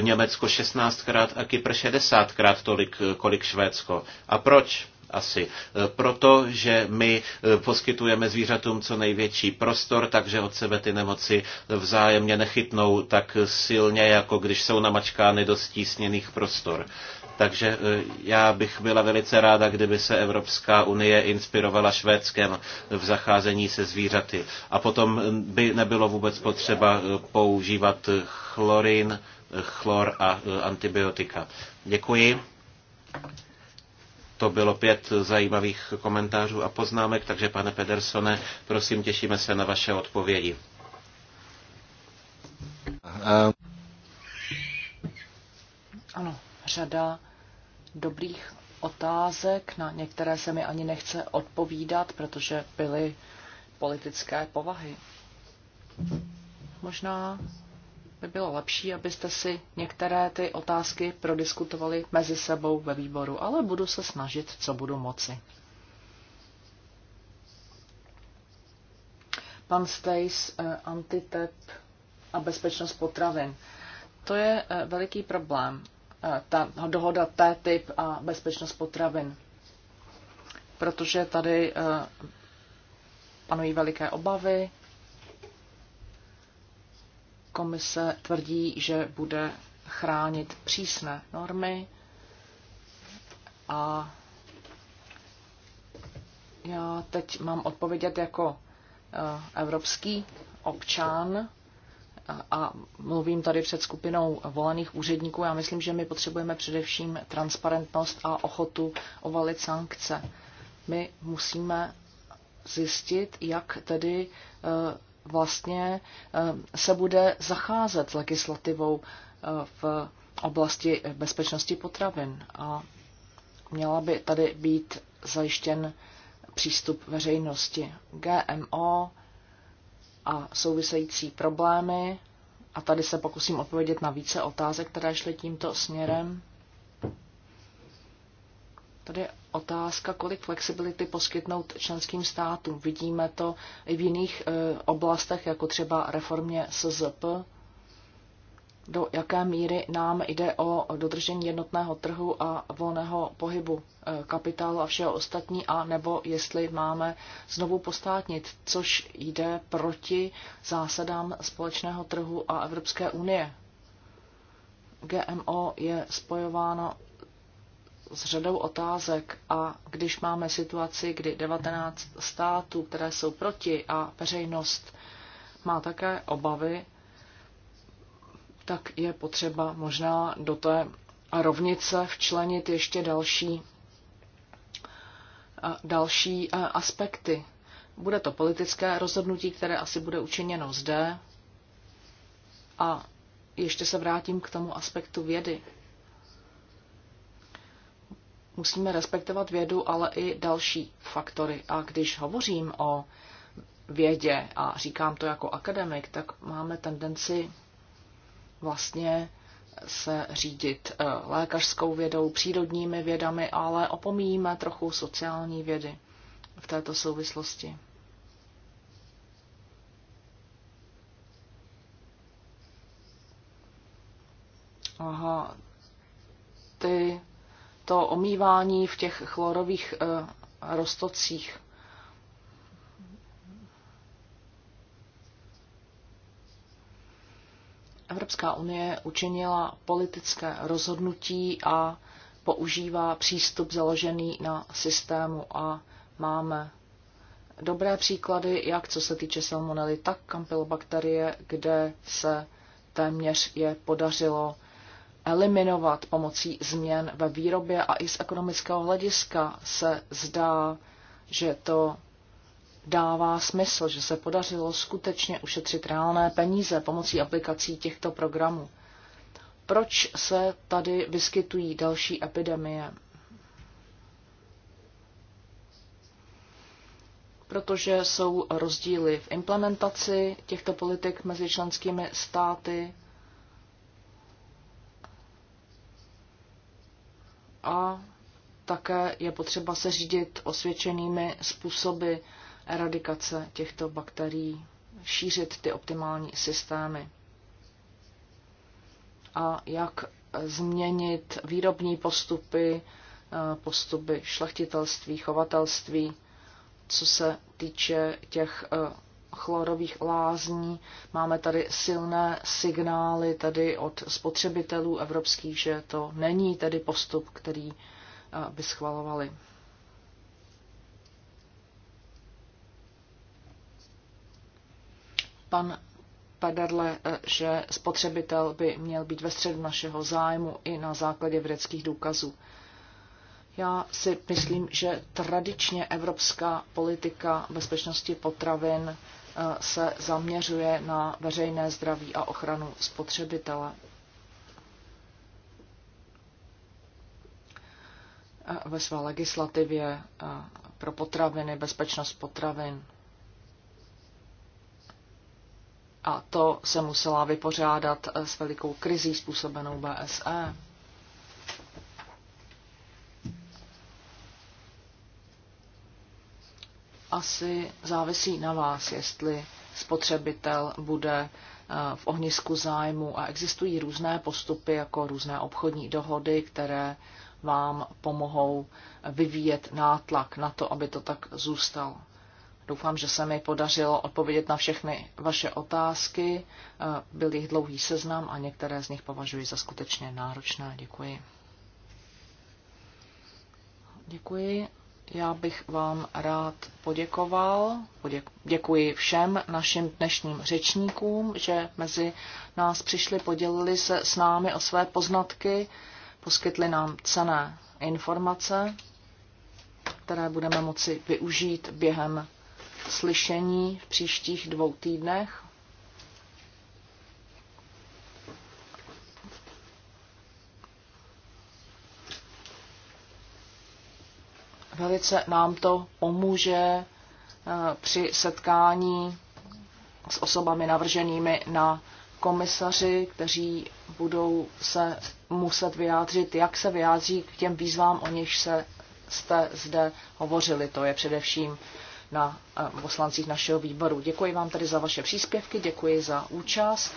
S1: Německo 16krát a Kypr 60krát tolik, kolik Švédsko. A proč? asi. E, Protože my e, poskytujeme zvířatům co největší prostor, takže od sebe ty nemoci vzájemně nechytnou tak silně, jako když jsou namačkány do stísněných prostor. Takže e, já bych byla velice ráda, kdyby se Evropská unie inspirovala Švédskem v zacházení se zvířaty. A potom by nebylo vůbec potřeba používat chlorin, chlor a antibiotika. Děkuji. To bylo pět zajímavých komentářů a poznámek, takže pane Pedersone, prosím, těšíme se na vaše odpovědi.
S3: Ano, řada dobrých otázek. Na některé se mi ani nechce odpovídat, protože byly politické povahy. Možná by bylo lepší, abyste si některé ty otázky prodiskutovali mezi sebou ve výboru, ale budu se snažit, co budu moci. Pan Stace, eh, antitep a bezpečnost potravin. To je eh, veliký problém, eh, ta dohoda T-typ a bezpečnost potravin, protože tady panují veliké obavy, Komise tvrdí, že bude chránit přísné normy a já teď mám odpovědět jako eh, evropský občan a mluvím tady před skupinou volených úředníků. Já myslím, že my potřebujeme především transparentnost a ochotu ovalit sankce. My musíme zjistit, jak tedy eh, vlastně eh, se bude zacházet s legislativou eh, v oblasti bezpečnosti potravin a měla by tady být zajištěn přístup veřejnosti. GMO a související problémy, a tady se pokusím odpovědět na více otázek, které šly tímto směrem, Tady je otázka, kolik flexibility poskytnout členským státům. Vidíme to i v jiných e, oblastech, jako třeba reformě SZP. Do jaké míry nám jde o dodržení jednotného trhu a volného pohybu e, kapitálu a všeho ostatní, a nebo jestli máme znovu postátnit, což jde proti zásadám společného trhu a Evropské unie. GMO je spojováno s řadou otázek a když máme situaci, kdy 19 států, které jsou proti a veřejnost má také obavy, tak je potřeba možná do té rovnice včlenit ještě další, eh, další eh, aspekty. Bude to politické rozhodnutí, které asi bude učiněno zde. A ještě se vrátím k tomu aspektu vědy musíme respektovat vědu, ale i další faktory. A když hovořím o vědě a říkám to jako akademik, tak máme tendenci vlastně se řídit eh, lékařskou vědou, přírodními vědami, ale opomíjíme trochu sociální vědy v této souvislosti. Aha, ty to omývání v těch chlorových eh, roztocích. Evropská unie učinila politické rozhodnutí a používá přístup založený na systému a máme dobré příklady, jak co se týče salmonely, tak kampylobakterie, kde se téměř je podařilo eliminovat pomocí změn ve výrobě a i z ekonomického hlediska se zdá, že to dává smysl, že se podařilo skutečně ušetřit reálné peníze pomocí aplikací těchto programů. Proč se tady vyskytují další epidemie? Protože jsou rozdíly v implementaci těchto politik mezi členskými státy, a také je potřeba se řídit osvědčenými způsoby eradikace těchto bakterií, šířit ty optimální systémy. A jak změnit výrobní postupy, eh, postupy šlechtitelství, chovatelství, co se týče těch eh, chlorových lázní. Máme tady silné signály tady od spotřebitelů evropských, že to není tedy postup, který eh, by schvalovali. Pan Pederle, eh, že spotřebitel by měl být ve středu našeho zájmu i na základě vědeckých důkazů. Já si myslím, že tradičně evropská politika bezpečnosti potravin se zaměřuje na veřejné zdraví a ochranu spotřebitele. Ve své legislativě pro potraviny, bezpečnost potravin. A to se musela vypořádat s velikou krizí způsobenou BSE. asi závisí na vás, jestli spotřebitel bude eh, v ohnisku zájmu a existují různé postupy, jako různé obchodní dohody, které vám pomohou vyvíjet nátlak na to, aby to tak zůstalo. Doufám, že se mi podařilo odpovědět na všechny vaše otázky. Eh, byl jich dlouhý seznam a některé z nich považuji za skutečně náročné. Děkuji. Děkuji já bych vám rád poděkoval. děkuji všem našim dnešním řečníkům, že mezi nás přišli, podělili se s námi o své poznatky, poskytli nám cené informace, které budeme moci využít během slyšení v příštích dvou týdnech. Velice nám to pomůže eh, při setkání s osobami navrženými na komisaři, kteří budou se muset vyjádřit, jak se vyjádří k těm výzvám, o nich se jste zde hovořili. To je především na eh, poslancích našeho výboru. Děkuji vám tedy za vaše příspěvky, děkuji za účast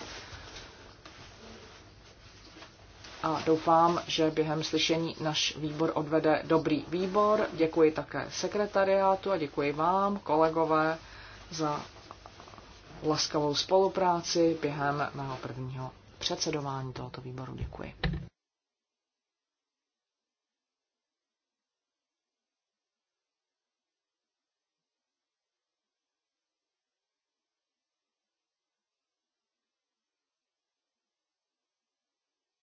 S3: a doufám, že během slyšení náš výbor odvede dobrý výbor. Děkuji také sekretariátu a děkuji vám, kolegové, za laskavou spolupráci během mého prvního předsedování tohoto výboru. Děkuji.